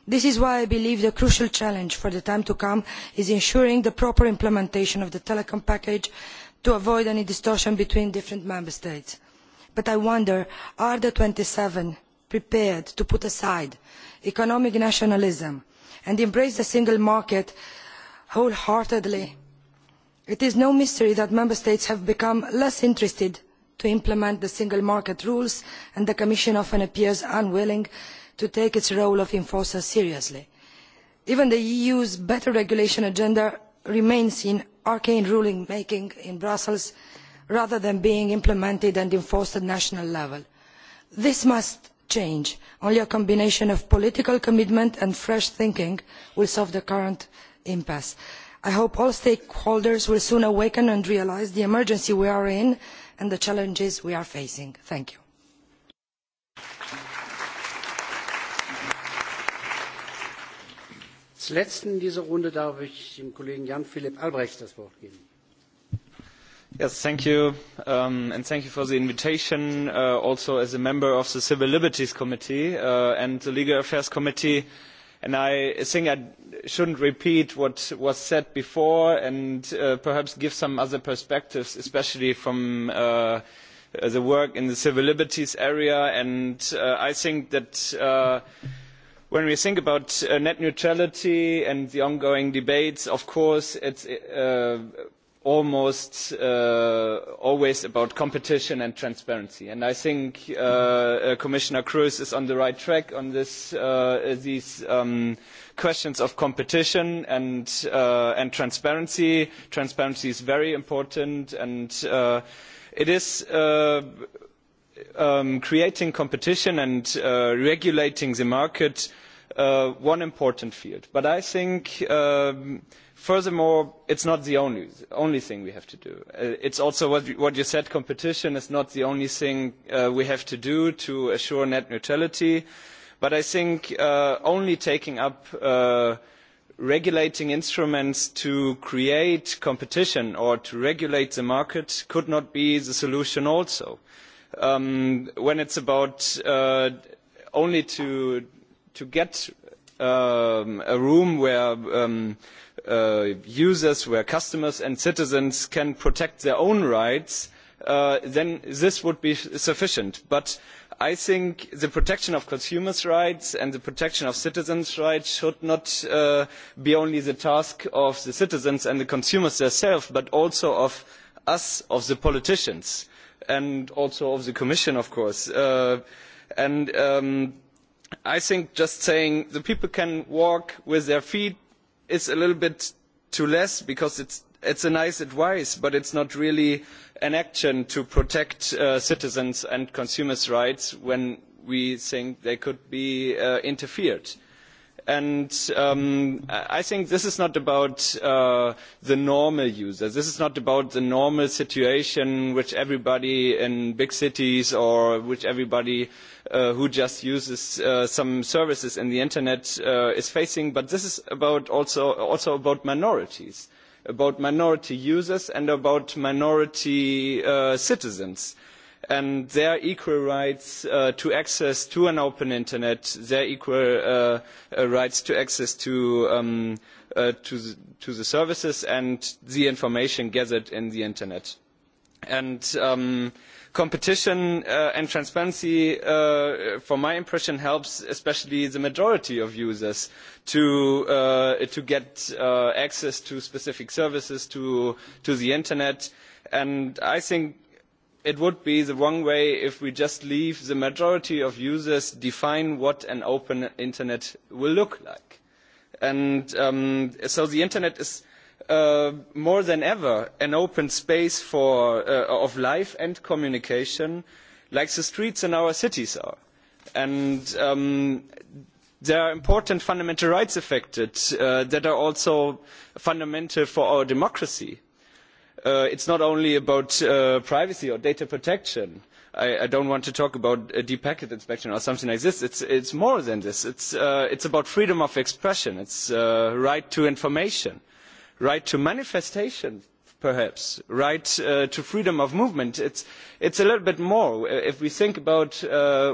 this is why i believe the crucial challenge for the time to come is ensuring the proper implementation of the telecom package to avoid any distortion between different member states. but i wonder are the twenty seven prepared to put aside economic nationalism and embrace the single market wholeheartedly? it is no mystery that member states have become less interested in implementing the single market rules and the commission often appears unwilling to take its role of enforcer seriously. even the eu's better regulation agenda remains in arcane ruling making in brussels rather than being implemented and enforced at national level. this must change. only a combination of political commitment and fresh thinking will solve the current impasse. I hope all stakeholders will soon awaken and realise the emergency we are in and the challenges we are facing. Thank you. Als letzten in dieser Runde darf ich dem Kollegen Jan Philipp Albrecht das Wort geben. Yes, thank you, and thank you for the invitation. Also, as a member of the Civil Liberties Committee and the Legal Affairs Committee and i think i shouldn't repeat what was said before and perhaps give some other perspectives especially from the work in the civil liberties area and i think that when we think about net neutrality and the ongoing debates of course it's almost always about competition and transparency. And I think Commissioner Cruz is on the right track on these questions of competition and transparency. Transparency is very important, and it is creating competition and regulating the market one important field. But I think Furthermore, it's not the only thing we have to do. It's also what you said, competition is not the only thing we have to do to assure net neutrality. But I think only taking up regulating instruments to create competition or to regulate the market could not be the solution also. When it's about only to get a room where users, where customers and citizens can protect their own rights, then this would be sufficient. But I think the protection of consumers' rights and the protection of citizens' rights should not be only the task of the citizens and the consumers themselves, but also of us, of the politicians, and also of the Commission, of course. And I think just saying the people can walk with their feet is a little bit too less because it it's a nice advice but it's not really an action to protect citizens and consumers' rights when we think they could be interfered and i think this is not about the normal users, this is not about the normal situation which everybody in big cities or which everybody who just uses some services in the internet is facing but this is also about minorities about minority users and about minority citizens and their equal rights to access to an open internet, their equal rights to access to the services and the information gathered in the internet. And competition and transparency, from my impression, helps especially the majority of users to get access to specific services, to the internet. And I think it would be the wrong way if we just leave the majority of users define what an open internet will look like. And so the internet is more than ever an open space of life and communication like the streets in our cities are. And there are important fundamental rights affected that are also fundamental for our democracy it's not only about privacy or data protection. I don't want to talk about a deep packet inspection or something like this. It's more than this. It's about freedom of expression. It's right to information, right to manifestation, perhaps, right to freedom of movement. It's a little bit more. If we think about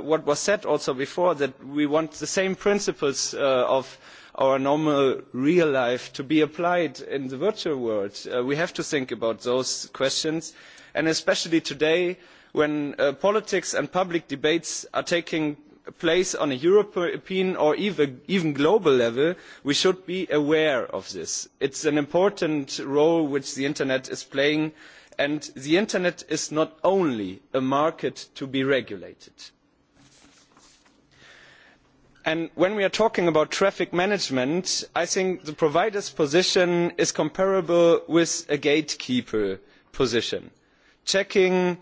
what was said also before, that we want the same principles of our normal real life to be applied in the virtual world. We have to think about those questions, and especially today when politics and public debates are taking place on a European or even global level, we should be aware of this. It's an important role which the Internet is playing, and the Internet is not only a market to be regulated when we are talking about traffic management i think the provider's position is comparable with a gatekeeper position checking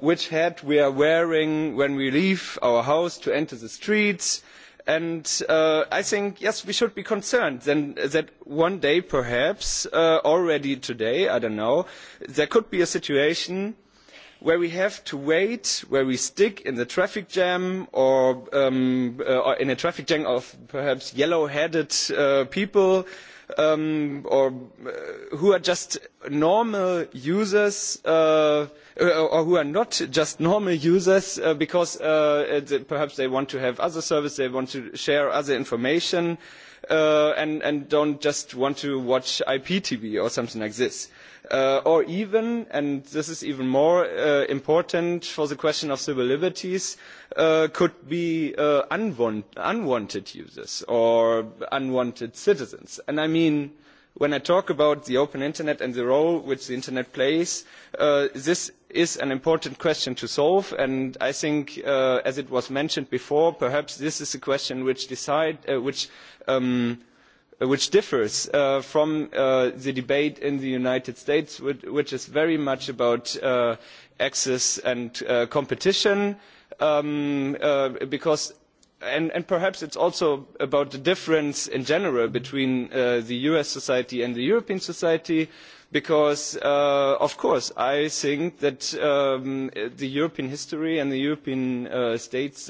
which hat we are wearing when we leave our house to enter the streets and i think yes we should be concerned that one day perhaps already today i do not know there could be a situation where we have to wait, where we stick in the traffic jam or in a traffic jam of perhaps yellow-headed people or who are just normal users or who are not just normal users because perhaps they want to have other services, they want to share other information and don't just want to watch IPTV or something like this or even and this is even more important for the question of civil liberties could be unwanted users or unwanted citizens. and i mean when i talk about the open internet and the role which the internet plays this is an important question to solve and i think as it was mentioned before perhaps this is a question which which differs from the debate in the united states which is very much about access and competition because and perhaps it's also about the difference in general between the us society and the european society because of course i think that the european history and the european states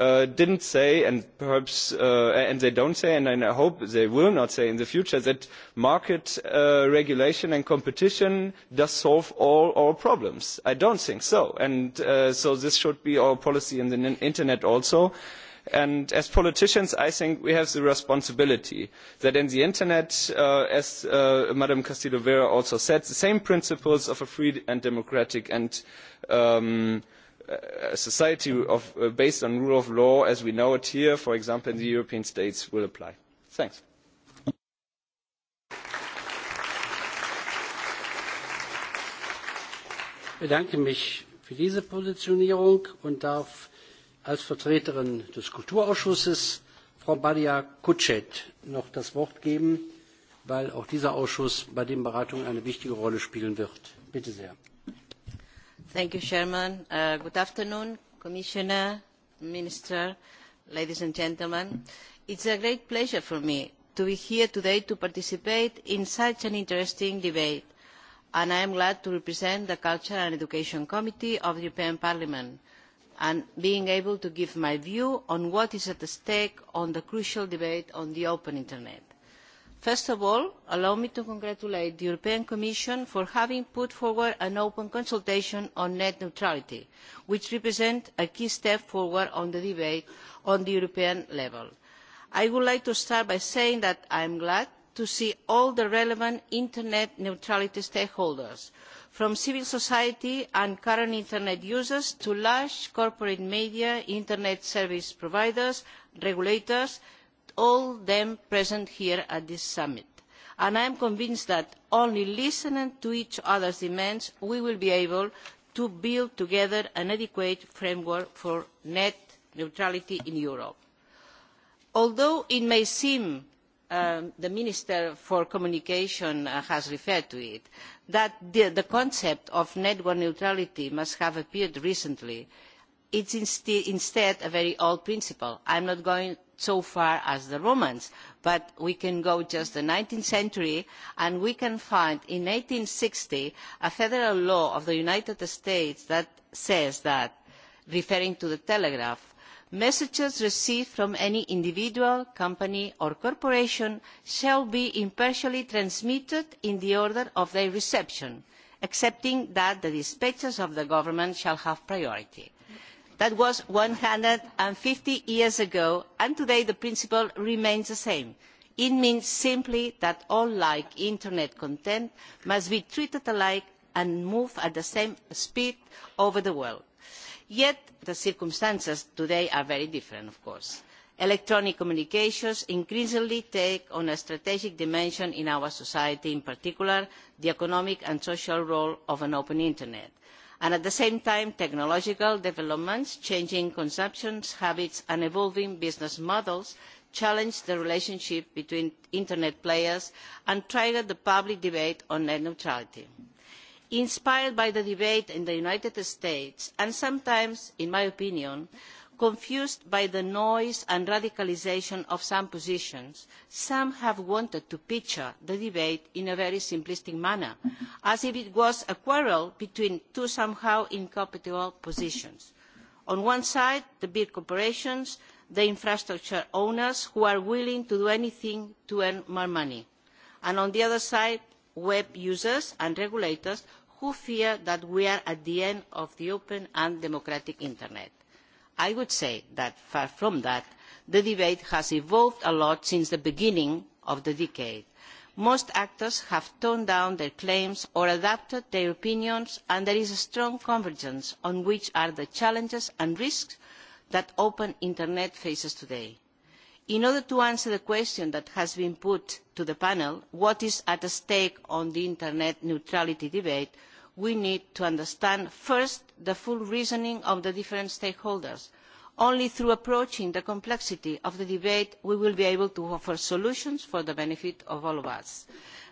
didn't say and perhaps and they don't say and I hope they will not say in the future that market regulation and competition does solve all our problems. I don't think so and so this should be our policy in the internet also and as politicians I think we have the responsibility that in the internet as Madam Castillo Vera also said the same principles of a free and democratic and a society based on rule of law as we know it here, for example, in the European states, will apply. Thanks. Ich bedanke mich für diese Positionierung und darf als Vertreterin des Kulturausschusses Frau Badia Kutschet noch das Wort geben, weil auch dieser Ausschuss bei den Beratungen eine wichtige Rolle spielen wird. Bitte sehr. Thank you, Chairman. Good afternoon, Commissioner, Minister, ladies and gentlemen. It's a great pleasure for me to be here today to participate in such an interesting debate, and I am glad to represent the Culture and Education Committee of the European Parliament and being able to give my view on what is at stake on the crucial debate on the open Internet. First of all, allow me to congratulate the European Commission for having put forward an open consultation on net neutrality, which represents a key step forward on the debate on the European level. I would like to start by saying that I am glad to see all the relevant Internet neutrality stakeholders, from civil society and current Internet users to large corporate media, Internet service providers, regulators, all them present here at this summit. And I am convinced that only listening to each other's demands we will be able to build together an adequate framework for net neutrality in Europe. Although it may seem the Minister for Communication has referred to it that the concept of network neutrality must have appeared recently, it is instead a very old principle. I am not going so far as the romans but we can go just the 19th century and we can find in 1860 a federal law of the united states that says that referring to the telegraph messages received from any individual company or corporation shall be impartially transmitted in the order of their reception excepting that the dispatches of the government shall have priority. That was 150 years ago, and today the principle remains the same. It means simply that all like Internet content must be treated alike and move at the same speed over the world. Yet the circumstances today are very different, of course. Electronic communications increasingly take on a strategic dimension in our society, in particular the economic and social role of an open Internet and at the same time technological developments changing consumption habits and evolving business models challenge the relationship between internet players and trigger the public debate on net neutrality. inspired by the debate in the united states and sometimes in my opinion confused by the noise and radicalisation of some positions some have wanted to picture the debate in a very simplistic manner as if it was a quarrel between two somehow incompatible positions on one side the big corporations the infrastructure owners who are willing to do anything to earn more money and on the other side web users and regulators who fear that we are at the end of the open and democratic internet. I would say that far from that, the debate has evolved a lot since the beginning of the decade. Most actors have toned down their claims or adapted their opinions, and there is a strong convergence on which are the challenges and risks that open Internet faces today. In order to answer the question that has been put to the panel, what is at stake on the Internet neutrality debate, we need to understand first the full reasoning of the different stakeholders. only through approaching the complexity of the debate will we be able to offer solutions for the benefit of all of us.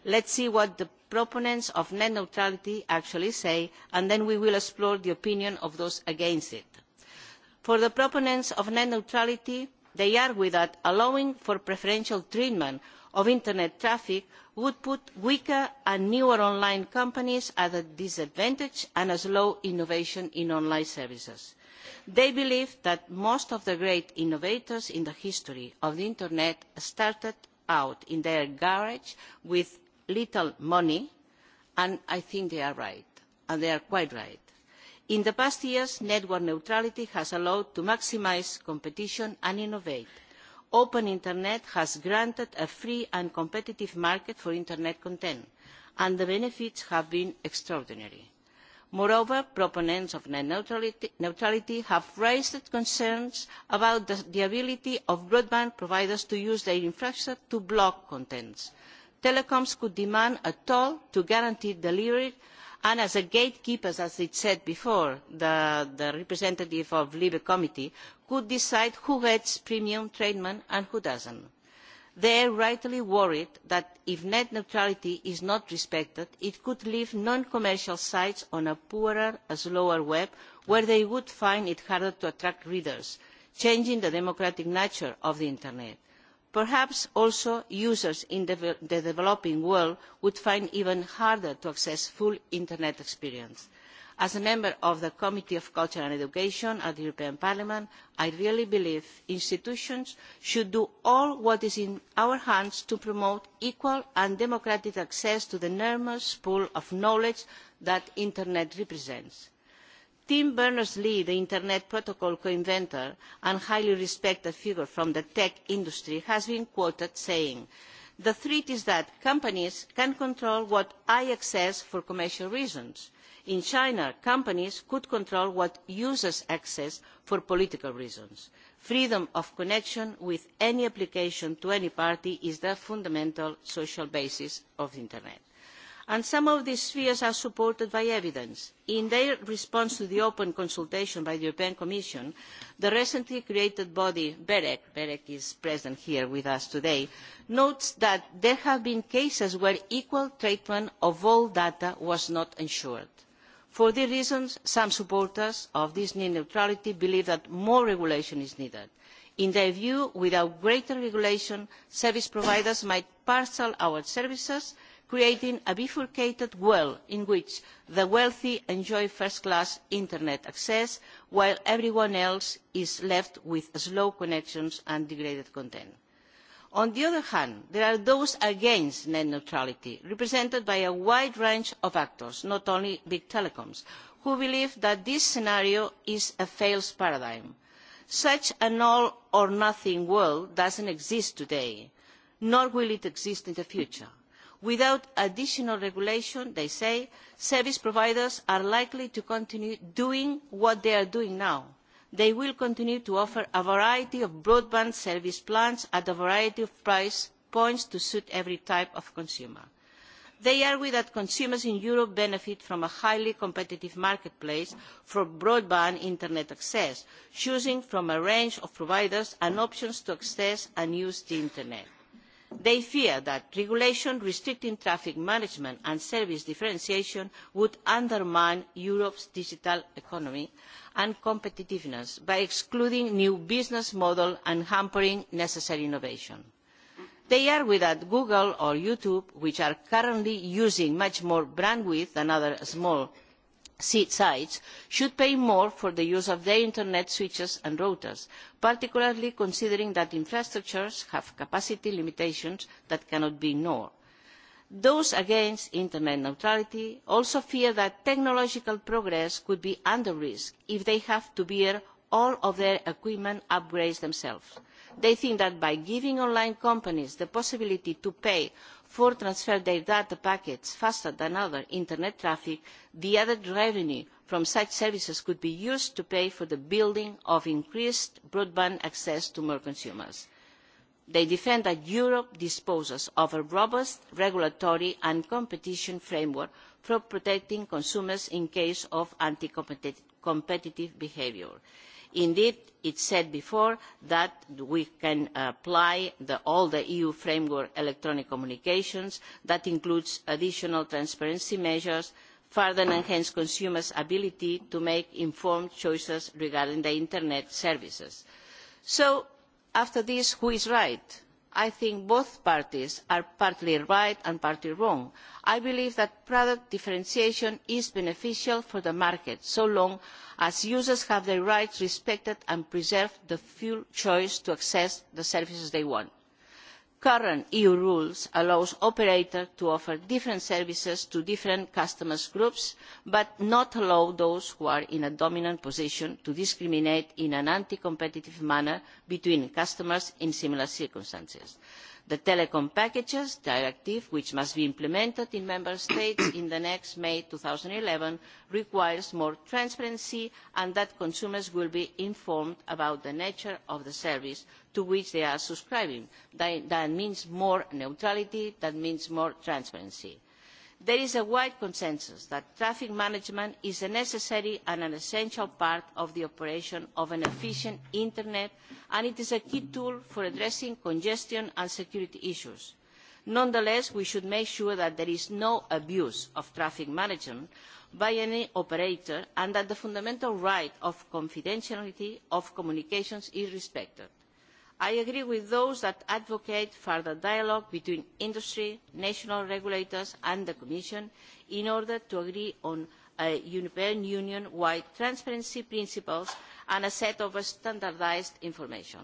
let us see what the proponents of net neutrality actually say and then we will explore the opinion of those against it. for the proponents of net neutrality they argue that allowing for preferential treatment of internet traffic would put weaker and newer online companies at a disadvantage and slow innovation in online services. They believe that most of the great innovators in the history of the Internet started out in their garage with little money, and I think they are right, and they are quite right. In the past years, network neutrality has allowed to maximise competition and innovate open internet has granted a free and competitive market for internet content and the benefits have been extraordinary. moreover proponents of net neutrality have raised concerns about the ability of broadband providers to use their infrastructure to block content. telecoms could demand a toll to guarantee delivery and as a gatekeeper as it said before the representative of the libe committee could decide who gets premium treatment and who doesn't. they are rightly worried that if net neutrality is not respected it could leave non commercial sites on a poorer slower web where they would find it harder to attract readers changing the democratic nature of the internet. Perhaps also users in the developing world would find it even harder to access full Internet experience. As a member of the Committee on Culture and Education at the European Parliament, I really believe institutions should do all what is in our hands to promote equal and democratic access to the enormous pool of knowledge that the Internet represents. Tim Berners-Lee, the Internet Protocol co-inventor and highly respected figure from the tech industry, has been quoted saying, The threat is that companies can control what I access for commercial reasons. In China, companies could control what users access for political reasons. Freedom of connection with any application to any party is the fundamental social basis of the Internet and some of these fears are supported by evidence. in their response to the open consultation by the european commission the recently created body berec berec is present here with us today notes that there have been cases where equal treatment of all data was not ensured. for these reasons some supporters of this net neutrality believe that more regulation is needed. in their view without greater regulation service providers might parcel our services creating a bifurcated world in which the wealthy enjoy first class internet access while everyone else is left with slow connections and degraded content. on the other hand there are those against net neutrality represented by a wide range of actors not only big telecoms who believe that this scenario is a false paradigm. such an all or nothing world does not exist today nor will it exist in the future. Without additional regulation, they say, service providers are likely to continue doing what they are doing now. They will continue to offer a variety of broadband service plans at a variety of price points to suit every type of consumer. They argue that consumers in Europe benefit from a highly competitive marketplace for broadband internet access, choosing from a range of providers and options to access and use the internet They fear that regulation restricting traffic management and service differentiation would undermine Europe's digital economy and competitiveness by excluding new business models and hampering necessary innovation. They argue that Google or YouTube, which are currently using much more bandwidth than other small sites should pay more for the use of their internet switches and routers particularly considering that infrastructures have capacity limitations that cannot be ignored. those against internet neutrality also fear that technological progress could be under risk if they have to bear all of their equipment upgrades themselves. they think that by giving online companies the possibility to pay for transfer their data packets faster than other internet traffic, the added revenue from such services could be used to pay for the building of increased broadband access to more consumers. They defend that Europe disposes of a robust regulatory and competition framework for protecting consumers in case of anti competitive behaviour. Indeed, it said before that we can apply all the EU framework electronic communications. That includes additional transparency measures, further enhance consumers' ability to make informed choices regarding the Internet services. So, after this, who is right? I think both parties are partly right and partly wrong. I believe that product differentiation is beneficial for the market so long as users have their rights respected and preserve the full choice to access the services they want current eu rules allow operators to offer different services to different customer groups but not allow those who are in a dominant position to discriminate in an anti competitive manner between customers in similar circumstances the telecom packages directive which must be implemented in member states in the next may 2011 requires more transparency and that consumers will be informed about the nature of the service to which they are subscribing that means more neutrality that means more transparency There is a wide consensus that traffic management is a necessary and an essential part of the operation of an efficient Internet, and it is a key tool for addressing congestion and security issues. Nonetheless, we should make sure that there is no abuse of traffic management by any operator and that the fundamental right of confidentiality of communications is respected. I agree with those that advocate further dialogue between industry, national regulators and the Commission in order to agree on European Union-wide transparency principles and a set of standardised information.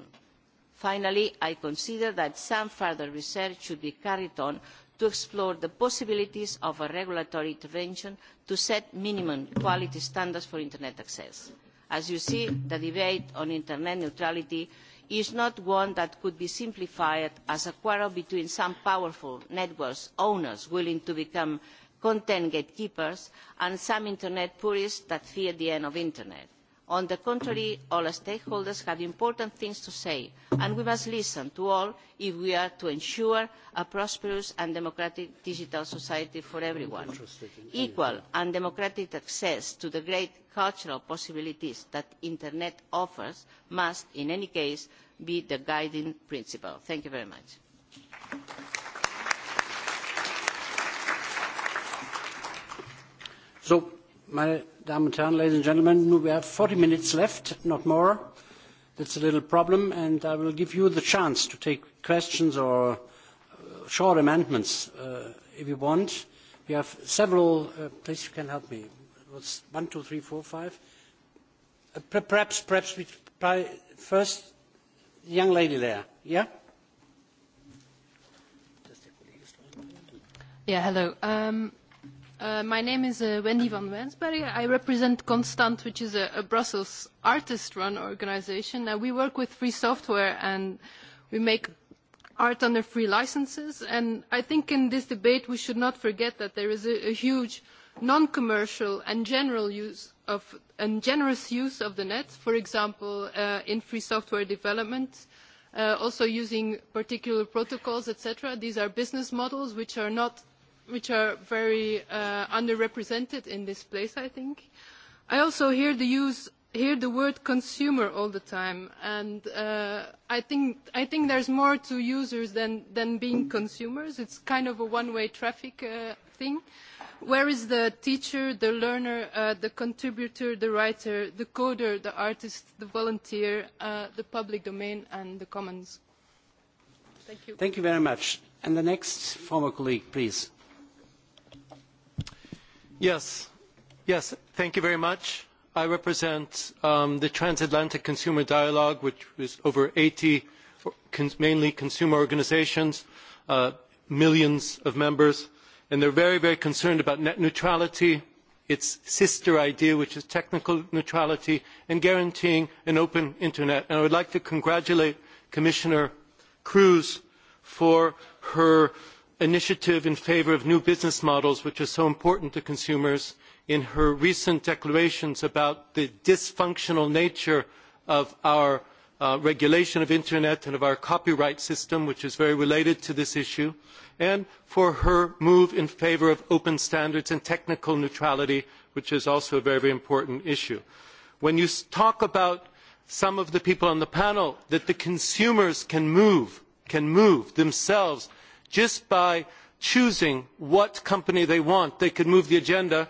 Finally, I consider that some further research should be carried on to explore the possibilities of a regulatory intervention to set minimum quality standards for Internet access. As you see, the debate on Internet neutrality is not one that could be simplified as a quarrel between some powerful network owners willing to become content gatekeepers and some internet purists that fear the end of internet. On the contrary, all stakeholders have important things to say, and we must listen to all if we are to ensure a prosperous and democratic digital society for everyone. Equal and democratic access to the great cultural possibilities that the Internet offers must, in any case, be the guiding principle. Thank you very much. Meine Damen und Herren, ladies and gentlemen, we have 40 minutes left, not more. That's a little problem, and I will give you the chance to take questions or short amendments if you want. We have several. Please, you can help me. What's one, two, three, four, five? Perhaps, perhaps we try first. Young lady there, yeah. Yeah, hello. My name is Wendy van Wensberg. I represent Constant, which is a Brussels artist-run organization. We work with free software and we make art under free licenses. And I think in this debate we should not forget that there is a huge non-commercial and general use of and generous use of the net, for example, in free software development, also using particular protocols, etc. These are business models which are not which are very underrepresented in this place, I think. I also hear the use hear the word consumer all the time and I think I think there's more to users than than being consumers. It's kind of a one way traffic thing. Where is the teacher, the learner, the contributor, the writer, the coder, the artist, the volunteer, the public domain and the commons? Thank you. Thank you very much. And the next former colleague, please thank you very much. I represent the Transatlantic Consumer Dialogue, which is over 80 mainly consumer organisations, millions of members, and they very, very concerned about net neutrality, its sister idea, which is technical neutrality, and guaranteeing an open Internet. I would like to congratulate Commissioner Cruz for her initiative in favour of new business models which is so important to consumers in her recent declarations about the dysfunctional nature of our regulation of the internet and of our copyright system which is very related to this issue and for her move in favour of open standards and technical neutrality which is also a very important issue. when you talk about some of the people on the panel that the consumers can move themselves just by choosing what company they want they could move the agenda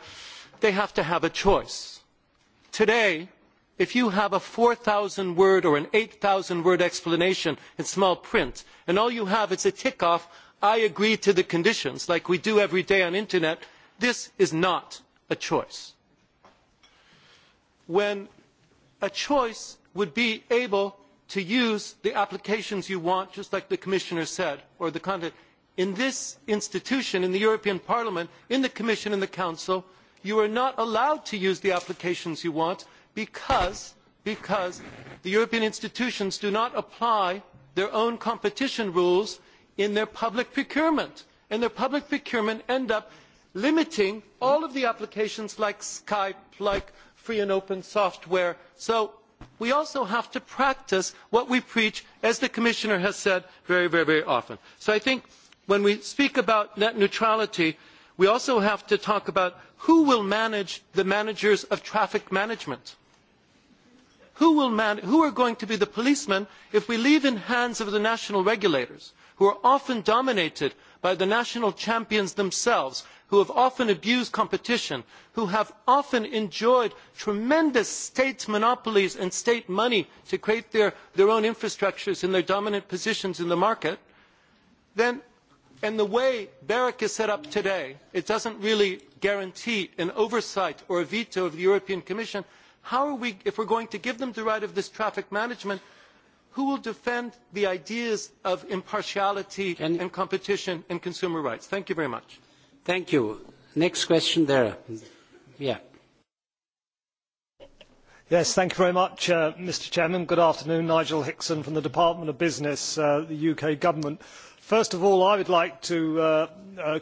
they have to have a choice today if you have a thousand word or an thousand word explanation in small print and all you have is a tick off i agree to the conditions like we do every day on internet this is not a choice when a choice would be able to use the applications you want, just like the Commissioner said, or the content. In this institution, in the European Parliament, in the Commission and the Council, you are not allowed to use the applications you want because the European institutions do not apply their own competition rules in their public procurement. And their public procurement end up limiting all of the applications like Skype, like free and open software. So we also have to practice what we preach, as the Commissioner has said very, very, very often. So I think when we speak about net neutrality, we also have to talk about who will manage the managers of traffic management. Who are going to be the policemen if we leave in hands of the national regulators, who are often dominated by the national champions themselves, who have often abused competition, who have often enjoyed tremendous state monopolies and state money to create their own infrastructures and their dominant positions in the market, then and the way BEREC is set up today, it doesn't really guarantee an oversight or a veto of the European Commission. How are we, if we're going to give them the right of this traffic management, who will defend the ideas of impartiality and competition and consumer rights? Thank you very much. Thank you. Next question there. Yeah. Yes, thank you very much, Mr. Chairman. Good afternoon. Nigel Hickson from the Department of Business, the UK Government. First of all, I would like to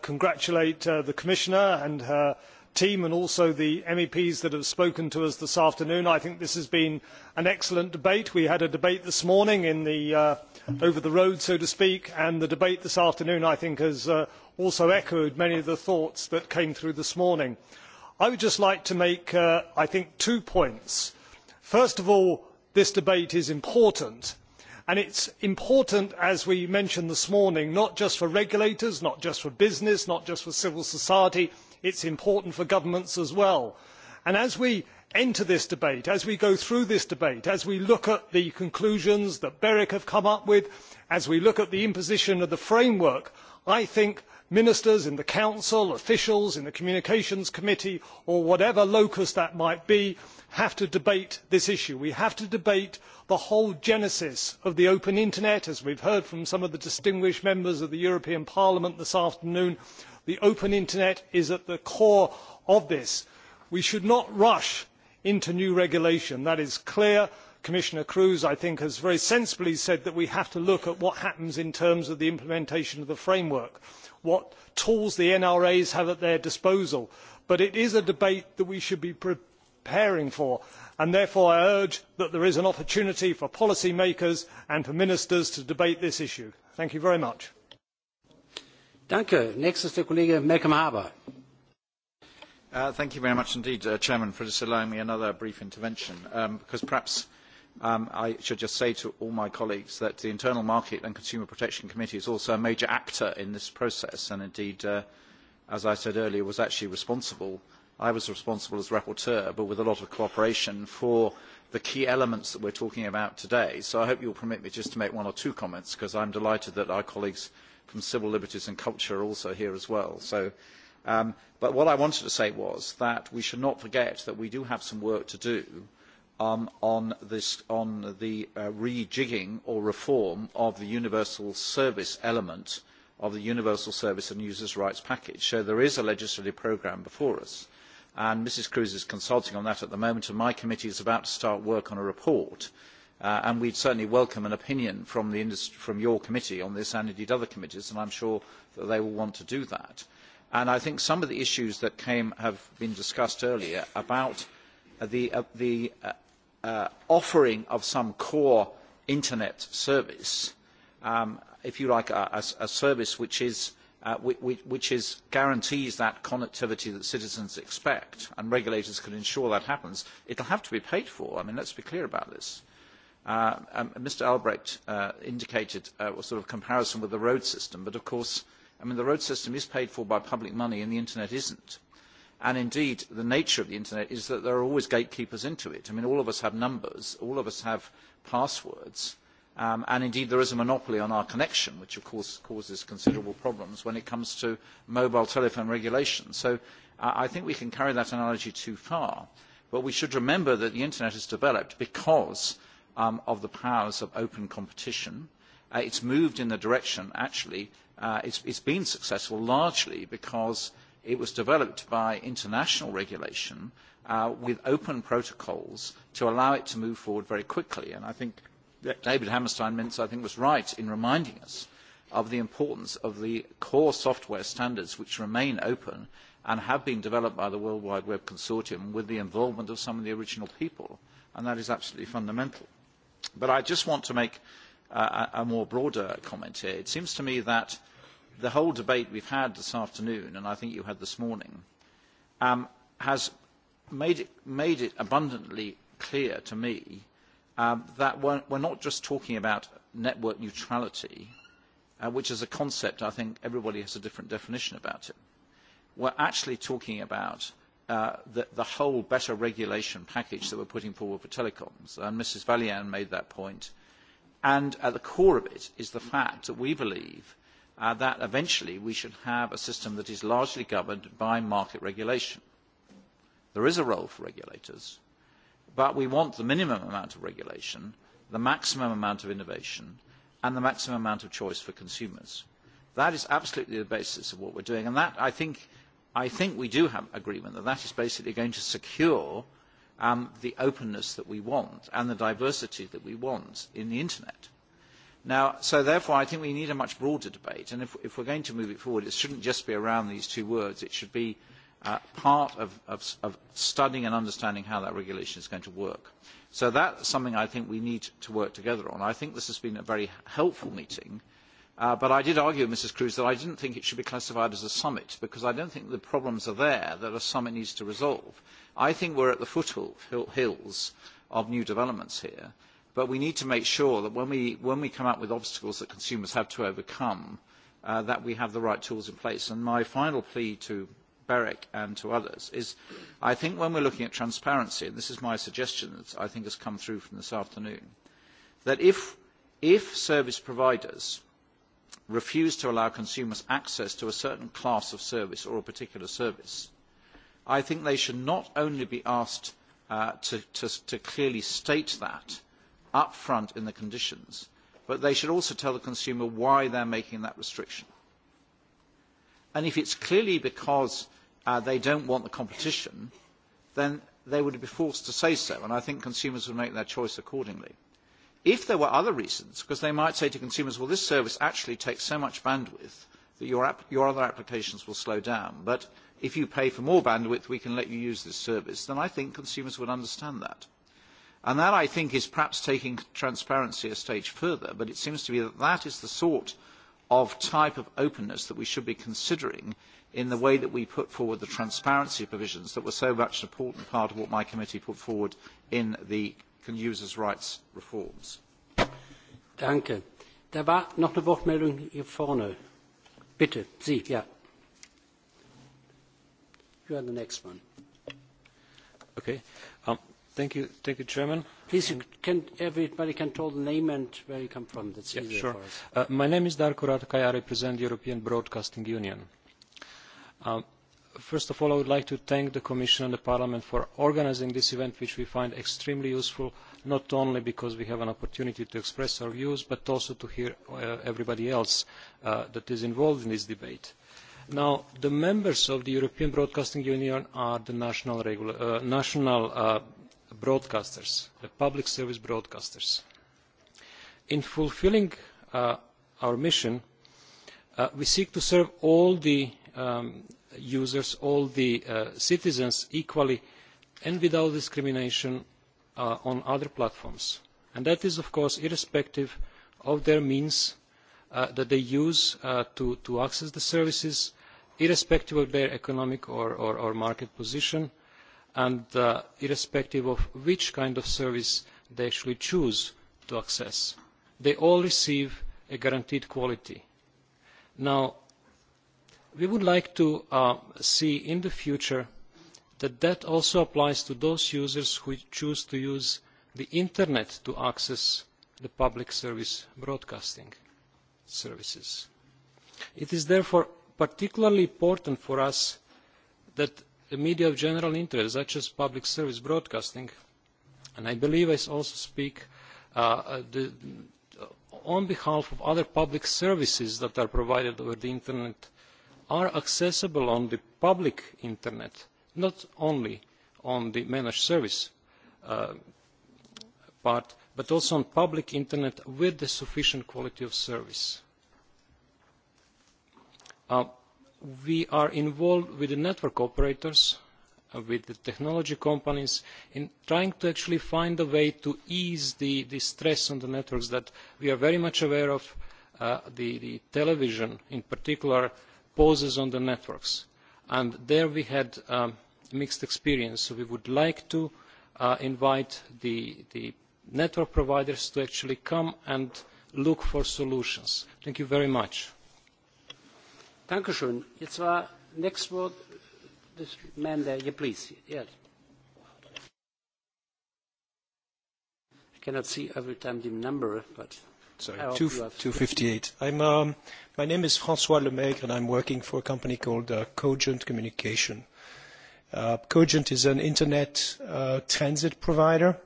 congratulate the Commissioner and her team and also the MEPs that have spoken to us this afternoon. I think this has been an excellent debate. We had a debate this morning over the road, so to speak, and the debate this afternoon, I think, has also echoed many of the thoughts that came through this morning. I would just like to make, I think, two points. First of all, this debate is important, and it's important, as we mentioned this morning, not just for regulators, not just for business, not just for civil society, it's important for governments as well. And as we enter this debate, as we go through this debate, as we look at the conclusions that BEREC have come up with, as we look at the imposition of the framework, I think ministers in the council officials in the communications committee or whatever locus that might be have to debate this issue. we have to debate the whole genesis of the open internet as we have heard from some of the distinguished members of the european parliament this afternoon. the open internet is at the core of this. we should not rush into new regulation that is clear. commissioner kroes i think has very sensibly said that we have to look at what happens in terms of the implementation of the framework what tools the NRAs have at their disposal. But it is a debate that we should be preparing for, and therefore I urge that there is an opportunity for policy makers and for ministers to debate this issue. Thank you very much. Thank you very much indeed, for just allowing me another brief intervention, because perhaps I should just say to all my colleagues that the Internal Market and Consumer Protection Committee is also a major actor in this process and indeed, as I said earlier, was actually responsible. I was responsible as rapporteur, but with a lot of cooperation for the key elements that we are talking about today. So I hope you will permit me just to make one or two comments because I am delighted that our colleagues from Civil Liberties and Culture are also here as well. But what I wanted to say was that we should not forget that we do have some work to do on the rejigging or reform of the universal service element of the universal service and users' rights package. So there is a legislative programme before us, and Mrs. Cruz is consulting on that at the moment, and my committee is about to start work on a report, and would certainly welcome an opinion from your committee on this and indeed other committees, and I am sure that they will want to do that. I think some of the issues that have been discussed earlier about the offering of some core internet service, if you like, a service which guarantees that connectivity that citizens expect, and regulators can ensure that happens, it will have to be paid for. I mean, let's be clear about this. Mr. Albrecht indicated a sort of comparison with the road system, but of course, I mean, the road system is paid for by public money and the internet isn't and indeed the nature of the internet is that there are always gatekeepers into it. I mean, all of us have numbers, all of us have passwords, and indeed there is a monopoly on our connection, which of course causes considerable problems when it comes to mobile telephone regulation. So I think we can carry that analogy too far, but we should remember that the internet has developed because of the powers of open competition. It's moved in the direction, actually, it's been successful largely because It was developed by international regulation with open protocols to allow it to move forward very quickly. And I think David Hammerstein I think, was right in reminding us of the importance of the core software standards which remain open and have been developed by the World Wide Web Consortium with the involvement of some of the original people. And that is absolutely fundamental. But I just want to make a more broader comment here. It seems to me that the whole debate we've had this afternoon, and I think you had this morning, has made it abundantly clear to me that we're not just talking about network neutrality, which is a concept I think everybody has a different definition about it. We're actually talking about the whole better regulation package that we're putting forward for telecoms. And Mrs. Valian made that point. And at the core of it is the fact that we believe that eventually we should have a system that is largely governed by market regulation. There is a role for regulators, but we want the minimum amount of regulation, the maximum amount of innovation, and the maximum amount of choice for consumers. That is absolutely the basis of what we're doing, and that, I think we do have agreement that that is basically going to secure the openness that we want and the diversity that we want in the internet so therefore, I think we need a much broader debate. And if we are going to move it forward, it should not just be around these two words. It should be part of studying and understanding how that regulation is going to work. So is something I think we need to work together on. I think this has been a very helpful meeting. But I did argue, Mrs. Cruz, that I did not think it should be classified as a summit because I do not think the problems are there that a summit needs to resolve. I think we are at the foothills of new developments here But we need to make sure that when we come up with obstacles that consumers have to overcome, that we have the right tools in place. And my final plea to Berec and to others is I think when we're looking at transparency, and this is my suggestion that I think has come through from this afternoon, that if service providers refuse to allow consumers access to a certain class of service or a particular service, I think they should not only be asked to clearly state that, upfront in the conditions, but they should also tell the consumer why they're making that restriction. And if it's clearly because they don't want the competition, then they would be forced to say so, and I think consumers would make their choice accordingly. If there were other reasons, because they might say to consumers, well, this service actually takes so much bandwidth that your other applications will slow down, but if you pay for more bandwidth, we can let you use this service, then I think consumers would understand that. And that, I think, is perhaps taking transparency a stage further, but it seems to me that that is the sort of type of openness that we should be considering in the way that we put forward the transparency provisions that were so much an important part of what my committee put forward in the users' rights reforms. Danke. Da war noch eine Wortmeldung hier vorne. Bitte, Sie, ja. You are the next one. Okay. Thank you, thank you, Chairman. Please, can, everybody can tell the name and where you come from. That's easier. for us. my name is Darko Ratkaya, I represent the European Broadcasting Union. first of all, I would like to thank the Commission and the Parliament for organising this event, which we find extremely useful, not only because we have an opportunity to express our views, but also to hear everybody else that is involved in this debate. Now, the members of the European Broadcasting Union are the national broadcasters, the public service broadcasters. In fulfilling our mission, we seek to serve all the users, all the citizens equally and without discrimination on other platforms. And that is, of course, irrespective of their means that they use to access the services, irrespective of their economic or market position and irrespective of which kind of service they actually choose to access. They all receive a guaranteed quality. Now, we would like to see in the future that that also applies to those users who choose to use the Internet to access the public service broadcasting services. It is therefore particularly important for us that the media of general interest, such as public service broadcasting, and I believe I also speak on behalf of other public services that are provided over the Internet, are accessible on the public Internet, not only on the managed service part, but also on public Internet with the sufficient quality of service we are involved with the network operators, with the technology companies, in trying to actually find a way to ease the stress on the networks that we are very much aware of. The television, in particular, poses on the networks, and there we had mixed experience. So we would like to invite the network providers to actually come and look for solutions. Thank you very much. Dankeschön. Jetzt war next word this man there. Yeah, please. Yes. I cannot see every time the number, but. Sorry, 258. I'm, um, my name is François Lemaigre, and I'm working for a company called uh, Cogent Communication. Uh, Cogent is an internet uh, transit provider.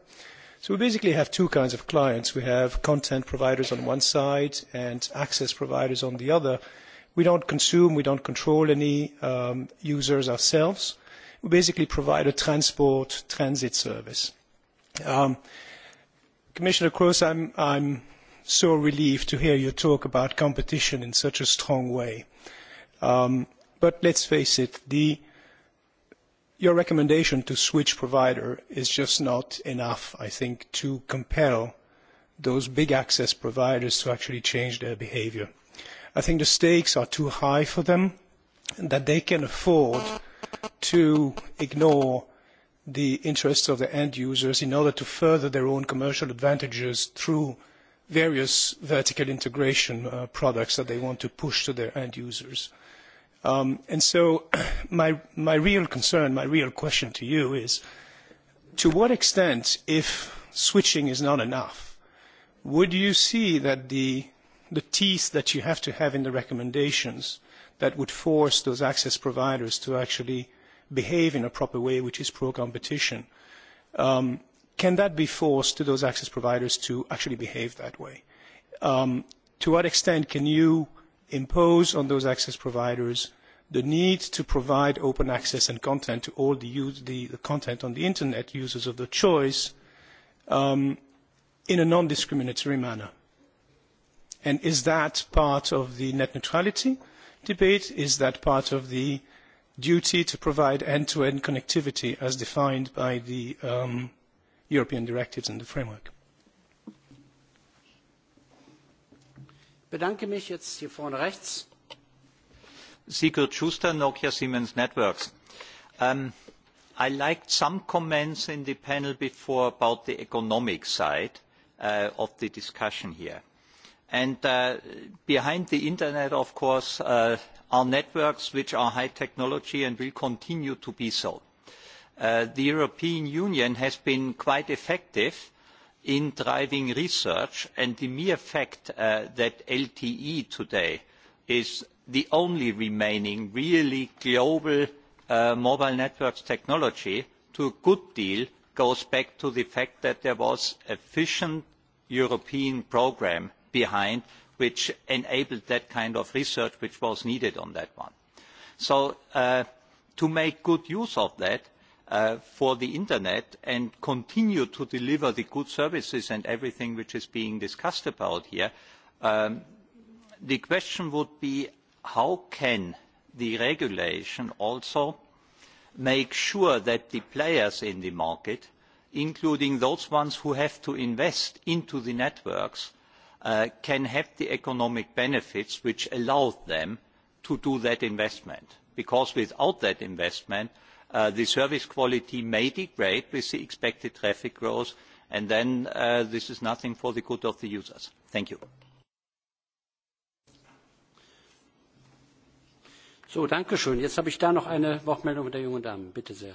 So we basically have two kinds of clients. We have content providers on one side and access providers on the other We don't consume, we don't control any users ourselves. We basically provide a transport transit service. Commissioner Kroes, I'm so relieved to hear you talk about competition in such a strong way. But let's face it, your recommendation to switch provider is just not enough, I think, to compel those big access providers to actually change their behavior. I think the stakes are too high for them, that they can afford to ignore the interests of the end users in order to further their own commercial advantages through various vertical integration products that they want to push to their end users. And so my real concern, my real question to you is, to what extent, if switching is not enough, would you see that the the teeth that you have to have in the recommendations that would force those access providers to actually behave in a proper way, which is pro-competition. Can that be forced to those access providers to actually behave that way? To what extent can you impose on those access providers the need to provide open access and content to all the content on the Internet users of their choice in a non-discriminatory manner? And is that part of the net neutrality debate? Is that part of the duty to provide end-to-end connectivity as defined by the European directives and the framework? Bedanke mich jetzt hier vorne rechts. Sigurd Schuster, Nokia Siemens Networks. I liked some comments in the panel before about the economic side of the discussion here And behind the Internet, of course, are networks which are high technology and will continue to be so. The European Union has been quite effective in driving research, and the mere fact that LTE today is the only remaining really global mobile networks technology, to a good deal goes back to the fact that there was an efficient European programme behind which enabled that kind of research which was needed on that one. So to make good use of that for the Internet and continue to deliver the good services and everything which is being discussed about here, the question would be how can the regulation also make sure that the players in the market, including those ones who have to invest into the networks, can have the economic benefits which allow them to do that investment. Because without that investment, the service quality may degrade with the expected traffic growth, and then this is nothing for the good of the users. Thank you. So, danke schön. Jetzt habe ich da noch eine Wortmeldung der jungen Dame. Bitte sehr.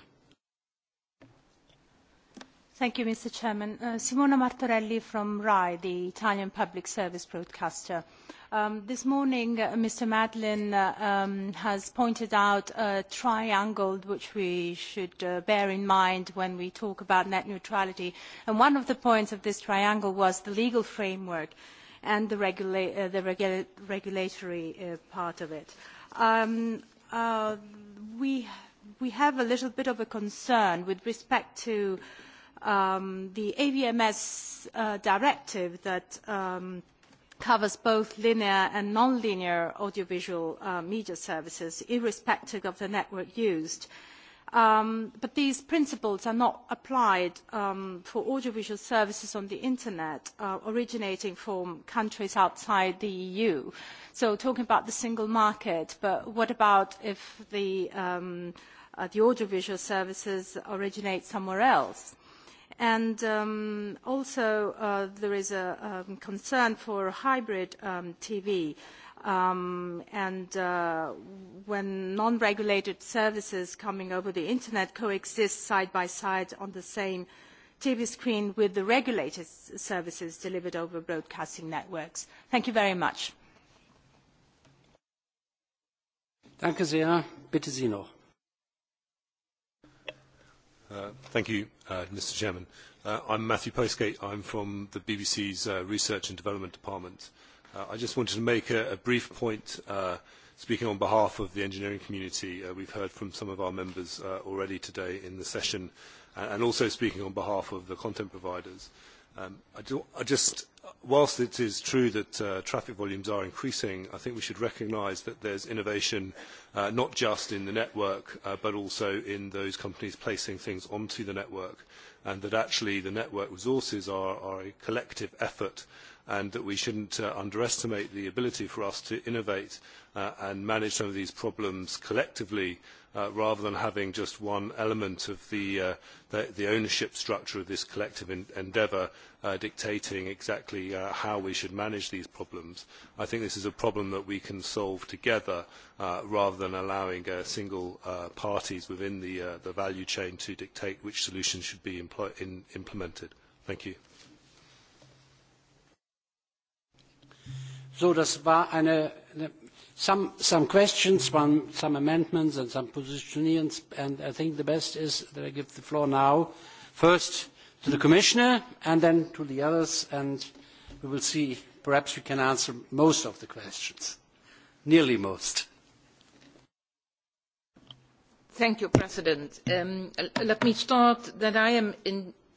Thank you, Mr. President. Simona Martorelli from RAI, the Italian public service broadcaster. This morning, Mr. Madlin has pointed out a triangle which we should bear in mind when we talk about net neutrality. And one of the points of this triangle was the legal framework and the regulatory part of it. We have a little bit of a concern with respect to the AVMS directive that covers both linear and non-linear audiovisual media services, irrespective of the network used. But these principles are not applied for audiovisual services on the Internet originating from countries outside the EU. So talking about the single market, but what about if the audiovisual services originate somewhere else? And also there is a concern for hybrid TV and when non-regulated services coming over the Internet coexist side by side on the same TV screen with the regulated services delivered over broadcasting networks. Thank you very much. Danke sehr. Bitte Sie Thank you, Mr. Chairman. I'm Matthew Postgate. I'm from the BBC's Research and Development Department. I just wanted to make a brief point, speaking on behalf of the engineering community. We've heard from some of our members already today in the session, and also speaking on behalf of the content providers. I just whilst it is true that traffic volumes are increasing, I think we should recognise that there is innovation not just in the network, but also in those companies placing things onto the network, and that actually the network resources are a collective effort, and that we shouldn't underestimate the ability for us to innovate and manage some of these problems collectively rather than having just one element of the ownership structure of this collective endeavour dictating exactly how we should manage these problems. I think this is a problem that we can solve together rather than allowing single parties within the value chain to dictate which solutions should be implemented. Thank you. So, some questions, some amendments and some positions, and I think the best is that I give the floor now first to the Commissioner and then to the others, and we will see. Perhaps we can answer most of the questions, nearly most. Thank you, President. Let me start that I am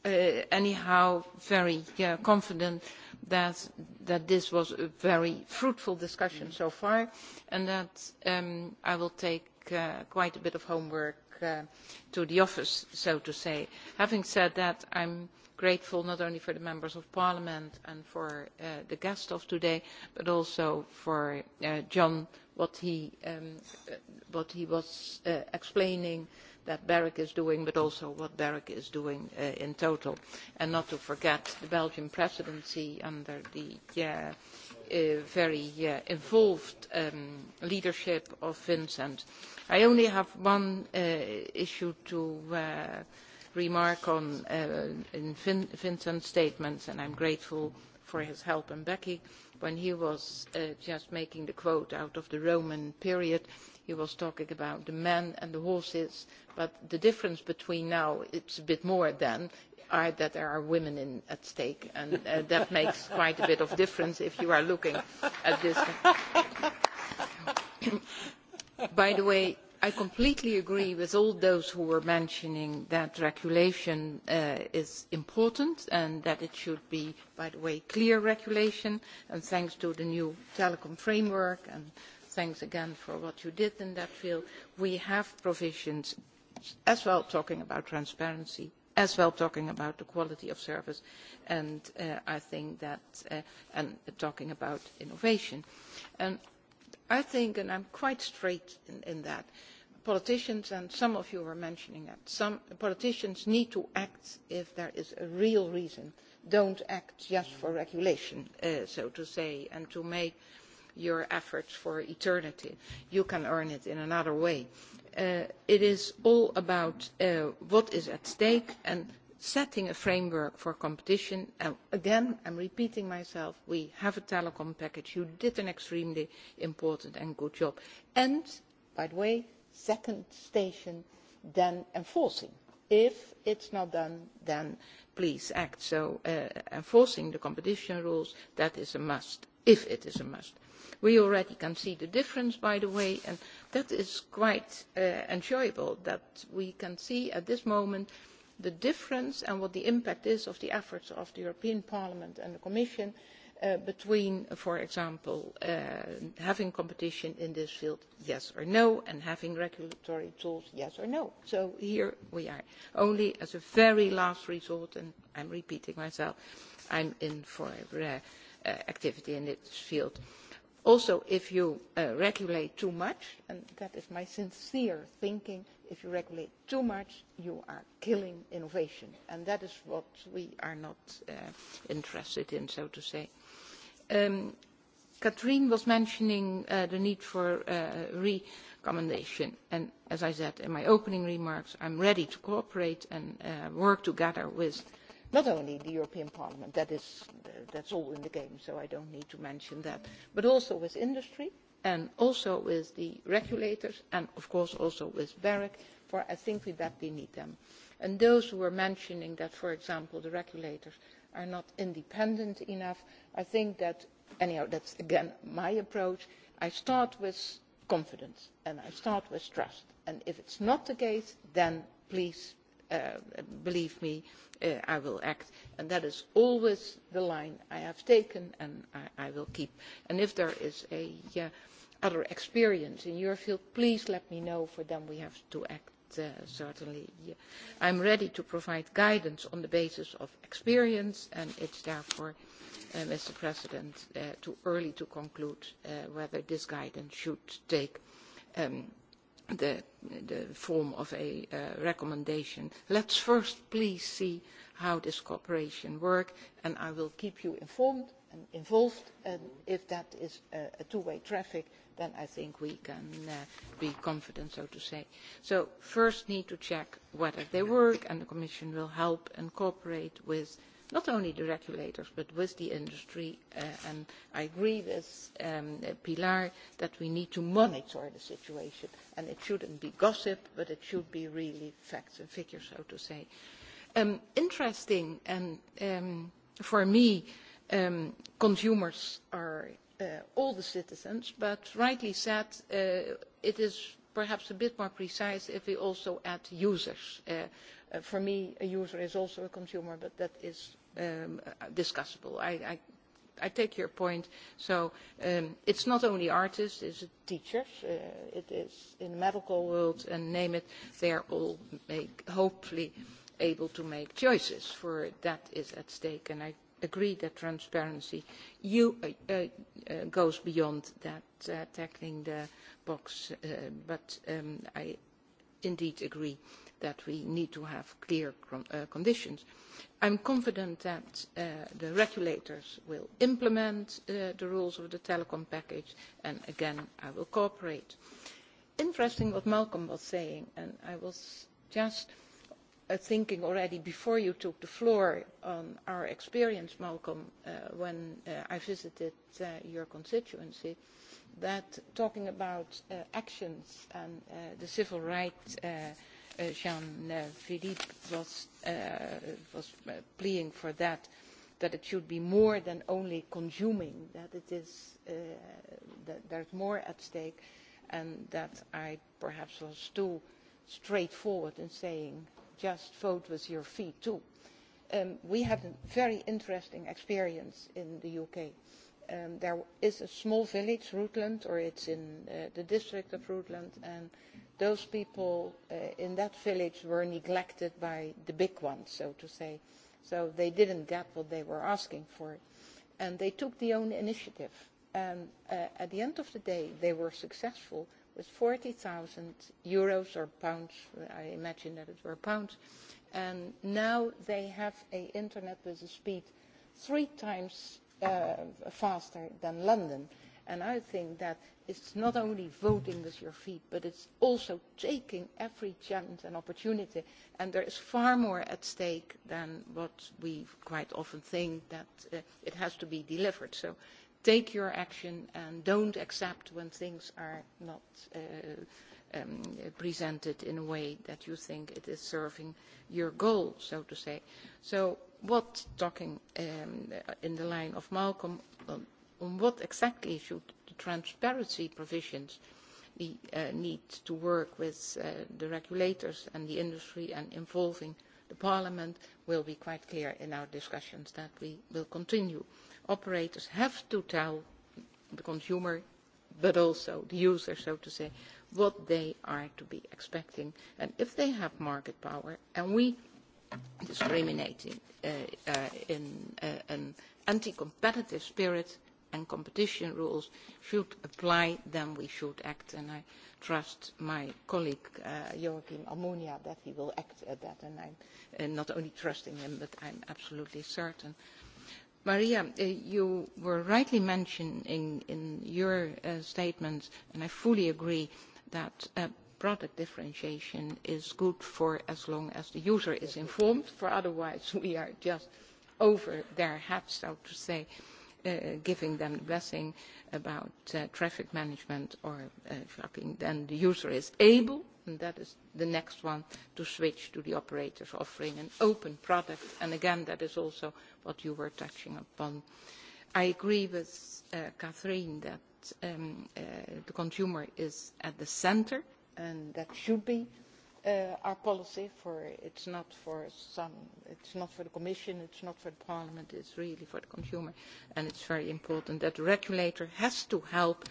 anyhow very confident that this was a very fruitful discussion so far, and that I will take quite a bit of homework to the office, so to say. Having said that, I'm grateful not only for the members of Parliament and for the guest of today, but also for John, what he was explaining that BEREC is doing, but also what BEREC is doing in total. And not to forget the Belgian presidency under the very involved leadership of Vincent. I only have one issue to remark on in Vincent's statements, and I'm grateful for his help and Becky. When he was just making the quote out of the Roman period, he was talking about the men and the horses, but the difference between now, it's a bit more than, are that there are women at stake, and that makes quite a bit of difference if you are looking at this. By the way, I completely agree with all those who were mentioning that regulation is important and that it should be, by the way, clear regulation. And thanks to the new telecom framework, and thanks again for what you did in that field, we have provisions as well talking about transparency as well talking about the quality of service and I think that and talking about innovation. And I think, and I'm quite straight in that, politicians, and some of you were mentioning that, some politicians need to act if there is a real reason. Don't act just for regulation, so to say, and to make your efforts for eternity. You can earn it in another way it is all about what is at stake and setting a framework for competition. Again, I'm repeating myself, we have a telecom package. You did an extremely important and good job. And, by the way, second station, then enforcing. If it's not done, then please act. So enforcing the competition rules, that is a must, if it is a must. We already can see the difference, by the way, that is quite enjoyable that we can see at this moment the difference and what the impact is of the efforts of the European Parliament and the Commission between, for example, having competition in this field, yes or no, and having regulatory tools, yes or no. So here we are. Only as a very last resort, and I'm repeating myself, I'm in for activity in this field Also, if you regulate too much, and that is my sincere thinking, if you regulate too much, you are killing innovation, and that is what we are not interested in, so to say. Catherine was mentioning the need for recommendation, and as I said in my opening remarks, I am ready to cooperate and work together with not only the European Parliament, that is, that's all in the game, so I don't need to mention that, but also with industry and also with the regulators and, of course, also with BEREC, for I think we badly need them. And those who were mentioning that, for example, the regulators are not independent enough, I think that, anyhow, that's again my approach. I start with confidence and I start with trust. And if it's not the case, then please believe me, I will act. And that is always the line I have taken and I will keep. And if there is a other experience in your field, please let me know, for then we have to act certainly. I am ready to provide guidance on the basis of experience, and it's therefore, Mr. President, too early to conclude whether this guidance should take the form of a recommendation. Let's first please see how this cooperation works, and I will keep you informed and involved. And if that is a two-way traffic, then I think we can be confident, so to say. So first need to check whether they work, and the Commission will help and cooperate with not only the regulators but with the industry and I agree with Pilar that we need to monitor the situation and it shouldn't be gossip but it should be really facts and figures so to say. Interesting and for me consumers are all the citizens but rightly said it is perhaps a bit more precise if we also add users for me, a user is also a consumer, but that is discussable. I I take your point. So it's not only artists, it's teachers, it is in the medical world, and name it, they are all hopefully able to make choices, for that is at stake. And I agree that transparency goes beyond that, tackling the box, but I indeed agree that we need to have clear conditions. I am confident that the regulators will implement the rules of the telecom package and again I will cooperate. Interesting what Malcolm was saying and I was just thinking already before you took the floor on our experience, Malcolm, when I visited your constituency, that talking about actions and the civil rights Jean-Philippe was pleading for that, that it should be more than only consuming, that it is, that there's more at stake, and that I perhaps was too straightforward in saying just vote with your feet too. We had a very interesting experience in the UK. There is a small village, Rutland, or it's in the district of Rutland, and those people in that village were neglected by the big ones, so to say. So they didn't get what they were asking for. And they took the own initiative. And at the end of the day, they were successful with 40,000 euros or pounds. I imagine that it were pounds. And now they have an internet with a speed three times faster than London. And I think that It's not only voting with your feet, but it's also taking every chance and opportunity. And there is far more at stake than what we quite often think that it has to be delivered. So take your action and don't accept when things are not presented in a way that you think it is serving your goal, so to say. So what, talking in the line of Malcolm, on what exactly should transparency provisions the need to work with the regulators and the industry and involving parliament will be quite clear in our discussions that we will continue. operators have to tell the consumer but also the user so to say what they are to be expecting and if they have market power and we discriminate in an anti competitive spirit and competition rules should apply, then we should act. And I trust my colleague Joachim Almunia that he will act at that. And I am not only trusting him, but I am absolutely certain. Maria, you were rightly mentioning in your statement, and I fully agree, that product differentiation is good for as long as the user is informed, for otherwise we are just over their heads, so to say giving them the blessing about traffic management or shopping, then the user is able, and that is the next one, to switch to the operators offering an open product. And again, that is also what you were touching upon. I agree with Catherine that the consumer is at the center, and that should be our policy for it's not for some it's not for the commission it's not for the parliament it's really for the consumer and it's very important that the regulator has to help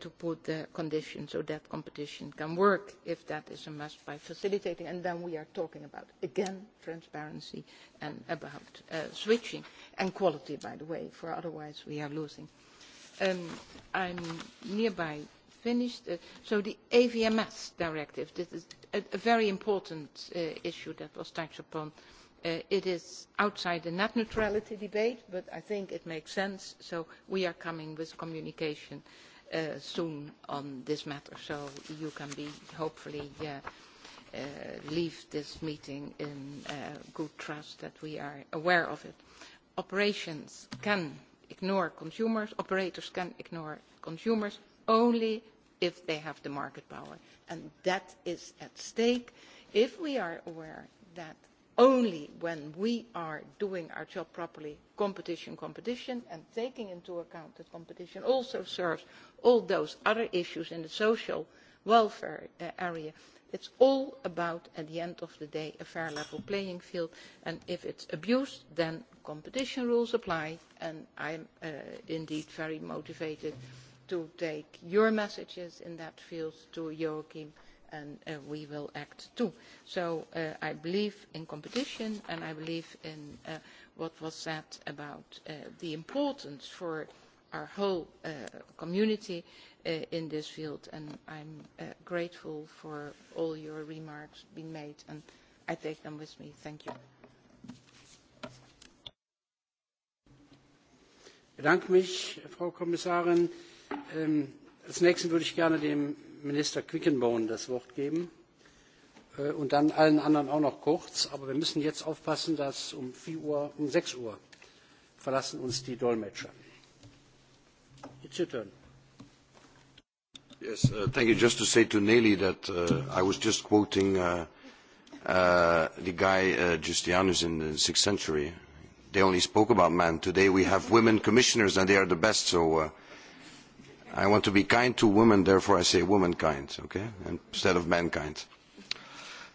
to put the conditions so that competition can work if that is a must by facilitating and then we are talking about again transparency and about switching and quality by the way for otherwise we are losing. I'm nearby finished. So the AVMS directive, this is a very important issue that was touched upon. It is outside the net neutrality debate, but I think it makes sense. So we are coming with communication soon on this matter. So you can be hopefully leave this meeting in good trust that we are aware of it. Operations can ignore consumers, operators can ignore consumers only if they have the market power. And that is at stake if we are aware that only when we are doing our job properly, competition, competition, and taking into account that competition also serves all those other issues in the social welfare area. It's all about, at the end of the day, a fair level playing field. And if it's abused, then competition rules apply. And I'm indeed very motivated to take your messages in that field to Joachim and we will act too. So I believe in competition and I believe in what was said about the importance for our whole community in this field and I'm grateful for all your remarks being made and I take them with me. Thank you. mich, Frau Kommissarin. Als nächsten würde ich gerne dem Minister Quickenborn das Wort geben und dann allen anderen auch noch kurz. Aber wir müssen jetzt aufpassen, dass um 6 Uhr verlassen uns die Dolmetscher. It's your turn. Yes, thank you. Just to say to Nelly that I was just quoting the guy Justianus in the 6th century. They only spoke about men. Today we have women commissioners and they are the best. So I want to be kind to women, therefore I say womankind, okay, instead of mankind.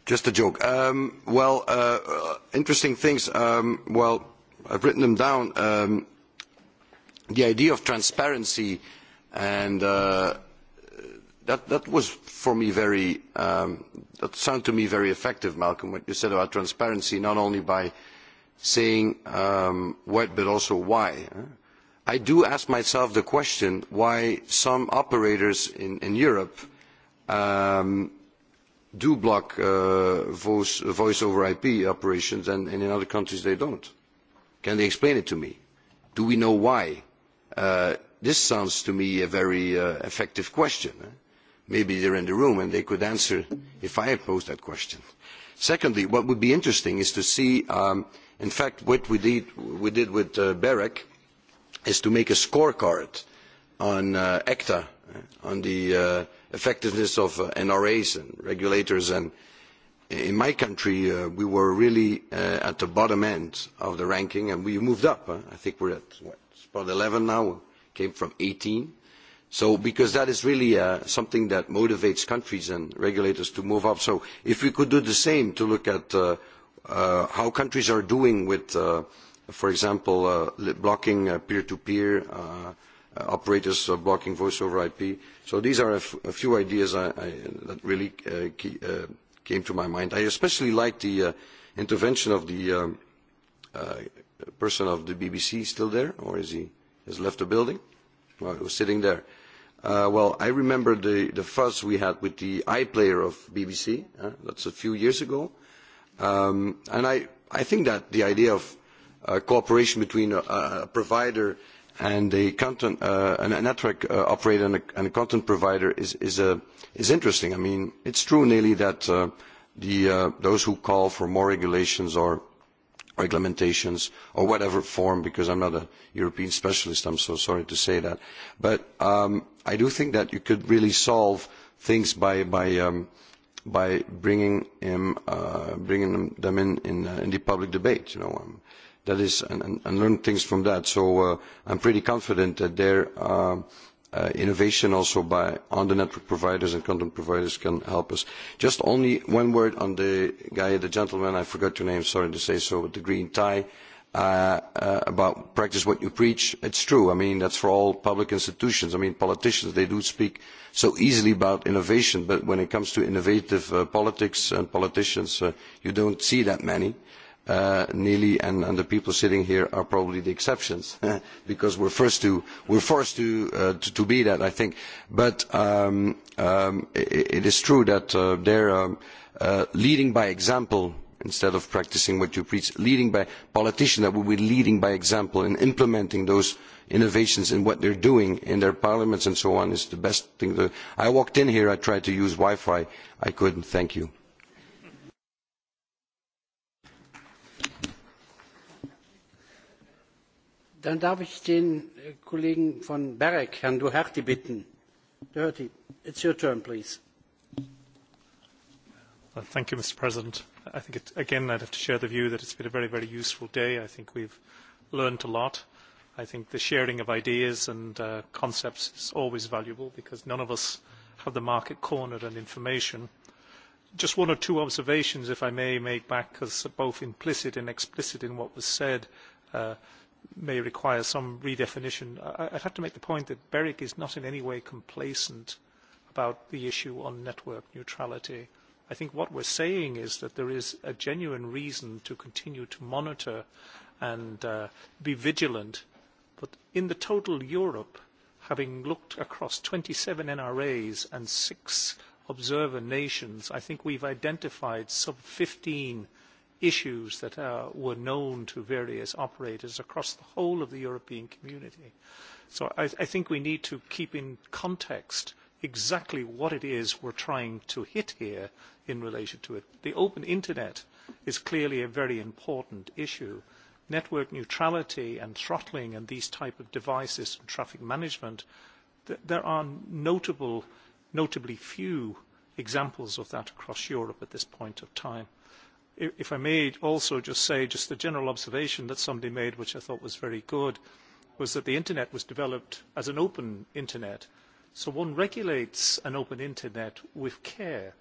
Just a joke. Well, interesting things. Well, I've written them down. The idea of transparency, and that was for me very, that sounded to me very effective, Malcolm, what you said about transparency, not only by saying what, but also why. I do ask myself the question why some operators in Europe do block voice over IP operations and in other countries they don't. Can they explain it to me? Do we know why? This sounds to me a very effective question. Maybe are in the room and they could answer if I posed that question. Secondly, what would be interesting is to see, in fact, what we did with BEREC is to make a scorecard on ECTA, on the effectiveness of NRAs and regulators. And in my country, we were really at the bottom end of the ranking, and we moved up. I think we're at spot 11 now, came from 18. So, because that is really something that motivates countries and regulators to move up. So, if we could do the same to look at how countries are doing with for example, blocking peer-to-peer operators, blocking voice over IP. So these are a few ideas that really came to my mind. I especially like the intervention of the person of the BBC, still there, or is he has left the building? Well, he was sitting there. Well, I remember the fuss we had with the iPlayer of BBC. That's a few years ago. And I think that the idea of cooperation between a provider and a content a network operator and a content provider is interesting. I mean, it's true nearly that those who call for more regulations or reglementations or whatever form, because I'm not a European specialist, I'm so sorry to say that, but I do think that you could really solve things by by bringing them in in the public debate. You know that is and learn things from that. So I'm pretty confident that their innovation also by on the network providers and content providers can help us. Just only one word on the guy, the gentleman, I forgot your name, sorry to say so, with the green tie, about practice what you preach. It's true. I mean, that's for all public institutions. I mean, politicians, they do speak so easily about innovation, but when it comes to innovative politics and politicians, you don't see that many Neely and the people sitting here are probably the exceptions, because we're forced to be that, I think. But it is true that they're leading by example instead of practicing what you preach, leading by politicians that will be leading by example in implementing those innovations in what they're doing in their parliaments and so on is the best thing. I walked in here, I tried to use Wi-Fi, I couldn't. Thank you. Dann darf ich den Kollegen von Herrn Duherty, bitten. Duherty, your turn, please. Thank you, Mr. President. I think, again, I'd have to share the view that it's been a very, very useful day. I think we've learned a lot. I think the sharing of ideas and concepts is always valuable because none of us have the market cornered and information. Just one or two observations, if I may, make back, because both implicit and explicit in what was said may require some redefinition. I'd have to make the point that BEREC is not in any way complacent about the issue on network neutrality. I think what we're saying is that there is a genuine reason to continue to monitor and be vigilant. But in the total Europe, having looked across 27 NRAs and six observer nations, I think we've identified sub 15 issues that were known to various operators across the whole of the European community. So I think we need to keep in context exactly what it is we're trying to hit here in relation to it. The open internet is clearly a very important issue. Network neutrality and throttling and these type of devices and traffic management, there are notably few examples of that across Europe at this point of time. If I may also just say, just the general observation that somebody made, which I thought was very good, was that the Internet was developed as an open Internet. So one regulates an open Internet with care,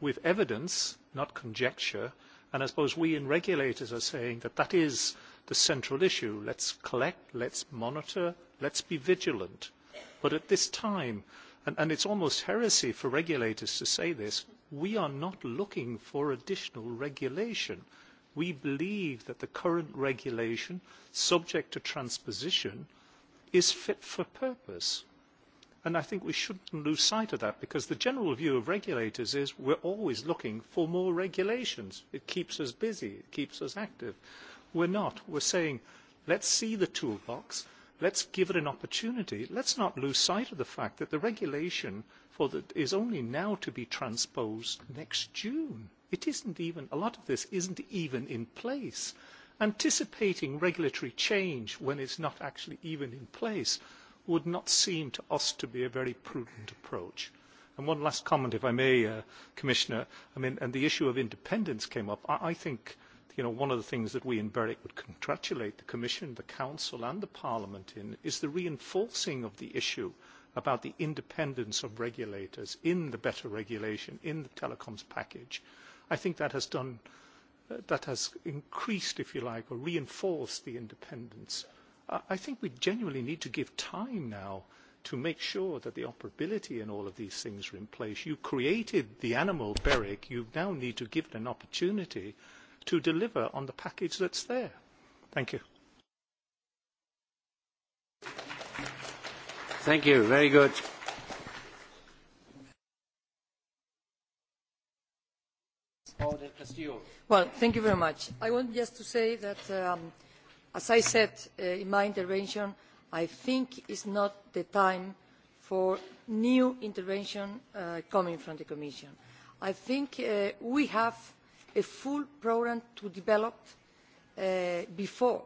with evidence, not conjecture. And I suppose we in regulators are saying that that is the central issue. Let's collect, let's monitor, let's be vigilant. But at this time, and it's almost heresy for regulators to say this, we are not looking for additional regulation. We believe that the current regulation, subject to transposition, is fit for purpose. And I think we shouldn't lose sight of that because the general view of regulators is we're always looking for more regulations. It keeps us busy. It keeps us active. We're not. We're saying let's see the toolbox. Let's give it an opportunity. Let's not lose sight of the fact that the regulation that is only now to be transposed next June. It isn't even, a lot of this isn't even in place. Anticipating regulatory change when it's not actually even in place would not seem to us to be a very prudent approach. And one last comment, if I may, Commissioner. and the issue of independence came up. I think one of the things that we in BEREC would congratulate the Commission, the Council and the Parliament in is the reinforcing of the issue about the independence of regulators in the better regulation, in the telecoms package, I think that has done that has increased, if you like, or reinforced the independence. I think we genuinely need to give time now to make sure that the operability and all of these things are in place. You created the animal, BEREC. You now need to give it an opportunity to deliver on the package that's there. Thank you. Thank you. Very good. Well, thank you very much. I want just to say that, as I said in my intervention, I think it's not the time for new intervention coming from the Commission. I think we have a full program to develop before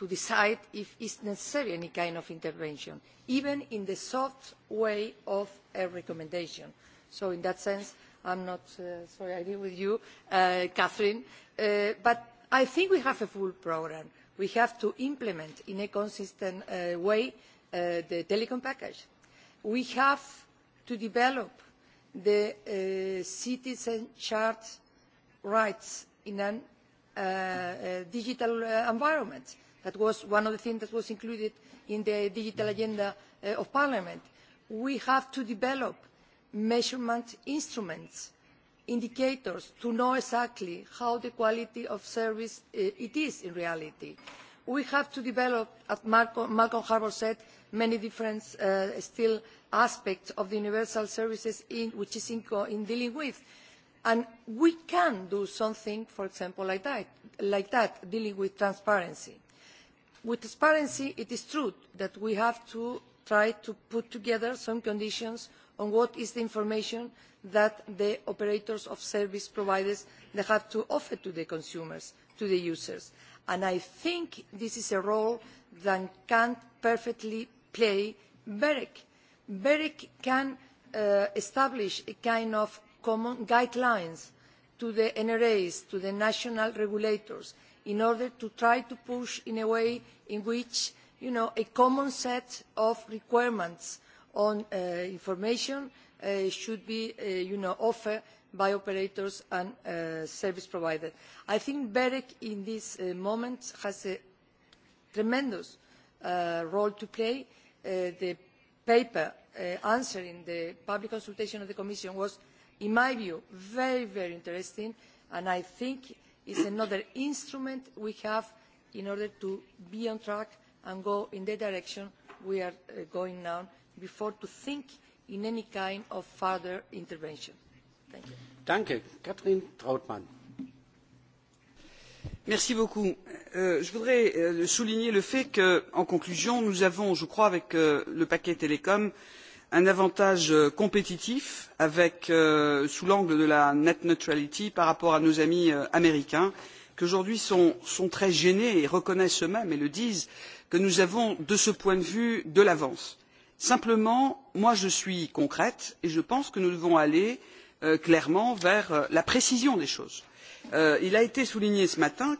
to decide if is necessary any kind of intervention, even in the soft way of a recommendation. So in that sense, I'm not sorry I agree with you, Catherine, but I think we have a full programme. We have to implement in a consistent way the telecom package. We have to develop the citizen chart rights in a digital environment That was one of the things that was included in the digital agenda of Parliament. We have to develop measurement instruments, indicators, to know exactly how the quality of service it is in reality. We have to develop, as Malcolm Harbour said, many different still aspects of the universal services which is in dealing with. And we can do something, for example, like that, dealing with transparency. With transparency, it is true that we have to try to put together some conditions on what is the information that the operators of service providers have to offer to the consumers, to the users. And I think this is a role that can perfectly play BEREC. BEREC can establish a kind of common guidelines to the NRAs, to the national regulators in order to try to push in a way in which a common set of requirements on information should be offered by operators and service providers. I think BEREC in this moment has a tremendous role to play. The paper answering the public consultation of the Commission was, in my view, very, very interesting, and I think is another instrument we have in order to be on track and go in the direction we are going now before to think in any kind of further intervention. Thank you. Danke. Katrin Trautmann. Merci beaucoup. Je voudrais souligner le fait qu'en conclusion, nous avons, je crois, avec le paquet télécom, un avantage compétitif sous l'angle de la net neutrality par rapport à nos amis américains qui aujourd'hui sont très gênés et reconnaissent eux mêmes et le disent que nous avons de ce point de vue de l'avance. simplement moi je suis concrète et je pense que nous devons aller clairement vers la précision des choses. il a été souligné ce matin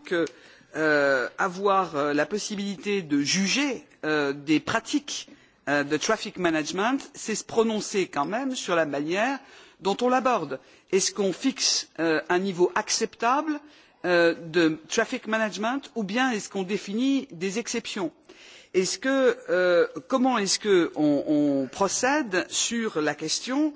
qu'avoir la possibilité de juger des pratiques de traffic management c'est se prononcer quand même sur la manière dont on l'aborde. est ce qu'on fixe un niveau acceptable de traffic management ou bien est ce qu'on définit des exceptions? comment est ce qu'on procède sur la question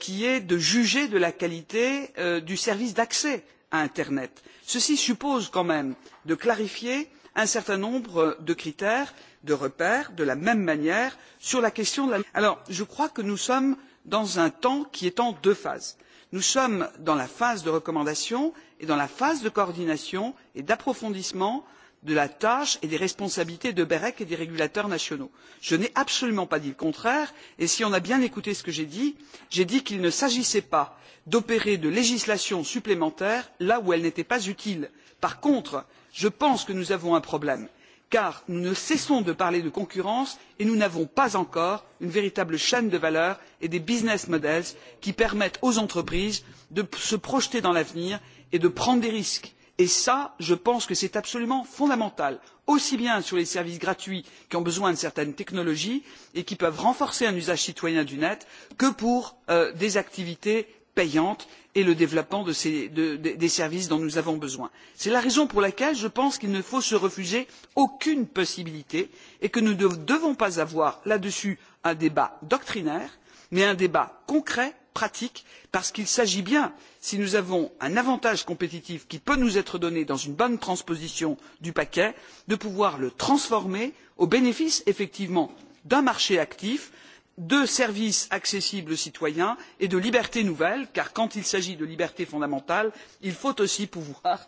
qui est de juger de la qualité du service d'accès à internet? ceci suppose quand même de clarifier un certain nombre de critères de repères de la même manière sur la question de la. alors je crois que nous sommes dans un temps qui est en deux phases. nous sommes dans la phase de recommandation et dans la phase de coordination et d'approfondissement de la tâche et des responsabilités de berec et des régulateurs nationaux. je n'ai absolument pas dit le contraire et si on a bien écouté ce que j'ai dit j'ai dit qu'il ne s'agissait pas d'opérer de législation supplémentaire là où elle n'était pas utile. par contre je pense que nous avons un problème car nous ne cessons de parler de concurrence et nous n'avons pas encore une véritable chaîne de valeur et des business models qui permettent aux entreprises de se projeter dans l'avenir et de prendre des risques et cela je pense que c'est absolument fondamental aussi bien sur les services gratuits qui ont besoin de certaines technologies et qui peuvent renforcer un usage citoyen du net que pour des activités payantes et le développement des services dont nous avons besoin. c'est la raison pour laquelle je pense qu'il ne faut se refuser aucune possibilité et que nous ne devons pas avoir là dessus un débat doctrinaire mais un débat concret pratique parce qu'il s'agit bien si nous avons un avantage compétitif qui peut nous être donné dans une bonne transposition du paquet de pouvoir le transformer au bénéfice effectivement d'un marché actif de services accessibles aux citoyens et de libertés nouvelles car quand il s'agit de libertés fondamentales il faut aussi pouvoir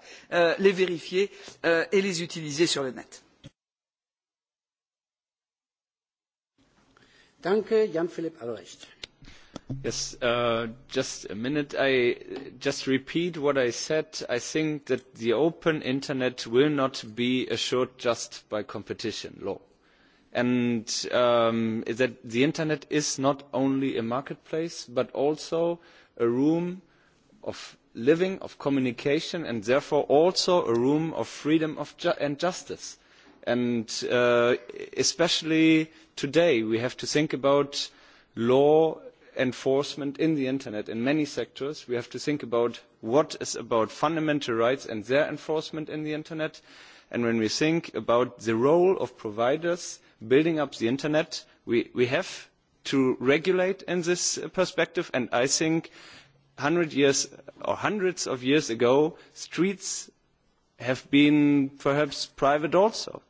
les vérifier et les utiliser sur le net. Yes, just a minute. I just repeat what I said. I think that the open internet will not be assured just by competition law and that the internet is not only a marketplace but also a room of living of communication and therefore also a room of freedom and justice and especially today we have to think about law enforcement in the internet in many sectors we have to think about what is about fundamental rights and their enforcement in the internet and when we think about the role of providers building up the internet we have to regulate in this perspective and i think years or hundreds of years ago streets have been perhaps private also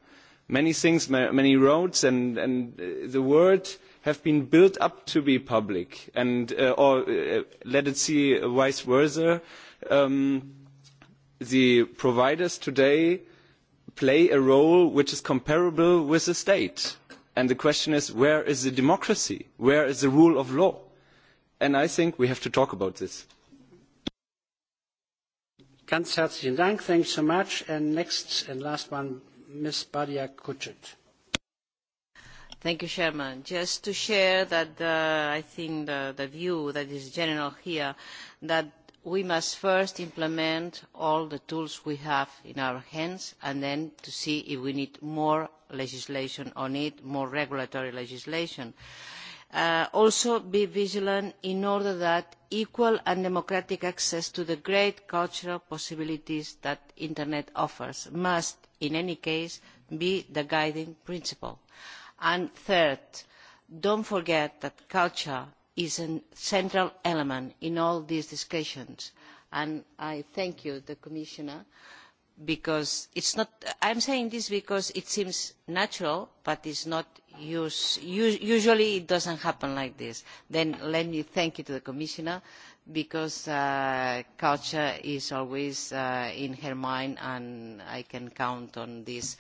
many things many roads and the world have been built up to be public and or let it see vice versa the providers today play a role which is comparable with the state. And the question is, where is the democracy? Where is the rule of law? And I think we have to talk about this. Ganz herzlichen Dank. Thanks so much. And next and last one, Ms. Badia Kuchet. Thank you, Chairman. Just to share that I think the view that is general here, that we must first implement all the tools we have in our hands and then to see if we need more legislation on it, more regulatory legislation. Also be vigilant in order that equal and democratic access to the great cultural possibilities that the Internet offers must, in any case, be the guiding principle. And third, don't forget that culture is a central element in all these discussions and i thank you the commissioner because it's not i'm saying this because it seems natural but it's not usually it doesn't happen like this then let me thank you to the commissioner because culture is always in her mind and i can count on this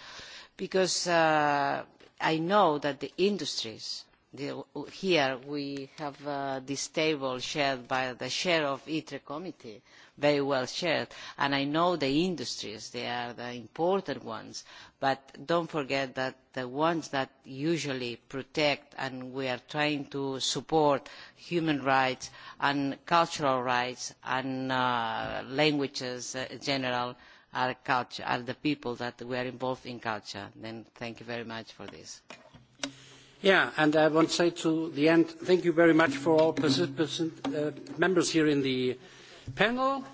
because i know that the industries Here we have this table shared by the chair of ITRE committee, very well shared, and I know the industries, they are the important ones, but don't forget that the ones that usually protect and we are trying to support human rights and cultural rights and languages in general are the people that we are involved in culture. Then thank you very much for this. Yeah, and I want to say to the end, thank you very much for all participant members here in the panel,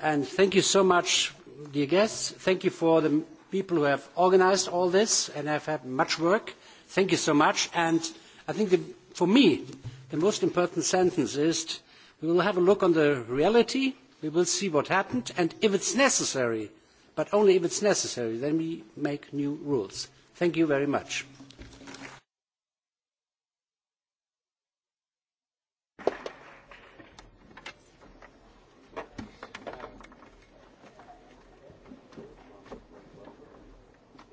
and thank you so much, dear guests. Thank you for the people who have organised all this and have had much work. Thank you so much. And I think, for me, the most important sentence is: we will have a look on the reality, we will see what happened, and if it's necessary, but only if it's necessary, then we make new rules. Thank you very much.